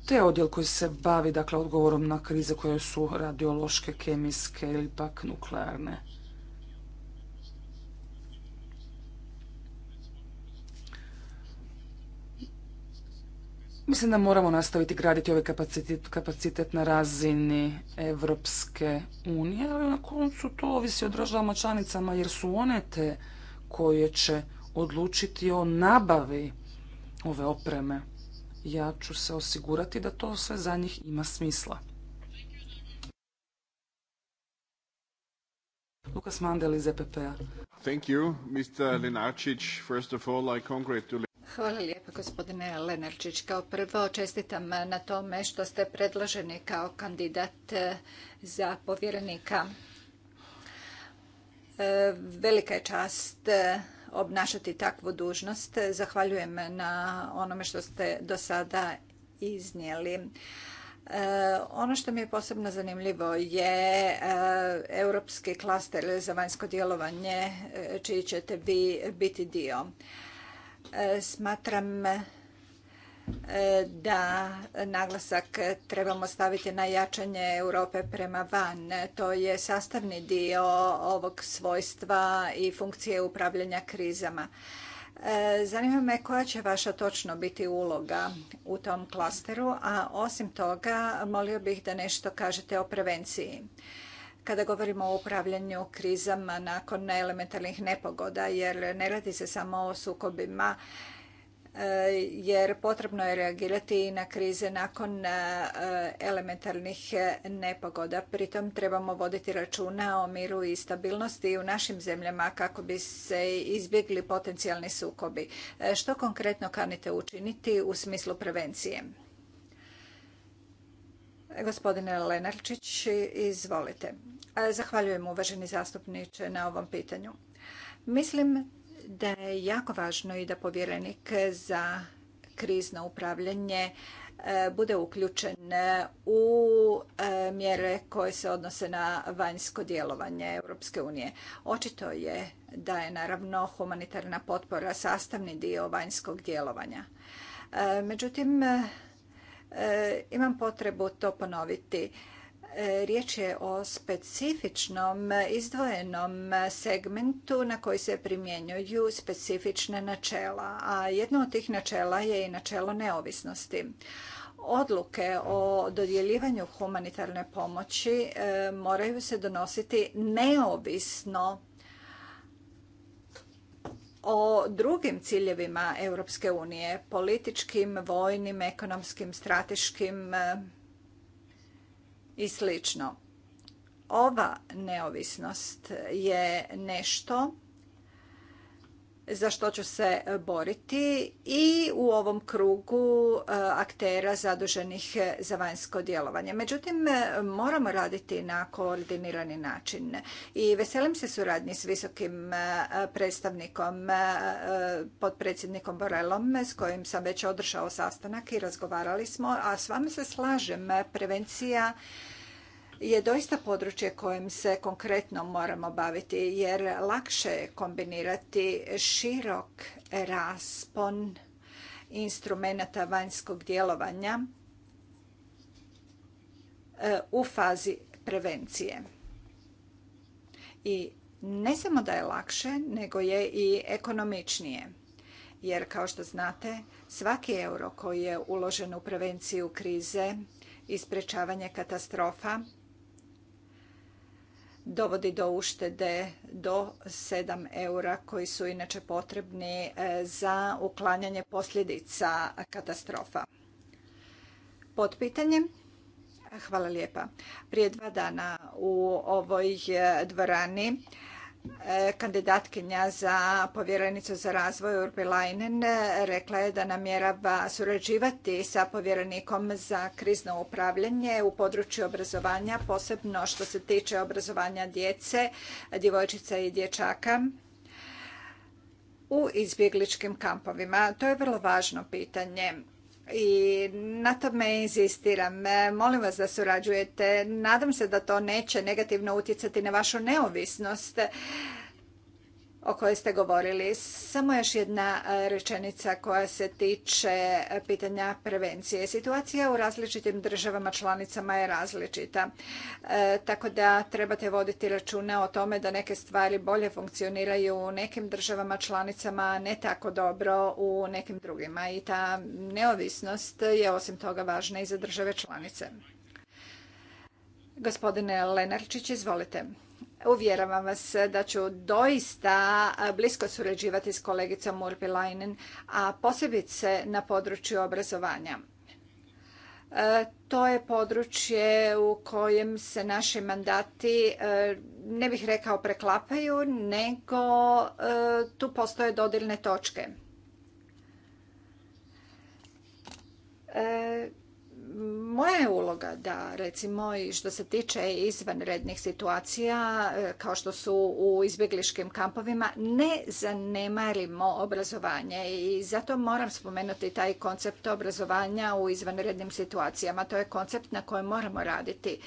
Te odjel koji se bavi dakle, odgovorom na krize koje su radiološke, kemijske ili pak nuklearne. Mislim da moramo nastaviti graditi ovaj kapacitet, na razini Evropske unije, ali na koncu to ovisi o državama članicama jer su one te koje će odlučiti o nabavi ove opreme. Ja ću se osigurati da to sve za njih ima smisla. Lukas Mandel iz EPP-a. Thank Mr. Hvala lijepa gospodine Lenarčić. Kao prvo čestitam na tome što ste predloženi kao kandidat e, za povjerenika. E, velika je čast e, obnašati takvu dužnost. Zahvaljujem na onome što ste do sada iznijeli. Ono što mi je posebno zanimljivo je europski klaster za vanjsko djelovanje čiji ćete vi biti dio. Smatram e, da naglasak trebamo staviti na jačanje Europe prema van. To je sastavni dio ovog svojstva i funkcije upravljanja krizama. E, zanima me koja će vaša točno biti uloga u tom klasteru, a osim toga molio bih da nešto kažete o prevenciji kada govorimo o upravljanju krizama nakon elementarnih nepogoda jer ne radi se samo o sukobima e, jer potrebno je reagirati i na krize nakon e, elementarnih nepogoda. Pritom trebamo voditi računa o miru i stabilnosti u našim zemljama kako bi se izbjegli potencijalni sukobi. E, što konkretno kanite učiniti u smislu prevencije? Gospodine Lenarčić, izvolite. Zahvaljujem uvaženi zastupniče na ovom pitanju. Mislim da je jako važno i da povjerenik za krizno upravljanje e, bude uključen u e, mjere koje se odnose na vanjsko djelovanje Europske unije. Očito je da je naravno humanitarna potpora sastavni dio vanjskog djelovanja. E, međutim, E, imam potrebu to ponoviti. E, riječ je o specifičnom izdvojenom segmentu na koji se primjenjuju specifične načela, a jedno od tih načela je i načelo neovisnosti. Odluke o dodjeljivanju humanitarne pomoći e, moraju se donositi neovisno o drugim ciljevima Europske unije, političkim, vojnim, ekonomskim, strateškim e, i slično. Ova neovisnost je nešto za što ću se e, boriti i u ovom krugu e, aktera zaduženih e, za vanjsko djelovanje. Međutim, moramo raditi na koordinirani način i veselim se suradnji s visokim predstavnikom, podpredsjednikom Borelom s kojim sam već održao sastanak i razgovarali smo, a s vama se slažem, prevencija je doista područje kojim se konkretno moramo baviti jer lakše je kombinirati širok raspon instrumenata vanjskog djelovanja e, u fazi prevencije. I ne samo da je lakše, nego je i ekonomičnije. Jer kao što znate, svaki euro koji je uložen u prevenciju krize i sprečavanje katastrofa dovodi do uštede do 7 eura koji su inače potrebni e, za uklanjanje posljedica katastrofa. Pod pitanjem Hvala lijepa. Prije dva dana u ovoj dvorani E, kandidatkinja za povjerenicu za razvoj Urbi Leinen rekla je da namjerava surađivati sa povjerenikom za krizno upravljanje u području obrazovanja, posebno što se tiče obrazovanja djece, djevojčica i dječaka u izbjegličkim kampovima. To je vrlo važno pitanje i na tome inzistiram. E, molim vas da surađujete. Nadam se da to neće negativno utjecati na vašu neovisnost o kojoj ste govorili. Samo još jedna e, rečenica koja se tiče pitanja prevencije. Situacija u različitim državama članicama je različita, e, tako da trebate voditi računa o tome da neke stvari bolje funkcioniraju u nekim državama članicama, ne tako dobro u nekim drugima i ta neovisnost je osim toga važna i za države članice. Gospodine Lenarčić, izvolite. Uvjeravam vas da ću doista blisko surađivati s kolegicom Murpilainen, a posebice na području obrazovanja. E, to je područje u kojem se naši mandati, e, ne bih rekao preklapaju, nego e, tu postoje dodirne točke moja je uloga da recimo i što se tiče izvanrednih situacija e, kao što su u izbjegliškim kampovima ne zanemarimo obrazovanje i zato moram spomenuti taj koncept obrazovanja u izvanrednim situacijama. To je koncept na kojem moramo raditi.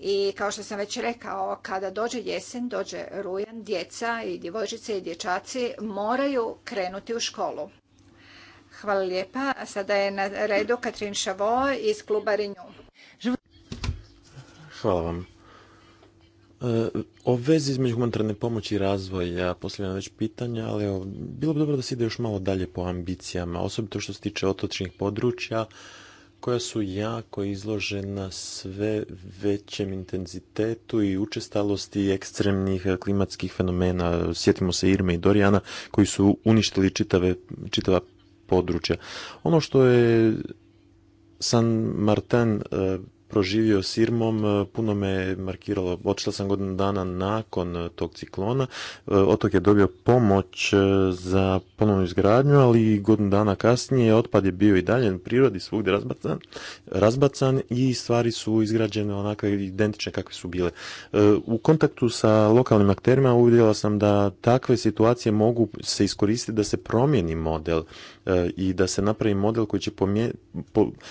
I kao što sam već rekao, kada dođe jesen, dođe rujan, djeca i djevojčice i dječaci moraju krenuti u školu. Hvala lijepa. Sada je na redu Katrin iz kluba Hvala vam. E, o vezi između humanitarne pomoći i razvoja postavljam već pitanja, ali evo, bilo bi dobro da se ide još malo dalje po ambicijama, osobito što se tiče otočnih područja koja su jako izložena sve većem intenzitetu i učestalosti ekstremnih klimatskih fenomena. Sjetimo se Irme i Dorijana koji su uništili čitave, čitava područja. Ono što je San Martin e, proživio s Irmom, e, puno me markiralo. Otišla sam godinu dana nakon e, tog ciklona. Otok je dobio pomoć za ponovnu izgradnju, ali godinu dana kasnije otpad je bio i dalje na prirodi, svugdje razbacan, razbacan i stvari su izgrađene onakve identične kakve su bile. U kontaktu sa lokalnim akterima uvidjela sam da takve situacije mogu se iskoristiti da se promijeni model i da se napravi model koji će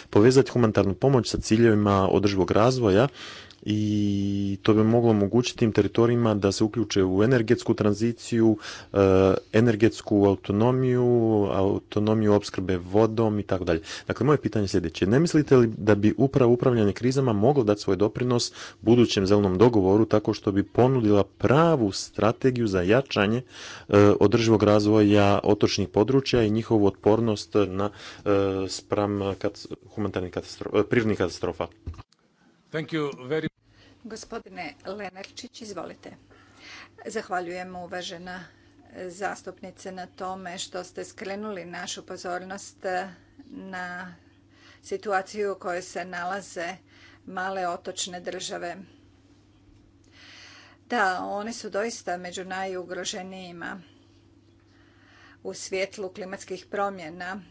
povezati humanitarnu pomoć sa ciljevima održivog razvoja i to bi moglo omogućiti tim teritorijima da se uključe u energetsku tranziciju, e, energetsku autonomiju, autonomiju opskrbe vodom i tako dalje. Dakle, moje pitanje je sljedeće. Ne mislite li da bi upravo upravljanje krizama moglo dati svoj doprinos budućem zelenom dogovoru tako što bi ponudila pravu strategiju za jačanje e, održivog razvoja otočnih područja i njihovu otpornost na e, spram humanitarnih katastrofa, prirodnih katastrofa? Gospodine Lenarčić, izvolite. Zahvaljujem uvažena zastupnice na tome što ste skrenuli našu pozornost eh, na situaciju u kojoj se nalaze male otočne države. Da, one su doista među najugroženijima u svjetlu klimatskih promjena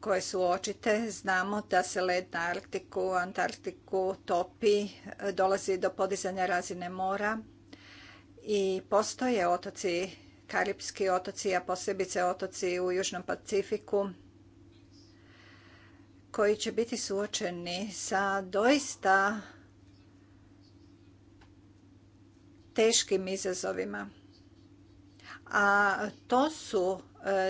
koje su očite. Znamo da se led na Arktiku, Antarktiku topi, dolazi do podizanja razine mora i postoje otoci, Karipski otoci, a posebice otoci u Južnom Pacifiku, koji će biti suočeni sa doista teškim izazovima. A to su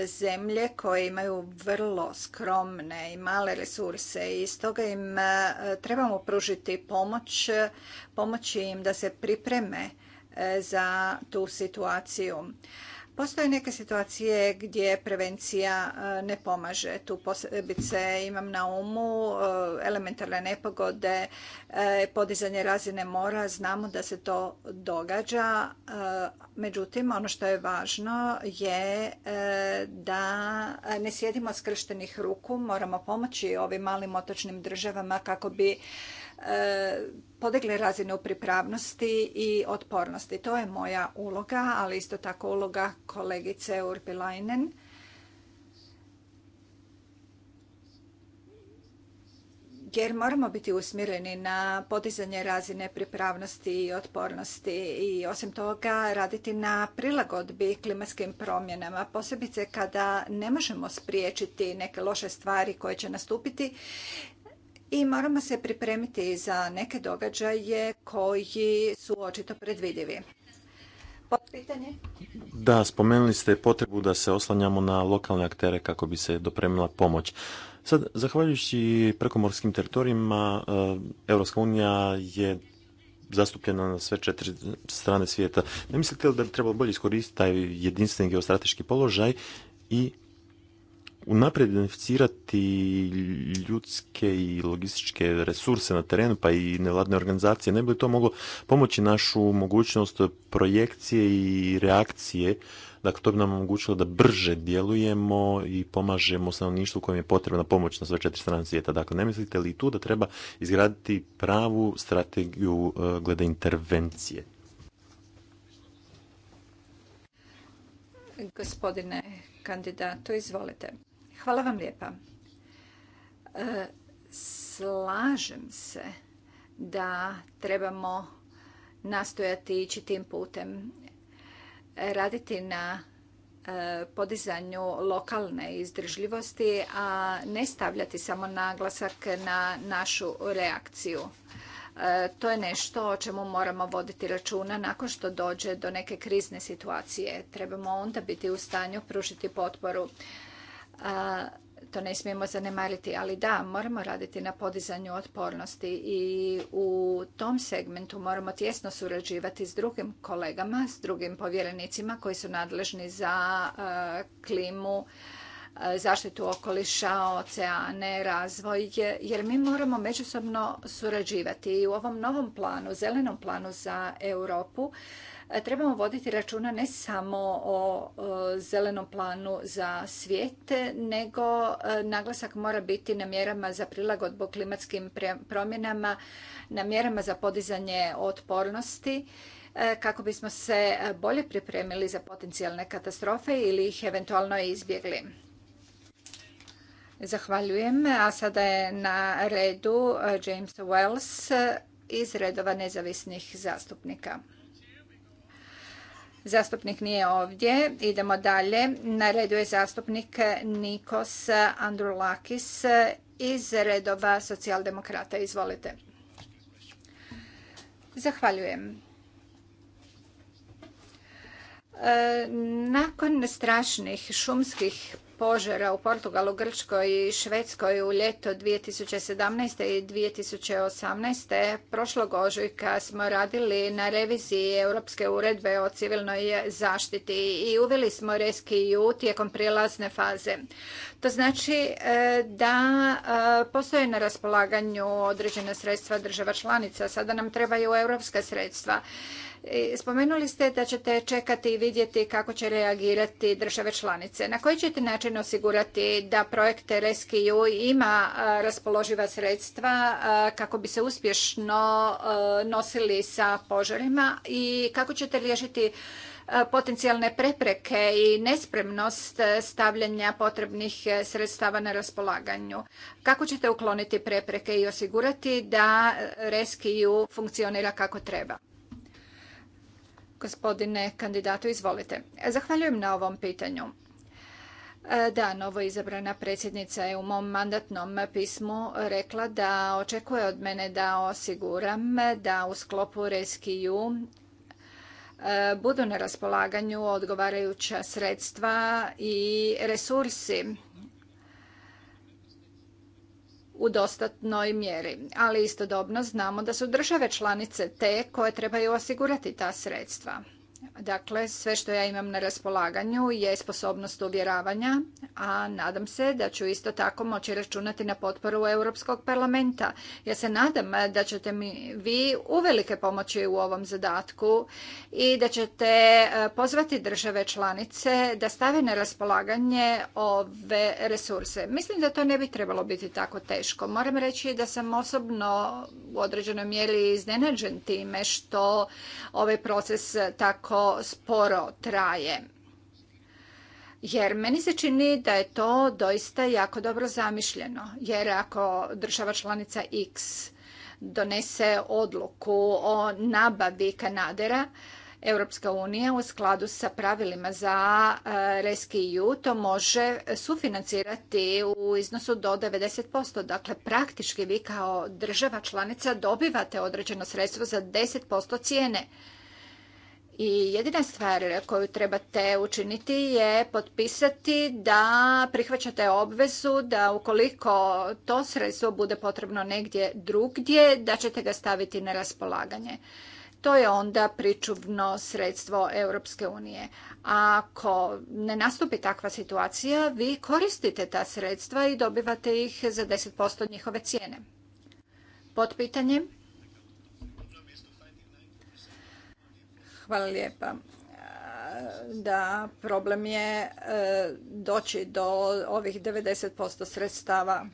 zemlje koje imaju vrlo skromne i male resurse i stoga im e, trebamo pružiti pomoć, pomoći im da se pripreme e, za tu situaciju. Postoje neke situacije gdje prevencija e, ne pomaže. Tu posebice imam na umu e, elementarne nepogode, e, podizanje razine mora. Znamo da se to događa. Međutim, ono što je važno je da ne sjedimo skrštenih ruku. Moramo pomoći ovim malim otočnim državama kako bi E, podigle razinu pripravnosti i otpornosti. To je moja uloga, ali isto tako uloga kolegice Urpilainen. jer moramo biti usmjereni na podizanje razine pripravnosti i otpornosti i osim toga raditi na prilagodbi klimatskim promjenama, posebice kada ne možemo spriječiti neke loše stvari koje će nastupiti, i moramo se pripremiti za neke događaje koji su očito predvidivi. Da, spomenuli ste potrebu da se oslanjamo na lokalne aktere kako bi se dopremila pomoć. Sad, zahvaljujući prekomorskim teritorijima, eh, Europska unija je zastupljena na sve četiri strane svijeta. Ne mislite li da bi trebalo bolje iskoristiti taj jedinstveni geostrateški položaj i unaprijed identificirati ljudske i logističke resurse na terenu, pa i nevladne organizacije, ne bi to moglo pomoći našu mogućnost projekcije i reakcije Dakle, to bi nam omogućilo da brže djelujemo i pomažemo stanovništvu kojem je potrebna pomoć na sve četiri strane svijeta. Dakle, ne mislite li tu da treba izgraditi pravu strategiju e, glede intervencije? Gospodine kandidato, izvolite. Hvala vam lijepa. E, slažem se da trebamo nastojati ići tim putem, raditi na e, podizanju lokalne izdržljivosti, a ne stavljati samo naglasak na našu reakciju. E, to je nešto o čemu moramo voditi računa nakon što dođe do neke krizne situacije. Trebamo onda biti u stanju pružiti potporu to ne smijemo zanemariti, ali da, moramo raditi na podizanju otpornosti i u tom segmentu moramo tjesno surađivati s drugim kolegama, s drugim povjerenicima koji su nadležni za klimu, zaštitu okoliša, oceane, razvoj, jer mi moramo međusobno surađivati. I u ovom novom planu, zelenom planu za Europu, trebamo voditi računa ne samo o zelenom planu za svijet, nego e, naglasak mora biti na mjerama za prilagodbu klimatskim promjenama, na mjerama za podizanje otpornosti e, kako bismo se bolje pripremili za potencijalne katastrofe ili ih eventualno izbjegli. Zahvaljujem. A sada je na redu James Wells iz redova nezavisnih zastupnika. Zastupnik nije ovdje. Idemo dalje. Na redu je zastupnik Nikos Andrulakis iz redova socijaldemokrata. Izvolite. Zahvaljujem. E, nakon strašnih šumskih požara u Portugalu, Grčkoj i Švedskoj u ljeto 2017. i 2018. prošlog ožujka smo radili na reviziji Europske uredbe o civilnoj zaštiti i uveli smo u tijekom prijelazne faze. To znači e, da e, postoje na raspolaganju određena sredstva država članica, sada nam trebaju europska sredstva. E, spomenuli ste da ćete čekati i vidjeti kako će reagirati države članice. Na koji ćete način osigurati da projekte Rescue ima raspoloživa sredstva kako bi se uspješno nosili sa požarima i kako ćete riješiti potencijalne prepreke i nespremnost stavljanja potrebnih sredstava na raspolaganju. Kako ćete ukloniti prepreke i osigurati da reskiju funkcionira kako treba? Gospodine kandidatu, izvolite. Zahvaljujem na ovom pitanju. Da, novo izabrana predsjednica je u mom mandatnom pismu rekla da očekuje od mene da osiguram da u sklopu ResKiju E, budu na raspolaganju odgovarajuća sredstva i resursi u dostatnoj mjeri. Ali istodobno znamo da su države članice te koje trebaju osigurati ta sredstva. Dakle, sve što ja imam na raspolaganju je sposobnost uvjeravanja, a nadam se da ću isto tako moći računati na potporu Europskog parlamenta. Ja se nadam da ćete mi vi uvelike pomoći u ovom zadatku i da ćete e, pozvati države članice da stave na raspolaganje ove resurse. Mislim da to ne bi trebalo biti tako teško. Moram reći da sam osobno u određenoj mjeri iznenađen time što ovaj proces tako sporo traje. Jer meni se čini da je to doista jako dobro zamišljeno. Jer ako država članica X donese odluku o nabavi kanadera, Europska unija u skladu sa pravilima za e, Rescue to može sufinancirati u iznosu do 90%. Dakle, praktički vi kao država članica dobivate određeno sredstvo za 10% cijene. I jedina stvar koju trebate učiniti je potpisati da prihvaćate obvezu da ukoliko to sredstvo bude potrebno negdje drugdje, da ćete ga staviti na raspolaganje. To je onda pričuvno sredstvo Europske unije. Ako ne nastupi takva situacija, vi koristite ta sredstva i dobivate ih za 10% njihove cijene. Pod pitanjem Hvala lijepa. Da, problem je e, doći do ovih 90% sredstava.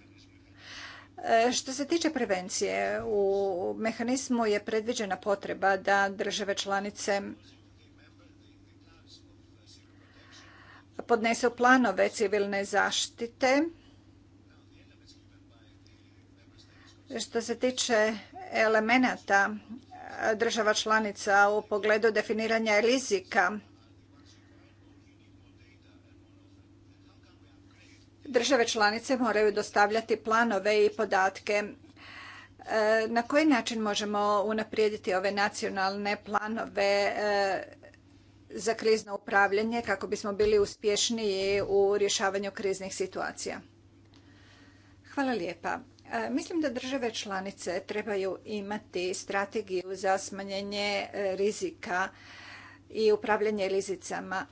E, što se tiče prevencije, u mehanizmu je predviđena potreba da države članice podnesu planove civilne zaštite. Što se tiče elemenata država članica u pogledu definiranja rizika. Države članice moraju dostavljati planove i podatke. E, na koji način možemo unaprijediti ove nacionalne planove e, za krizno upravljanje kako bismo bili uspješniji u rješavanju kriznih situacija? Hvala lijepa. Mislim da države članice trebaju imati strategiju za smanjenje e, rizika i upravljanje rizicima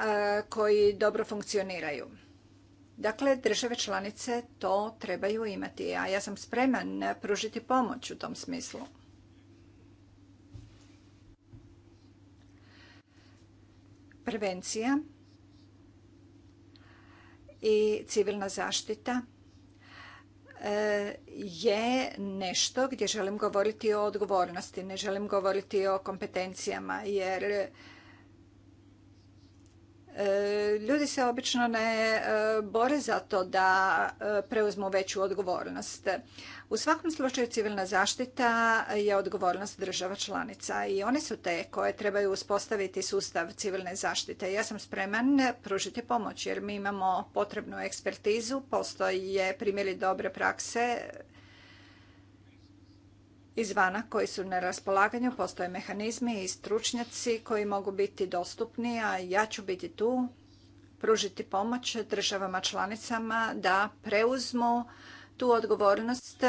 e, koji dobro funkcioniraju. Dakle, države članice to trebaju imati, a ja sam spreman pružiti pomoć u tom smislu. Prevencija i civilna zaštita – E, je nešto gdje želim govoriti o odgovornosti, ne želim govoriti o kompetencijama jer e, ljudi se obično ne e, bore za to da preuzmu veću odgovornost. U svakom slučaju civilna zaštita je odgovornost država članica i one su te koje trebaju uspostaviti sustav civilne zaštite. Ja sam spreman pružiti pomoć jer mi imamo potrebnu ekspertizu, postoje primjeri dobre prakse izvana koji su na raspolaganju, postoje mehanizmi i stručnjaci koji mogu biti dostupni, a ja ću biti tu pružiti pomoć državama članicama da preuzmu tu odgovornost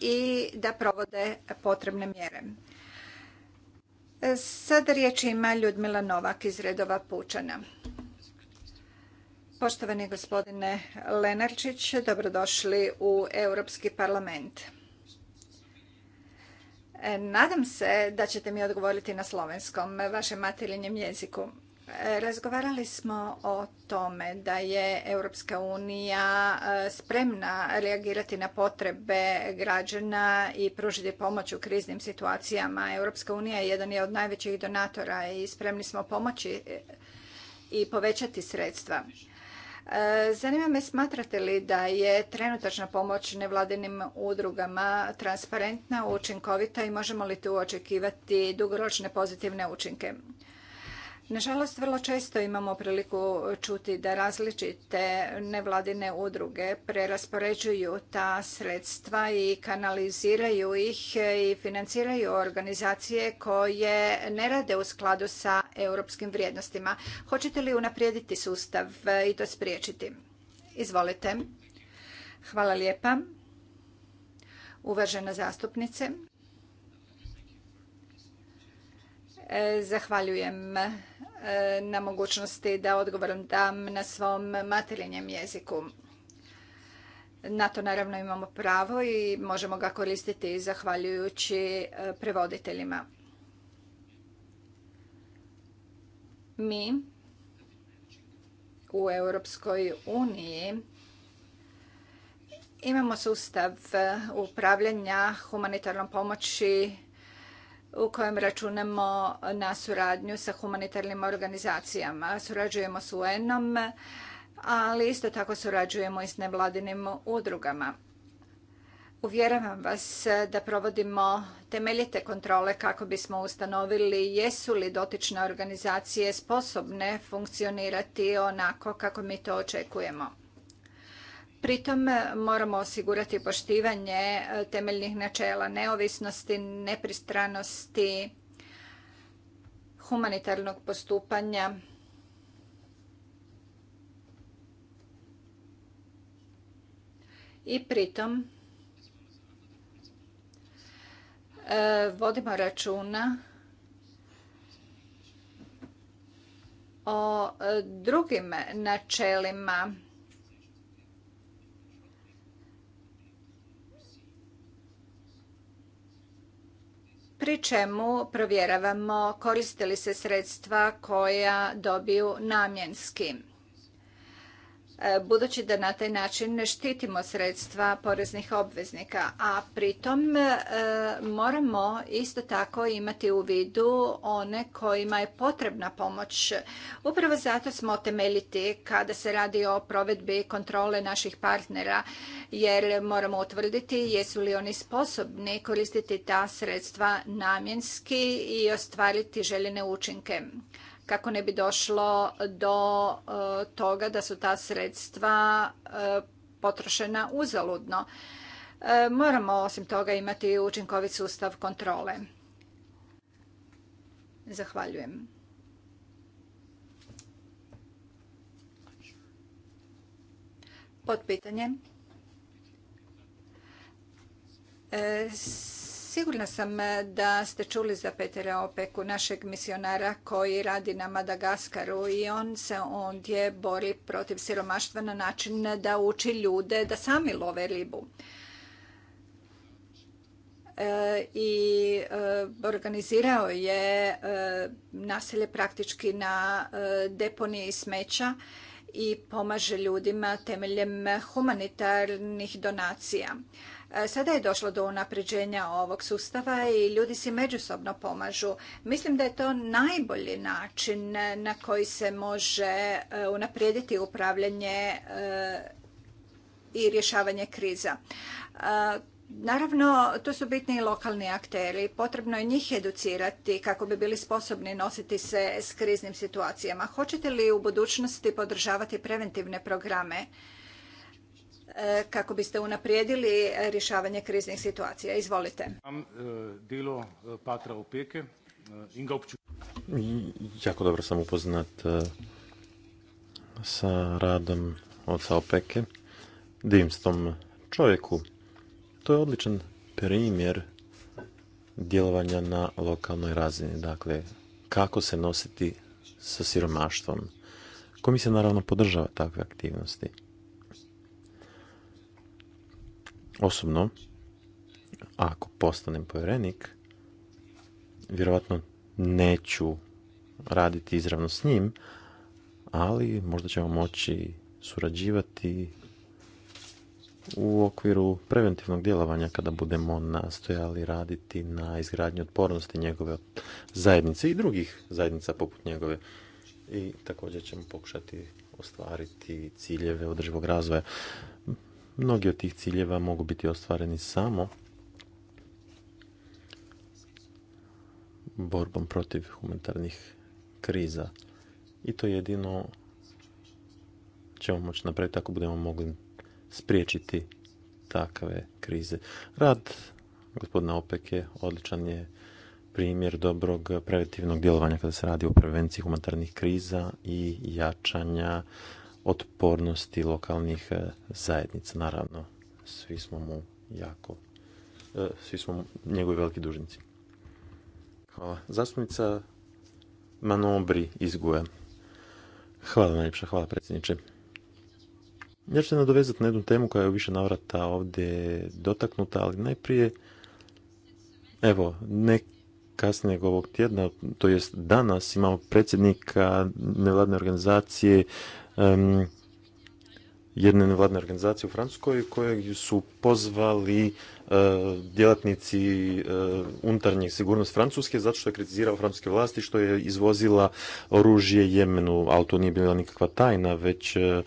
i da provode potrebne mjere. Sad riječ ima Ljudmila Novak iz redova Pučana. Poštovani gospodine Lenarčić, dobrodošli u Europski parlament. Nadam se da ćete mi odgovoriti na slovenskom, vašem materinjem jeziku. Razgovarali smo o tome da je Europska unija e, spremna reagirati na potrebe građana i pružiti pomoć u kriznim situacijama. Europska unija je jedan je od najvećih donatora i spremni smo pomoći e, i povećati sredstva. E, zanima me smatrate li da je trenutačna pomoć nevladinim udrugama transparentna, učinkovita i možemo li tu očekivati dugoročne pozitivne učinke? Nažalost, vrlo često imamo priliku čuti da različite nevladine udruge preraspoređuju ta sredstva i kanaliziraju ih i financiraju organizacije koje ne rade u skladu sa europskim vrijednostima. Hoćete li unaprijediti sustav i to spriječiti? Izvolite. Hvala lijepa. Uvažena zastupnice. Zahvaljujem Eh, na mogućnosti da odgovorom dam na svom materinjem jeziku. Na to naravno imamo pravo i možemo ga koristiti zahvaljujući eh, prevoditeljima. Mi u Europskoj uniji imamo sustav eh, upravljanja humanitarnom pomoći u kojem računamo na suradnju sa humanitarnim organizacijama. Surađujemo s UN-om, ali isto tako surađujemo i s nevladinim udrugama. Uvjeravam vas da provodimo temeljite kontrole kako bismo ustanovili jesu li dotične organizacije sposobne funkcionirati onako kako mi to očekujemo. Pritom e, moramo osigurati poštivanje e, temeljnih načela neovisnosti, nepristranosti, humanitarnog postupanja. I pritom e, vodimo računa o drugim načelima pri čemu provjeravamo koriste li se sredstva koja dobiju namjenski. E, budući da na taj način ne štitimo sredstva poreznih obveznika, a pritom e, moramo isto tako imati u vidu one kojima je potrebna pomoć. Upravo zato smo temeljiti kada se radi o provedbi kontrole naših partnera, jer moramo utvrditi jesu li oni sposobni koristiti ta sredstva namjenski i ostvariti željene učinke kako ne bi došlo do e, toga da su ta sredstva e, potrošena uzaludno. E, moramo osim toga imati učinkovit sustav kontrole. Zahvaljujem. Pod pitanje. Sigurna sam e, da ste čuli za Petera Opeku, našeg misionara koji radi na Madagaskaru i on se ondje bori protiv siromaštva na način da uči ljude da sami love ribu e, i e, organizirao je naselje praktički na deponije i smeća i pomaže ljudima temeljem humanitarnih donacija. E, sada je došlo do unapređenja ovog sustava i ljudi si međusobno pomažu. Mislim da je to najbolji način na koji se može e, unaprijediti upravljanje e, i rješavanje kriza. Naravno, tu su bitni i lokalni akteri. Potrebno je njih educirati kako bi bili sposobni nositi se s kriznim situacijama. Hoćete li u budućnosti podržavati preventivne programe? E, kako biste unaprijedili e, rješavanje kriznih situacija. Izvolite. E, jako dobro sam upoznat sa radom oca Opeke, dimstom čovjeku. To je odličan primjer djelovanja na lokalnoj razini. Dakle, kako se nositi sa siromaštvom. Komisija naravno podržava takve aktivnosti. Osobno, ako postanem povjerenik, vjerojatno neću raditi izravno s njim, ali možda ćemo moći surađivati u okviru preventivnog djelovanja kada budemo nastojali raditi na izgradnju otpornosti njegove zajednice i drugih zajednica poput njegove. I također ćemo pokušati ostvariti ciljeve održivog razvoja. Mnogi od tih ciljeva mogu biti ostvareni samo borbom protiv humanitarnih kriza. I to jedino ćemo moći napraviti ako budemo mogli spriječiti takve krize. Rad gospodina Opeke, odličan je primjer dobrog preventivnog djelovanja kada se radi o prevenciji humanitarnih kriza i jačanja otpornosti lokalnih e, zajednica. Naravno, svi smo mu jako, e, svi smo njegovi veliki dužnici. Hvala. Zastupnica Manobri iz Hvala najljepša, hvala predsjedniče. Ja ću se nadovezati na jednu temu koja je u više navrata ovdje dotaknuta, ali najprije, evo, ne kasnijeg ovog tjedna, to jest danas imamo predsjednika nevladne organizacije jedne nevladne organizacije u Francuskoj kojeg su pozvali e, djelatnici e, unutarnje sigurnosti Francuske zato što je kritizirao francuske vlasti što je izvozila oružje Jemenu, ali to nije bila nikakva tajna, već e,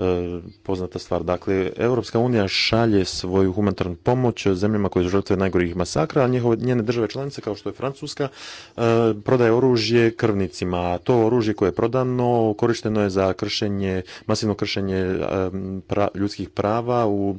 E, poznata stvar. Dakle, Europska unija šalje svoju humanitarnu pomoć zemljama koje su žrtve najgorih masakra, a njihove, njene države članice, kao što je Francuska, e, prodaje oružje krvnicima. to oružje koje je prodano korišteno je za kršenje, masivno kršenje e, ljudskih prava u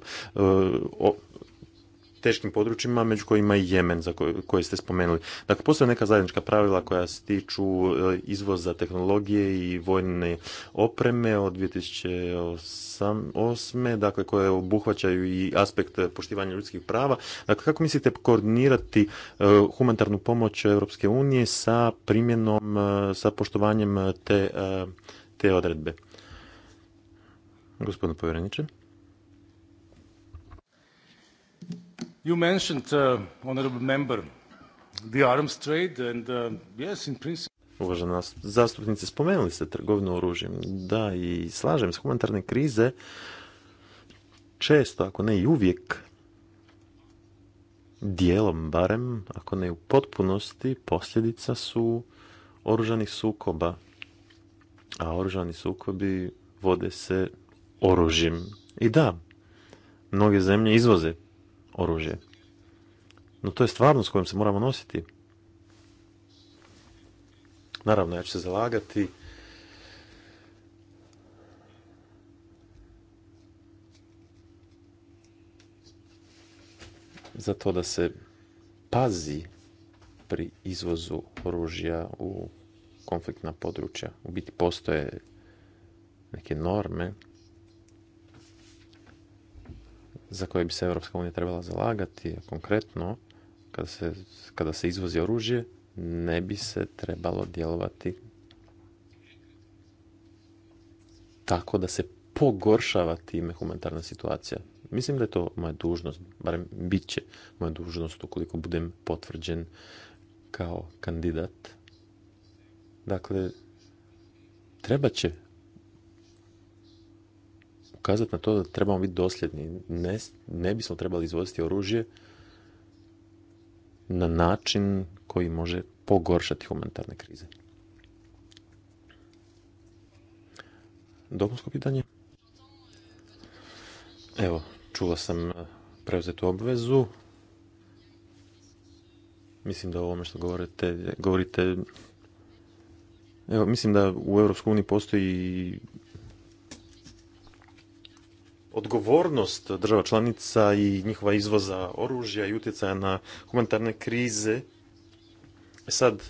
teškim područjima, među kojima i Jemen za koje, ste spomenuli. Dakle, postoje neka zajednička pravila koja se tiču e, izvoza tehnologije i vojne opreme od 2008. Dakle, koje obuhvaćaju i aspekt poštivanja ljudskih prava. Dakle, kako mislite koordinirati e, humanitarnu pomoć Europske unije sa primjenom, e, sa poštovanjem te, te odredbe? Gospodine povjereniče. You mentioned, uh, honorable member, the arms trade and uh, Uvažena zastupnice, spomenuli ste trgovinu oružjem. Da, i slažem, s humanitarne krize često, ako ne i uvijek, dijelom barem, ako ne u potpunosti, posljedica su oružanih sukoba. A oružani sukobi vode se oružjem. I da, mnoge zemlje izvoze oružje. No to je stvarnost kojom se moramo nositi. Naravno, ja ću se zalagati za to da se pazi pri izvozu oružja u konfliktna područja. U biti postoje neke norme za koje bi se Europska unija trebala zalagati, konkretno kada se, kada se izvozi oružje, ne bi se trebalo djelovati tako da se pogoršava time humanitarna situacija. Mislim da je to moja dužnost, barem bit će moja dužnost ukoliko budem potvrđen kao kandidat. Dakle, treba će ukazati na to da trebamo biti dosljedni. Ne, ne bismo trebali izvoziti oružje na način koji može pogoršati humanitarne krize. Dopunsko pitanje? Evo, čula sam e, preuzetu obvezu. Mislim da o ovome što govorite, govorite Evo, mislim da u EU postoji odgovornost država članica i njihova izvoza oružja i utjecaja na humanitarne krize. Sad,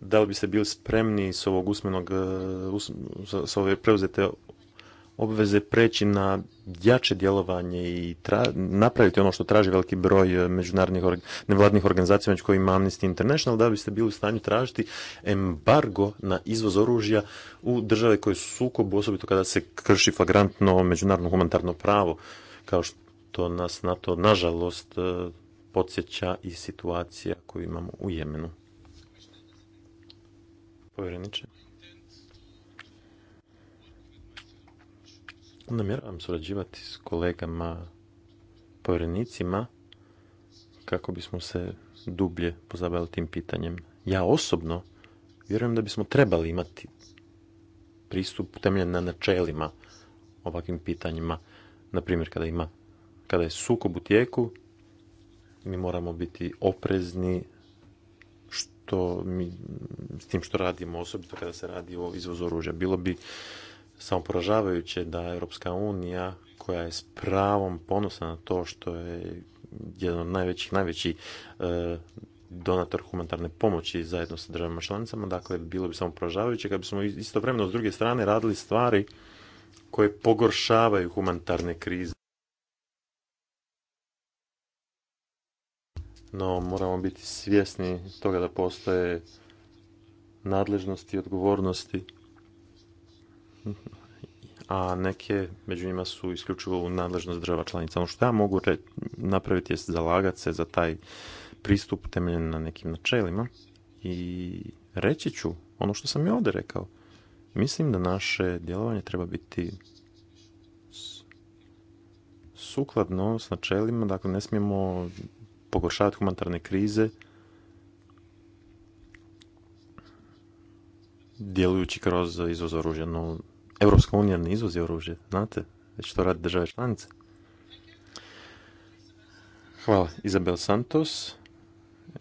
da li biste bili spremni s ovog usmenog, eh, s ove preuzete obveze preći na jače djelovanje i napraviti ono što traži veliki broj e, međunarodnih nevladnih organizacija među kojima Amnesty International da biste bili u stanju tražiti embargo na izvoz oružja u države koje su sukobu, osobito kada se krši flagrantno međunarodno humanitarno pravo, kao što nas na to nažalost e, podsjeća i situacija koju imamo u Jemenu. Povjereniče. namjeravam surađivati s kolegama povjerenicima kako bismo se dublje pozabavili tim pitanjem. Ja osobno vjerujem da bismo trebali imati pristup temeljen na načelima ovakvim pitanjima. Na primjer, kada, ima, kada je sukob u tijeku, mi moramo biti oprezni što mi, s tim što radimo, osobito kada se radi o izvozu oružja. Bilo bi samo poražavajuće da Europska unija koja je s pravom ponosna na to što je jedan od najvećih, najveći e, donator humanitarne pomoći zajedno sa državama članicama, dakle bilo bi samo poražavajuće kad bismo istovremeno s druge strane radili stvari koje pogoršavaju humanitarne krize. No, moramo biti svjesni toga da postoje nadležnosti i odgovornosti a neke među njima su isključivo u nadležnost država članica. Ono što ja mogu napraviti je zalagati se za taj pristup temeljen na nekim načelima i reći ću ono što sam i ovdje rekao. Mislim da naše djelovanje treba biti sukladno s načelima, dakle ne smijemo pogoršavati humanitarne krize djelujući kroz izvoz oružja. No, Evropska unija ne izvozi oružje, znate, već to radi države članice. Hvala, Izabel Santos,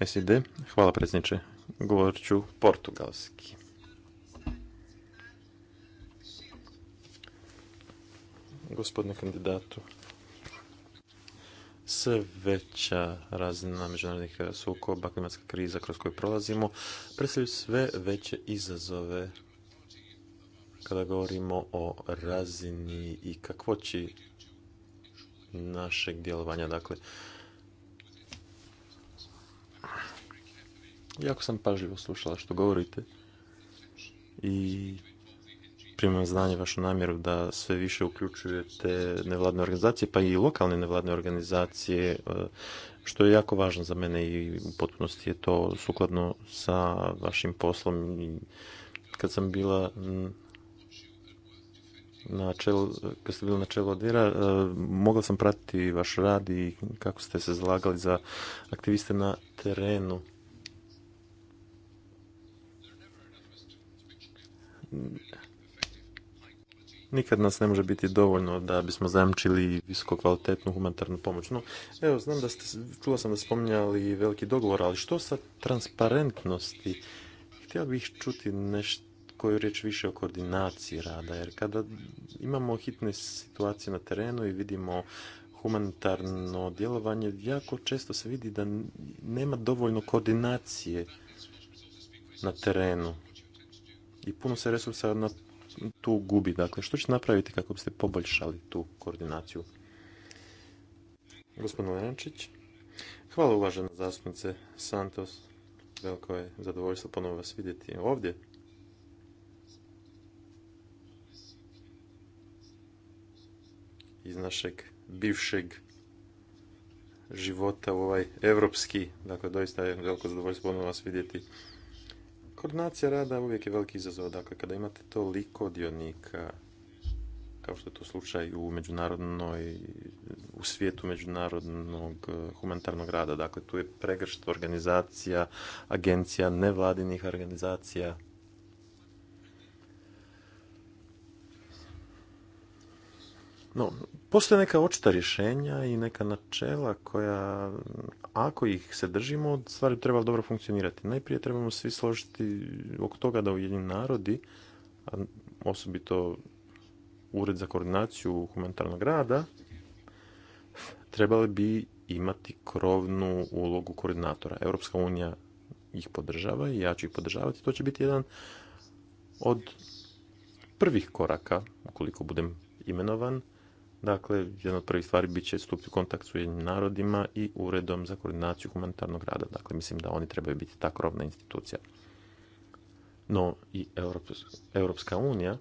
SID. Hvala, predsjedniče. Govorit ću portugalski. Gospodine kandidatu, sve veća razina međunarodnih sukoba, klimatska kriza kroz koju prolazimo, predstavljaju sve veće izazove kada govorimo o razini i kakvoći našeg djelovanja. Dakle, jako sam pažljivo slušala što govorite i primam znanje vašu namjeru da sve više uključujete nevladne organizacije, pa i lokalne nevladne organizacije, e, što je jako važno za mene i u potpunosti je to sukladno sa vašim poslom. Kad sam bila na čelu, kad ste bili na čelu odvira e, mogla sam pratiti vaš rad i kako ste se zalagali za aktiviste na terenu. Nikad nas ne može biti dovoljno da bismo zajamčili visokokvalitetnu kvalitetnu humanitarnu pomoć. No, evo, znam da ste, čula sam da spominjali veliki dogovor, ali što sa transparentnosti? Htio bih čuti nešto koju riječ više o koordinaciji rada, jer kada imamo hitne situacije na terenu i vidimo humanitarno djelovanje, jako često se vidi da nema dovoljno koordinacije na terenu i puno se resursa tu gubi. Dakle, što ćete napraviti kako biste poboljšali tu koordinaciju? Gospodin Lenčić. Hvala uvažena zastupnice Santos. Veliko je zadovoljstvo ponovno vas vidjeti ovdje iz našeg bivšeg života u ovaj evropski, dakle doista je veliko zadovoljstvo vas vidjeti. Koordinacija rada uvijek je veliki izazov, dakle kada imate toliko dionika, kao što je to slučaj u međunarodnoj, u svijetu međunarodnog eh, humanitarnog rada, dakle tu je pregršt organizacija, agencija, nevladinih organizacija, No, Postoje neka očita rješenja i neka načela koja, ako ih se držimo, stvari treba dobro funkcionirati. Najprije trebamo svi složiti oko toga da ujedini narodi, a osobito Ured za koordinaciju humanitarnog rada, trebali bi imati krovnu ulogu koordinatora. Europska unija ih podržava i ja ću ih podržavati. To će biti jedan od prvih koraka, ukoliko budem imenovan, Dakle, jedna od prvih stvari bit će stupiti u kontakt s Ujedinjenim narodima i uredom za koordinaciju humanitarnog rada. Dakle, mislim da oni trebaju biti ta krovna institucija. No i Europska unija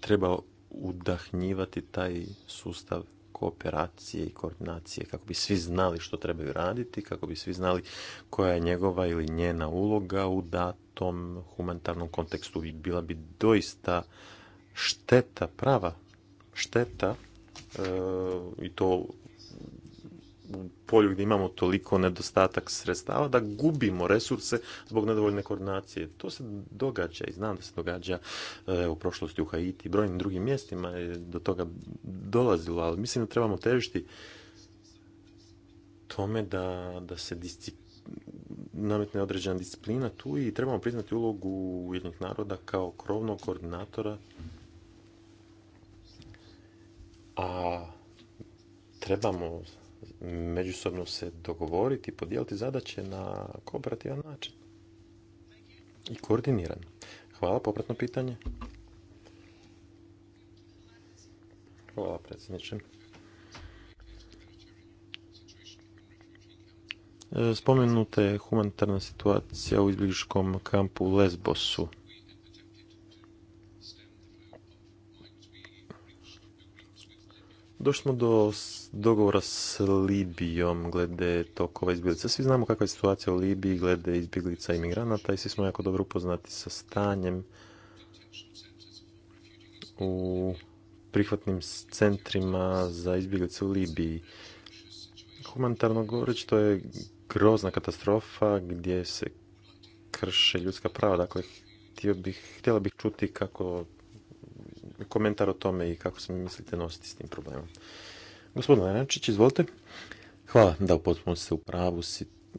treba udahnjivati taj sustav kooperacije i koordinacije kako bi svi znali što trebaju raditi, kako bi svi znali koja je njegova ili njena uloga u datom humanitarnom kontekstu. Bila bi doista šteta, prava šteta e, i to u polju gdje imamo toliko nedostatak sredstava da gubimo resurse zbog nedovoljne koordinacije. To se događa i znam da se događa e, u prošlosti u Haiti i brojnim drugim mjestima je do toga dolazilo, ali mislim da trebamo težiti tome da, se nametne određena disciplina tu i trebamo priznati ulogu jednog naroda kao krovnog koordinatora a trebamo međusobno se dogovoriti i podijeliti zadaće na kooperativan način i koordiniran. Hvala, popratno pitanje. Hvala, predsjedniče. E, Spomenuta je humanitarna situacija u izbjegličkom kampu u Lesbosu. Došli smo do dogovora s Libijom glede tokova izbjeglica. Svi znamo kakva je situacija u Libiji glede izbjeglica i migranata i svi smo jako dobro upoznati sa stanjem u prihvatnim centrima za izbjeglice u Libiji. Humanitarno govoreći, to je grozna katastrofa gdje se krše ljudska prava. Dakle, htio bih, htjela bih čuti kako komentar o tome i kako se mi mislite nositi s tim problemom. Gospodin Lenačić, izvolite. Hvala, da u se u pravu.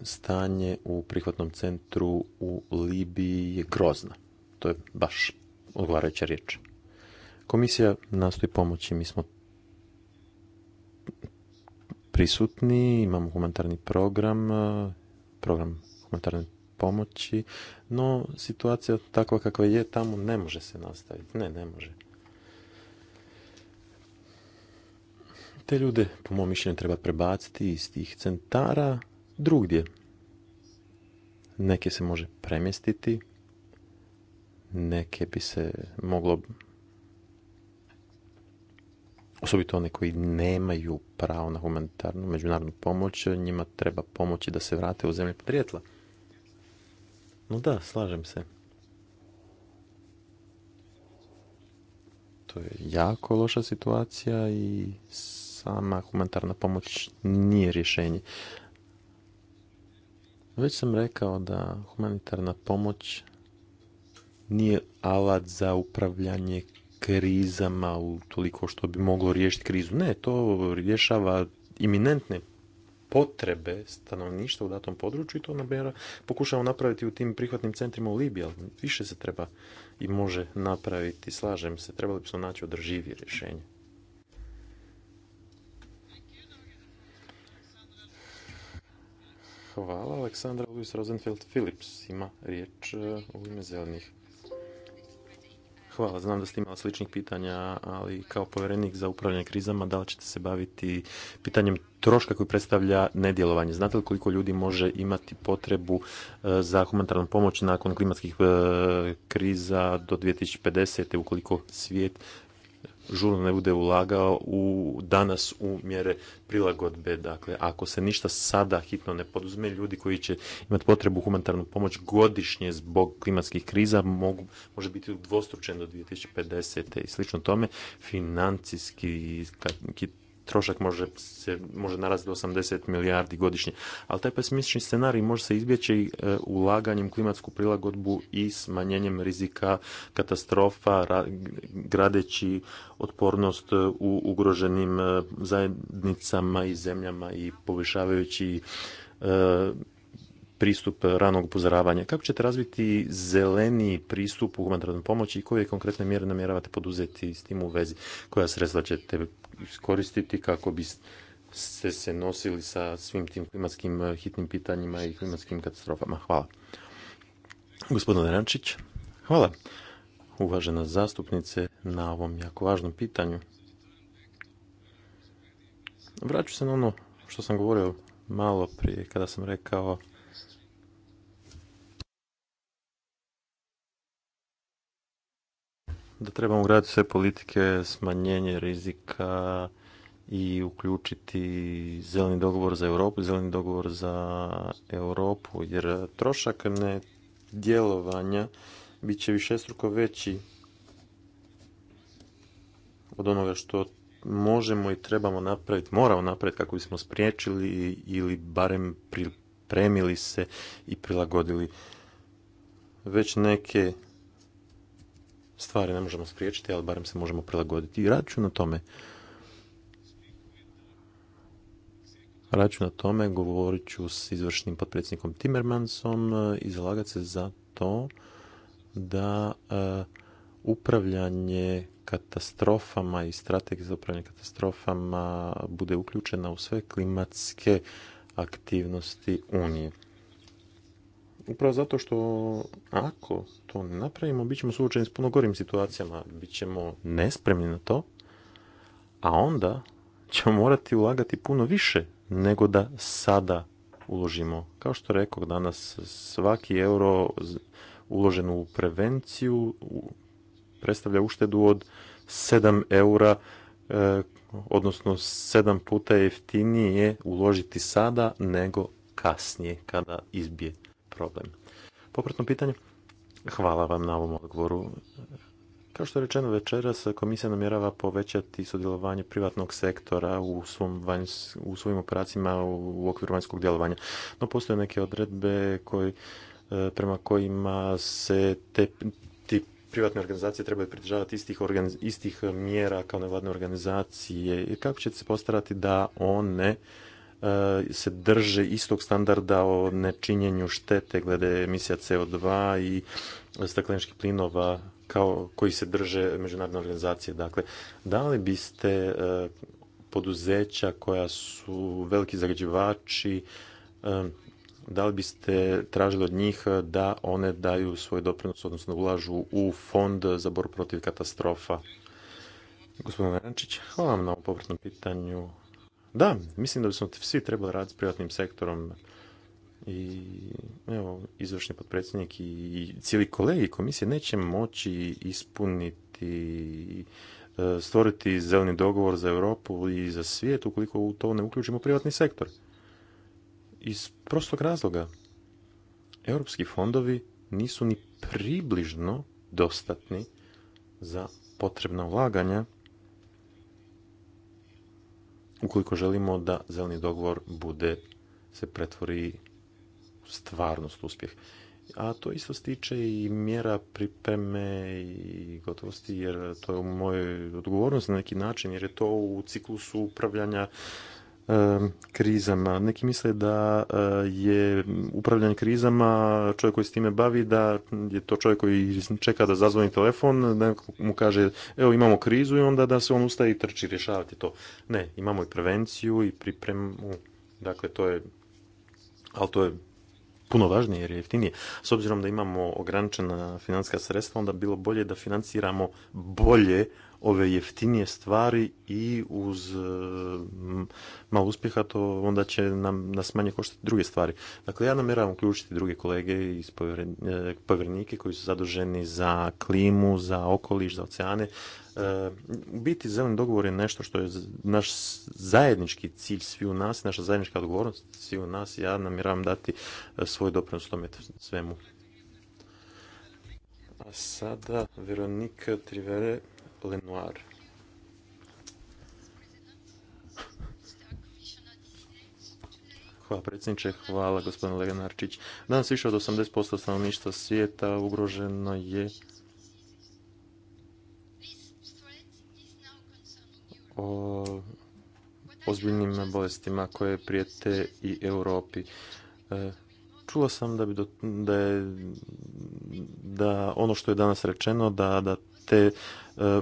Stanje u prihvatnom centru u Libiji je grozna. To je baš odgovarajuća riječ. Komisija nastoji pomoći, mi smo prisutni, imamo humanitarni program, program humanitarne pomoći, no situacija takva kakva je tamo ne može se nastaviti. Ne, ne može. te ljude, po mom mišljenju, treba prebaciti iz tih centara drugdje. Neke se može premjestiti, neke bi se moglo osobito one koji nemaju pravo na humanitarnu međunarodnu pomoć, njima treba pomoći da se vrate u zemlje podrijetla. No da, slažem se. To je jako loša situacija i sama humanitarna pomoć nije rješenje. Već sam rekao da humanitarna pomoć nije alat za upravljanje krizama u toliko što bi moglo riješiti krizu. Ne, to rješava iminentne potrebe stanovništva u datom području i to nabera, pokušamo napraviti u tim prihvatnim centrima u Libiji, ali više se treba i može napraviti, slažem se, trebali bismo naći održivije rješenje. Hvala. Aleksandra Luis Rosenfeld Phillips ima riječ e, u ime zelenih. Hvala, znam da ste imali sličnih pitanja, ali kao povjerenik za upravljanje krizama, da li ćete se baviti pitanjem troška koji predstavlja nedjelovanje? Znate li koliko ljudi može imati potrebu e, za humanitarnu pomoć nakon klimatskih e, kriza do 2050. ukoliko svijet žurno ne bude ulagao u, danas u mjere prilagodbe. Dakle, ako se ništa sada hitno ne poduzme, ljudi koji će imati potrebu humanitarnu pomoć godišnje zbog klimatskih kriza mogu, može biti dvostručen do 2050. i slično tome. Financijski trošak može, se, može narasti do 80 milijardi godišnje. Ali taj pesimistični scenarij može se izbjeći e, ulaganjem klimatsku prilagodbu i smanjenjem rizika katastrofa, gradeći otpornost e, u ugroženim e, zajednicama i zemljama i povišavajući pristup ranog upozoravanja. Kako ćete razviti zeleni pristup u humanitarnoj pomoći i koje konkretne mjere namjeravate poduzeti s tim u vezi? Koja sredstva ćete iskoristiti kako bi se nosili sa svim tim klimatskim eh, hitnim pitanjima i klimatskim katastrofama? Hvala. Gospodin Rančić, hvala uvažena zastupnice na ovom jako važnom pitanju. Vraću se na ono što sam govorio malo prije kada sam rekao da trebamo graditi sve politike, smanjenje rizika i uključiti zeleni dogovor za Europu, zeleni dogovor za Europu, jer trošak ne djelovanja bit će višestruko veći od onoga što možemo i trebamo napraviti, moramo napraviti kako bismo spriječili ili barem pripremili se i prilagodili. Već neke stvari ne možemo spriječiti, ali barem se možemo prilagoditi. I radit ću na tome. Radit ću na tome, govorit ću s izvršnim potpredsjednikom Timmermansom e, i zalagat se za to da e, upravljanje katastrofama i strategije za upravljanje katastrofama bude uključena u sve klimatske aktivnosti Unije upravo zato što ako to ne napravimo, bit ćemo suočeni s puno gorim situacijama, bit ćemo nespremni na to, a onda ćemo morati ulagati puno više nego da sada uložimo. Kao što rekao danas, svaki euro uložen u prevenciju predstavlja uštedu od 7 eura, e, odnosno 7 puta jeftinije uložiti sada nego kasnije kada izbije problem. Popratno pitanje, hvala vam na ovom odgovoru. Kao što je rečeno večeras, komisija namjerava povećati sudjelovanje privatnog sektora u, svojim operacijama u okviru vanjskog djelovanja. No postoje neke odredbe e, prema kojima se te, ti privatne organizacije trebaju pridržavati istih, istih mjera kao nevladne organizacije. Kako ćete se postarati da one E, se drže istog standarda o nečinjenju štete glede emisija CO2 i stakleničkih plinova kao koji se drže međunarodne organizacije. Dakle, da li biste e, poduzeća koja su veliki zagađivači, e, da li biste tražili od njih da one daju svoj doprinos, odnosno ulažu u fond za borbu protiv katastrofa? Gospodin Rančić, hvala vam na ovom povrtnom pitanju. Da, mislim da bismo svi trebali raditi s privatnim sektorom i evo, izvršni potpredsjednik i cijeli kolegi komisije neće moći ispuniti e, stvoriti zeleni dogovor za Europu i za svijet ukoliko u to ne uključimo privatni sektor. Iz prostog razloga. Europski fondovi nisu ni približno dostatni za potrebna ulaganja ukoliko želimo da zeleni dogovor bude, se pretvori u stvarnost uspjeh. A to isto se tiče i mjera pripreme i gotovosti, jer to je u mojoj odgovornosti na neki način, jer je to u ciklusu upravljanja krizama. Neki misle da eh, je upravljanje krizama čovjek koji se time bavi, da je to čovjek koji čeka da zazvoni telefon, da mu kaže evo imamo krizu i onda da se on ustaje i trči rješavati to. Ne, imamo i prevenciju i pripremu, dakle to je, ali to je puno važnije jer je jeftinije. S obzirom da imamo ograničena financijska sredstva, onda bilo bolje da financiramo bolje ove jeftinije stvari i uz e, malo uspjeha to onda će nam nas manje koštati druge stvari. Dakle, ja namjeravam uključiti druge kolege iz e, povjerenike koji su zaduženi za klimu, za okoliš, za oceane. E, u biti zeleni dogovor je nešto što je naš zajednički cilj svi u nas, naša zajednička odgovornost svi u nas. Ja namjeravam dati svoj doprinos tome svemu. A sada Veronika Trivere Lenoir. Hvala predsjedniče, hvala gospodin Lenarčić. Danas više od 80% stanovništva svijeta ugroženo je o ozbiljnim bolestima koje prijete i Europi. E, čuo sam da, bi da, je, ono što je danas rečeno, da, da te e,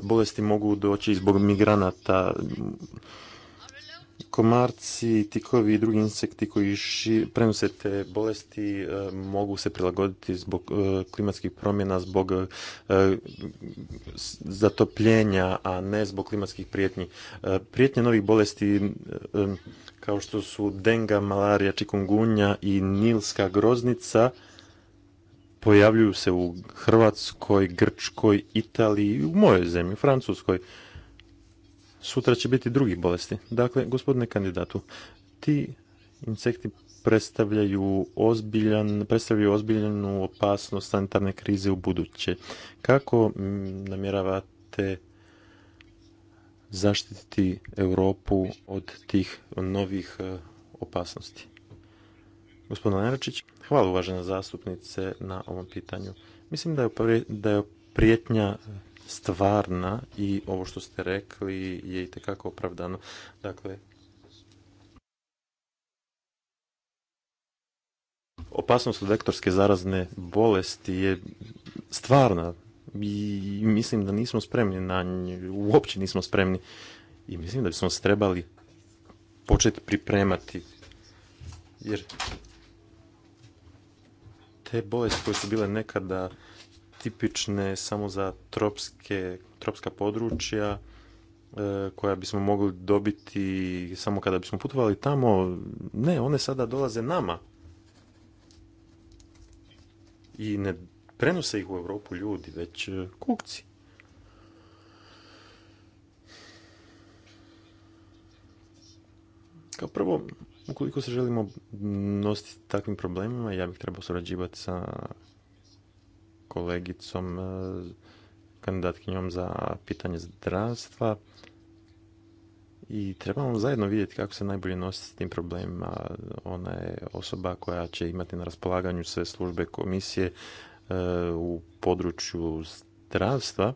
bolesti mogu doći zbog migranata. Komarci, tikovi i drugi insekti koji prenose te bolesti e, mogu se prilagoditi zbog e, klimatskih promjena, zbog zatopljenja, a ne zbog klimatskih prijetnji. Prijetnje novih bolesti kao što su denga, malarija, čikungunja i nilska groznica pojavljuju se u Hrvatskoj, Grčkoj, Italiji, u mojoj zemlji, Francuskoj. Sutra će biti drugih bolesti. Dakle, gospodine kandidatu, ti insekti predstavljaju ozbiljan, predstavljaju ozbiljnu opasnost sanitarne krize u buduće. Kako namjeravate zaštititi Europu od tih novih e, opasnosti? Gospodin Lenarčić, hvala uvažena zastupnice na ovom pitanju. Mislim da je prijetnja stvarna i ovo što ste rekli je i tekako opravdano. Dakle, opasnost od vektorske zarazne bolesti je stvarna i mislim da nismo spremni na nju, uopće nismo spremni i mislim da bismo se trebali početi pripremati jer te bolesti koje su bile nekada tipične samo za tropske, tropska područja e, koja bismo mogli dobiti samo kada bismo putovali tamo, ne, one sada dolaze nama. I ne prenose ih u Europu ljudi, već e, kukci. Kao prvo, Ukoliko se želimo nositi s takvim problemima, ja bih trebao surađivati sa kolegicom, e, kandidatkinjom za pitanje zdravstva i trebamo zajedno vidjeti kako se najbolje nositi s tim problemima. Ona je osoba koja će imati na raspolaganju sve službe komisije e, u području zdravstva,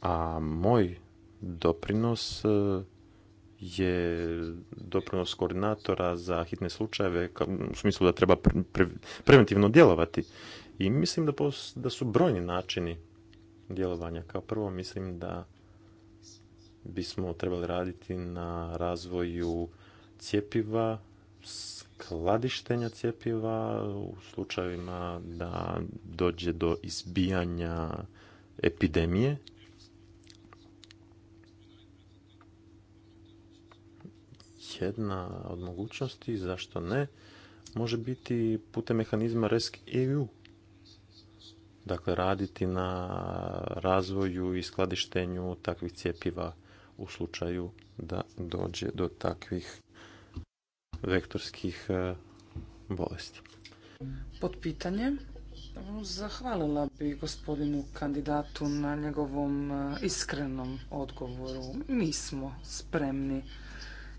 a moj doprinos e, je doprinos koordinatora za hitne slučajeve u smislu da treba preventivno djelovati. I mislim da, da su brojni načini djelovanja. Kao prvo mislim da bismo trebali raditi na razvoju cjepiva, skladištenja cjepiva u slučajevima da dođe do izbijanja epidemije jedna od mogućnosti, zašto ne, može biti putem mehanizma RESC EU. Dakle, raditi na razvoju i skladištenju takvih cjepiva u slučaju da dođe do takvih vektorskih e, bolesti. Pod pitanje zahvalila bi gospodinu kandidatu na njegovom e, iskrenom odgovoru. Mi smo spremni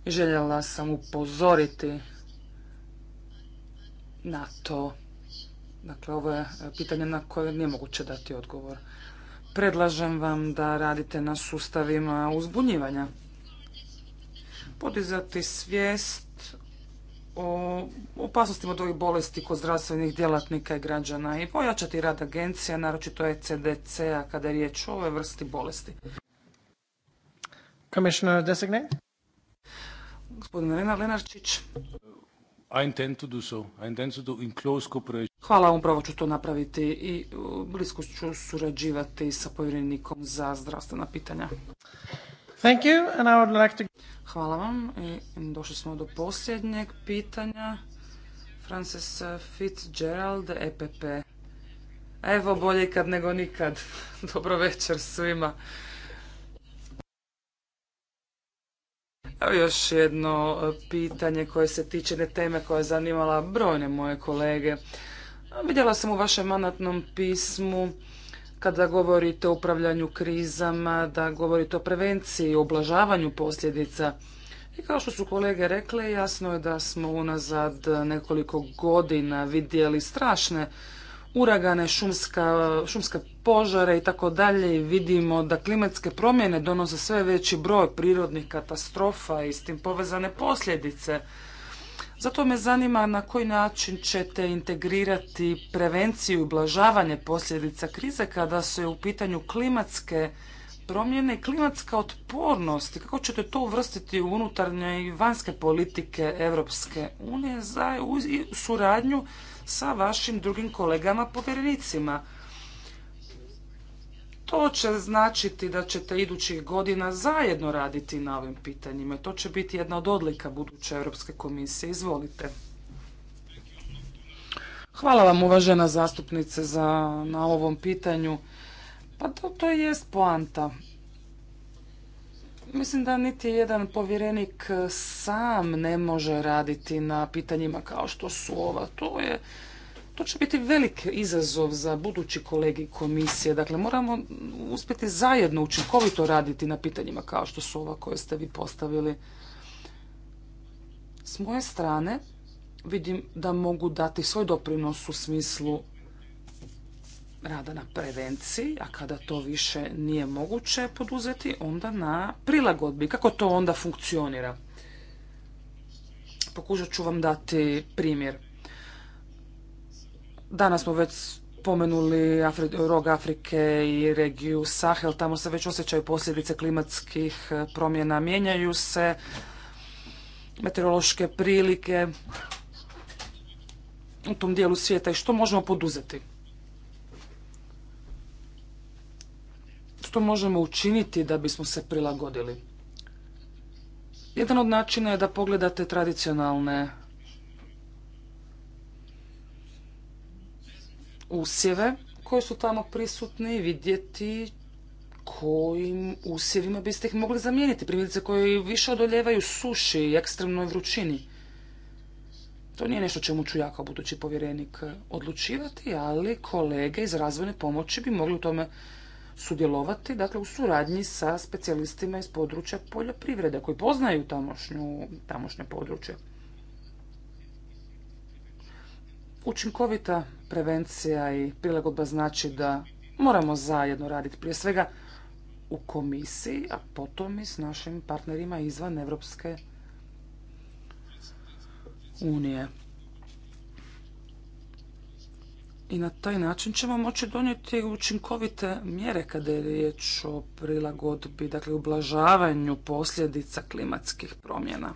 Željela sam upozoriti na to. Dakle, ovo je pitanje na koje nije moguće dati odgovor. Predlažem vam da radite na sustavima uzbunjivanja. Podizati svijest o opasnostima od ovih bolesti kod zdravstvenih djelatnika i građana i pojačati rad agencija, naročito ECDC-a kada je riječ o ovoj vrsti bolesti. Commissioner designate. Gospodin Lena Lenarčić. to Hvala, upravo ću to napraviti i blisko ću surađivati sa povjerenikom za zdravstvena pitanja. Thank I would Hvala vam. I došli smo do posljednjeg pitanja. Frances Fitzgerald, EPP. Evo bolje kad nego nikad. Dobro večer svima. još jedno e, pitanje koje se tiče ne teme koja je zanimala brojne moje kolege. Vidjela sam u vašem manatnom pismu kada govorite o upravljanju krizama, da govorite o prevenciji, i oblažavanju posljedica. I kao što su kolege rekle, jasno je da smo unazad nekoliko godina vidjeli strašne uragane, šumske požare i tako dalje vidimo da klimatske promjene donose sve veći broj prirodnih katastrofa i s tim povezane posljedice. Zato me zanima na koji način ćete integrirati prevenciju i ublažavanje posljedica krize kada su je u pitanju klimatske promjene i klimatska otpornost. Kako ćete to uvrstiti u unutarnje i vanjske politike Evropske unije za suradnju sa vašim drugim kolegama povjerenicima. To će značiti da ćete idućih godina zajedno raditi na ovim pitanjima. To će biti jedna od odlika buduće Europske komisije. Izvolite. Hvala vam uvažena zastupnice za, na ovom pitanju. Pa to, to jest poanta. Mislim da niti jedan povjerenik e, sam ne može raditi na pitanjima kao što su ova. To je to će biti velik izazov za budući kolegi komisije. Dakle, moramo uspjeti zajedno učinkovito raditi na pitanjima kao što su ova koje ste vi postavili. S moje strane vidim da mogu dati svoj doprinos u smislu rada na prevenciji, a kada to više nije moguće poduzeti, onda na prilagodbi. Kako to onda funkcionira? Pokušat ću vam dati primjer. Danas smo već spomenuli rog Afrike i regiju Sahel, tamo se već osjećaju posljedice klimatskih e, promjena, mijenjaju se meteorološke prilike u tom dijelu svijeta i što možemo poduzeti? što možemo učiniti da bismo se prilagodili? Jedan od načina je da pogledate tradicionalne usjeve koji su tamo prisutni i vidjeti kojim usjevima biste ih mogli zamijeniti. Primjerice koji više odoljevaju suši i ekstremnoj vrućini. To nije nešto čemu ću ja kao budući povjerenik odlučivati, ali kolege iz razvojne pomoći bi mogli u tome sudjelovati dakle, u suradnji sa specijalistima iz područja poljoprivrede koji poznaju tamošnju, tamošnje područje. Učinkovita prevencija i prilagodba znači da moramo zajedno raditi prije svega u komisiji, a potom i s našim partnerima izvan Evropske unije. i na taj način ćemo moći donijeti učinkovite mjere kada je riječ o prilagodbi, dakle ublažavanju posljedica klimatskih promjena.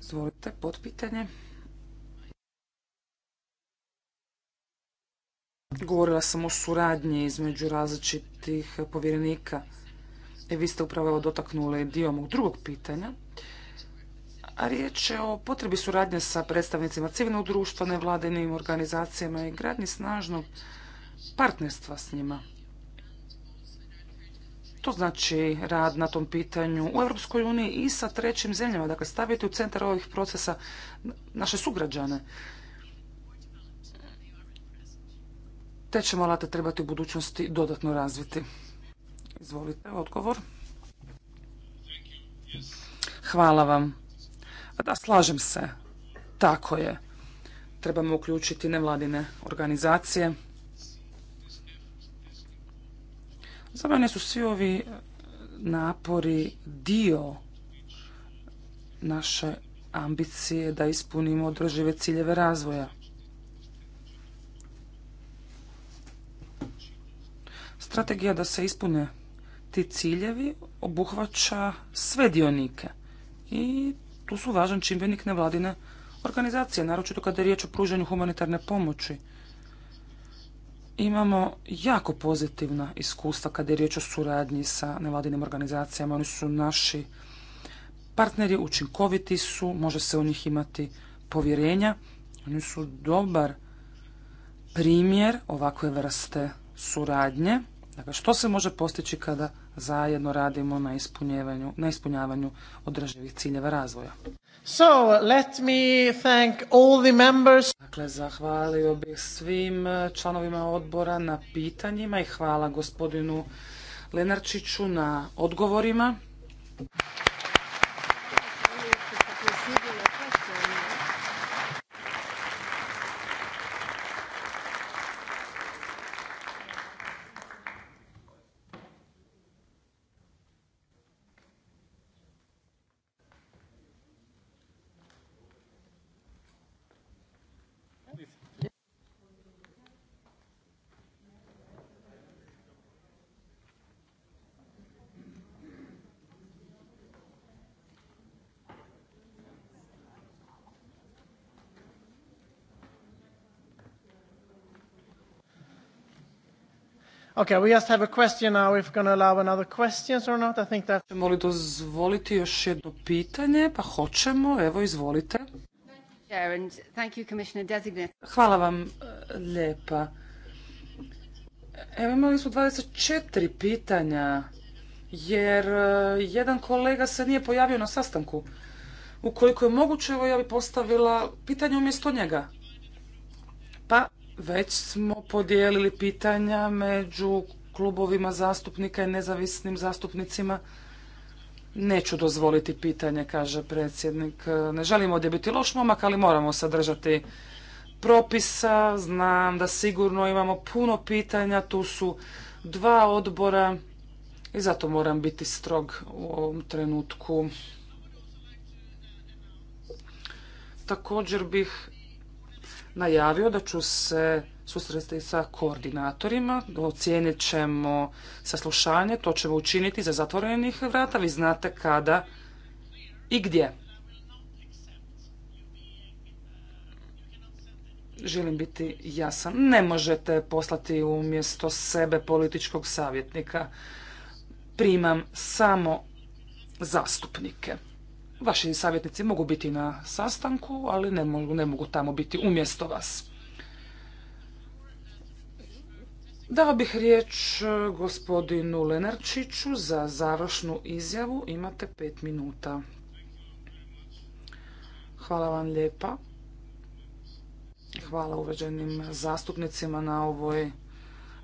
Izvolite, potpitanje. Govorila sam o suradnji između različitih povjerenika. E, vi ste upravo dotaknuli dio mog drugog pitanja. A riječ je o potrebi suradnje sa predstavnicima civilnog društva, nevladinim organizacijama i gradnji snažnog partnerstva s njima. To znači rad na tom pitanju u Europskoj uniji i sa trećim zemljama, dakle staviti u centar ovih procesa naše sugrađane. Te ćemo alate trebati u budućnosti dodatno razviti. Izvolite, odgovor. Hvala vam. Da, slažem se. Tako je. Trebamo uključiti nevladine organizacije. Za mene su svi ovi e, napori dio naše ambicije da ispunimo održive ciljeve razvoja. Strategija da se ispune ti ciljevi obuhvaća sve dionike i tu su važan čimbenik nevladine organizacije, naročito kada je riječ o pružanju humanitarne pomoći. Imamo jako pozitivna iskustva kada je riječ o suradnji sa nevladinim organizacijama. Oni su naši partneri, učinkoviti su, može se u njih imati povjerenja. Oni su dobar primjer ovakve vrste suradnje. Dakle, što se može postići kada zajedno radimo na ispunjavanju, na ispunjavanju održivih ciljeva razvoja. So, let me thank all the members. Dakle, zahvalio bih svim eh, članovima odbora na pitanjima i hvala gospodinu Lenarčiću na odgovorima. Okay, we just have a question now if going to allow another questions or not. I think Možemo dozvoliti još jedno pitanje? Pa hoćemo, evo izvolite. Hvala vam e, lijepa. Evo imali smo 24 pitanja jer e, jedan kolega se nije pojavio na sastanku. Ukoliko je moguće, evo ja bi postavila pitanje umjesto njega. Pa već smo podijelili pitanja među klubovima zastupnika i nezavisnim zastupnicima. Neću dozvoliti pitanje, kaže predsjednik. Ne želim ovdje biti loš momak, ali moramo sadržati propisa. Znam da sigurno imamo puno pitanja. Tu su dva odbora i zato moram biti strog u ovom trenutku. Također bih najavio da ću se susresti sa koordinatorima, ocijenit ćemo saslušanje, to ćemo učiniti za zatvorenih vrata, vi znate kada i gdje. Želim biti jasan. Ne možete poslati umjesto sebe političkog savjetnika. Primam samo zastupnike. Vaši savjetnici mogu biti na sastanku, ali ne mogu, ne mogu tamo biti umjesto vas. Dao bih riječ e, gospodinu Lenarčiću za završnu izjavu. Imate pet minuta. Hvala vam lijepa. Hvala uveđenim zastupnicima na ovoj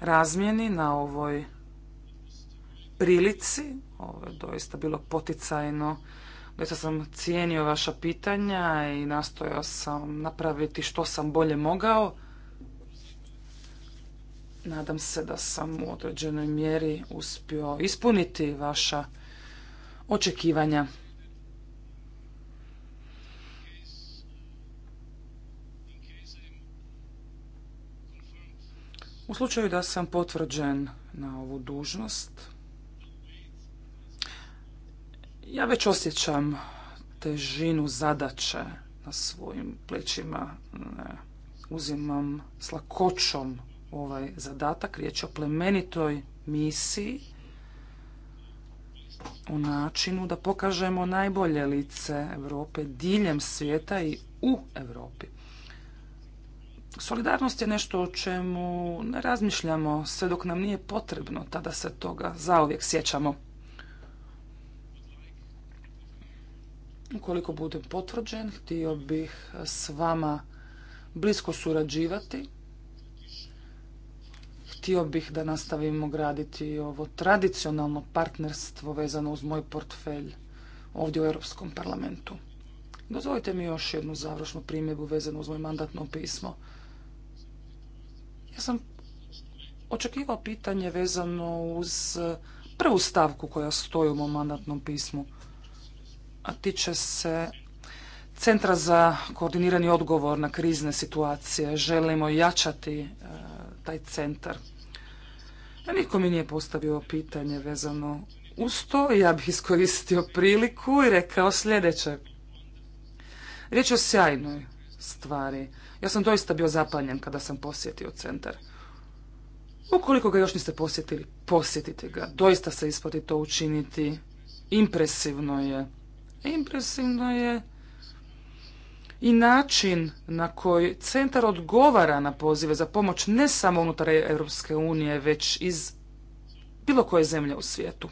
razmjeni, na ovoj prilici. Ovo je doista bilo poticajno Doista sam cijenio vaša pitanja i nastojao sam napraviti što sam bolje mogao. Nadam se da sam u određenoj mjeri uspio ispuniti vaša očekivanja. U slučaju da sam potvrđen na ovu dužnost, ja već osjećam težinu zadaće na svojim plećima. Uzimam s lakoćom ovaj zadatak. Riječ je o plemenitoj misiji u načinu da pokažemo najbolje lice Europe diljem svijeta i u Europi. Solidarnost je nešto o čemu ne razmišljamo sve dok nam nije potrebno, tada se toga zauvijek sjećamo. Ukoliko budem potvrđen, htio bih s vama blisko surađivati. Htio bih da nastavimo graditi ovo tradicionalno partnerstvo vezano uz moj portfelj ovdje u Europskom parlamentu. Dozvolite mi još jednu završnu primjedbu vezanu uz moj mandatno pismo. Ja sam očekivao pitanje vezano uz prvu stavku koja stoji u mom mandatnom pismu a tiče se Centra za koordinirani odgovor na krizne situacije. Želimo jačati e, taj centar. Niko mi nije postavio pitanje vezano uz to. Ja bih iskoristio priliku i rekao sljedeće. Riječ je o sjajnoj stvari. Ja sam doista bio zapanjen kada sam posjetio centar. Ukoliko ga još niste posjetili, posjetite ga. Doista se isplati to učiniti. Impresivno je. Impresivno je i način na koji centar odgovara na pozive za pomoć ne samo unutar Europske unije, već iz bilo koje zemlje u svijetu.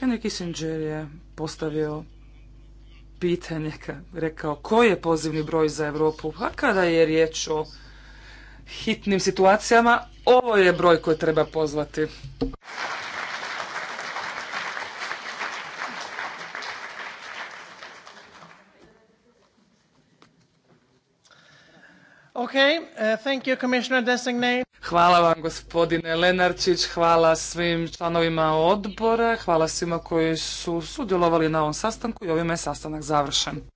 Henry Kissinger je postavio pitanje, rekao koji je pozivni broj za Europu, a kada je riječ o hitnim situacijama, ovo je broj koji treba pozvati. Okay, uh, thank you, Commissioner Hvala vam gospodine Lenarčić, hvala svim članovima odbora, hvala svima koji su sudjelovali na ovom sastanku i ovime je sastanak završen.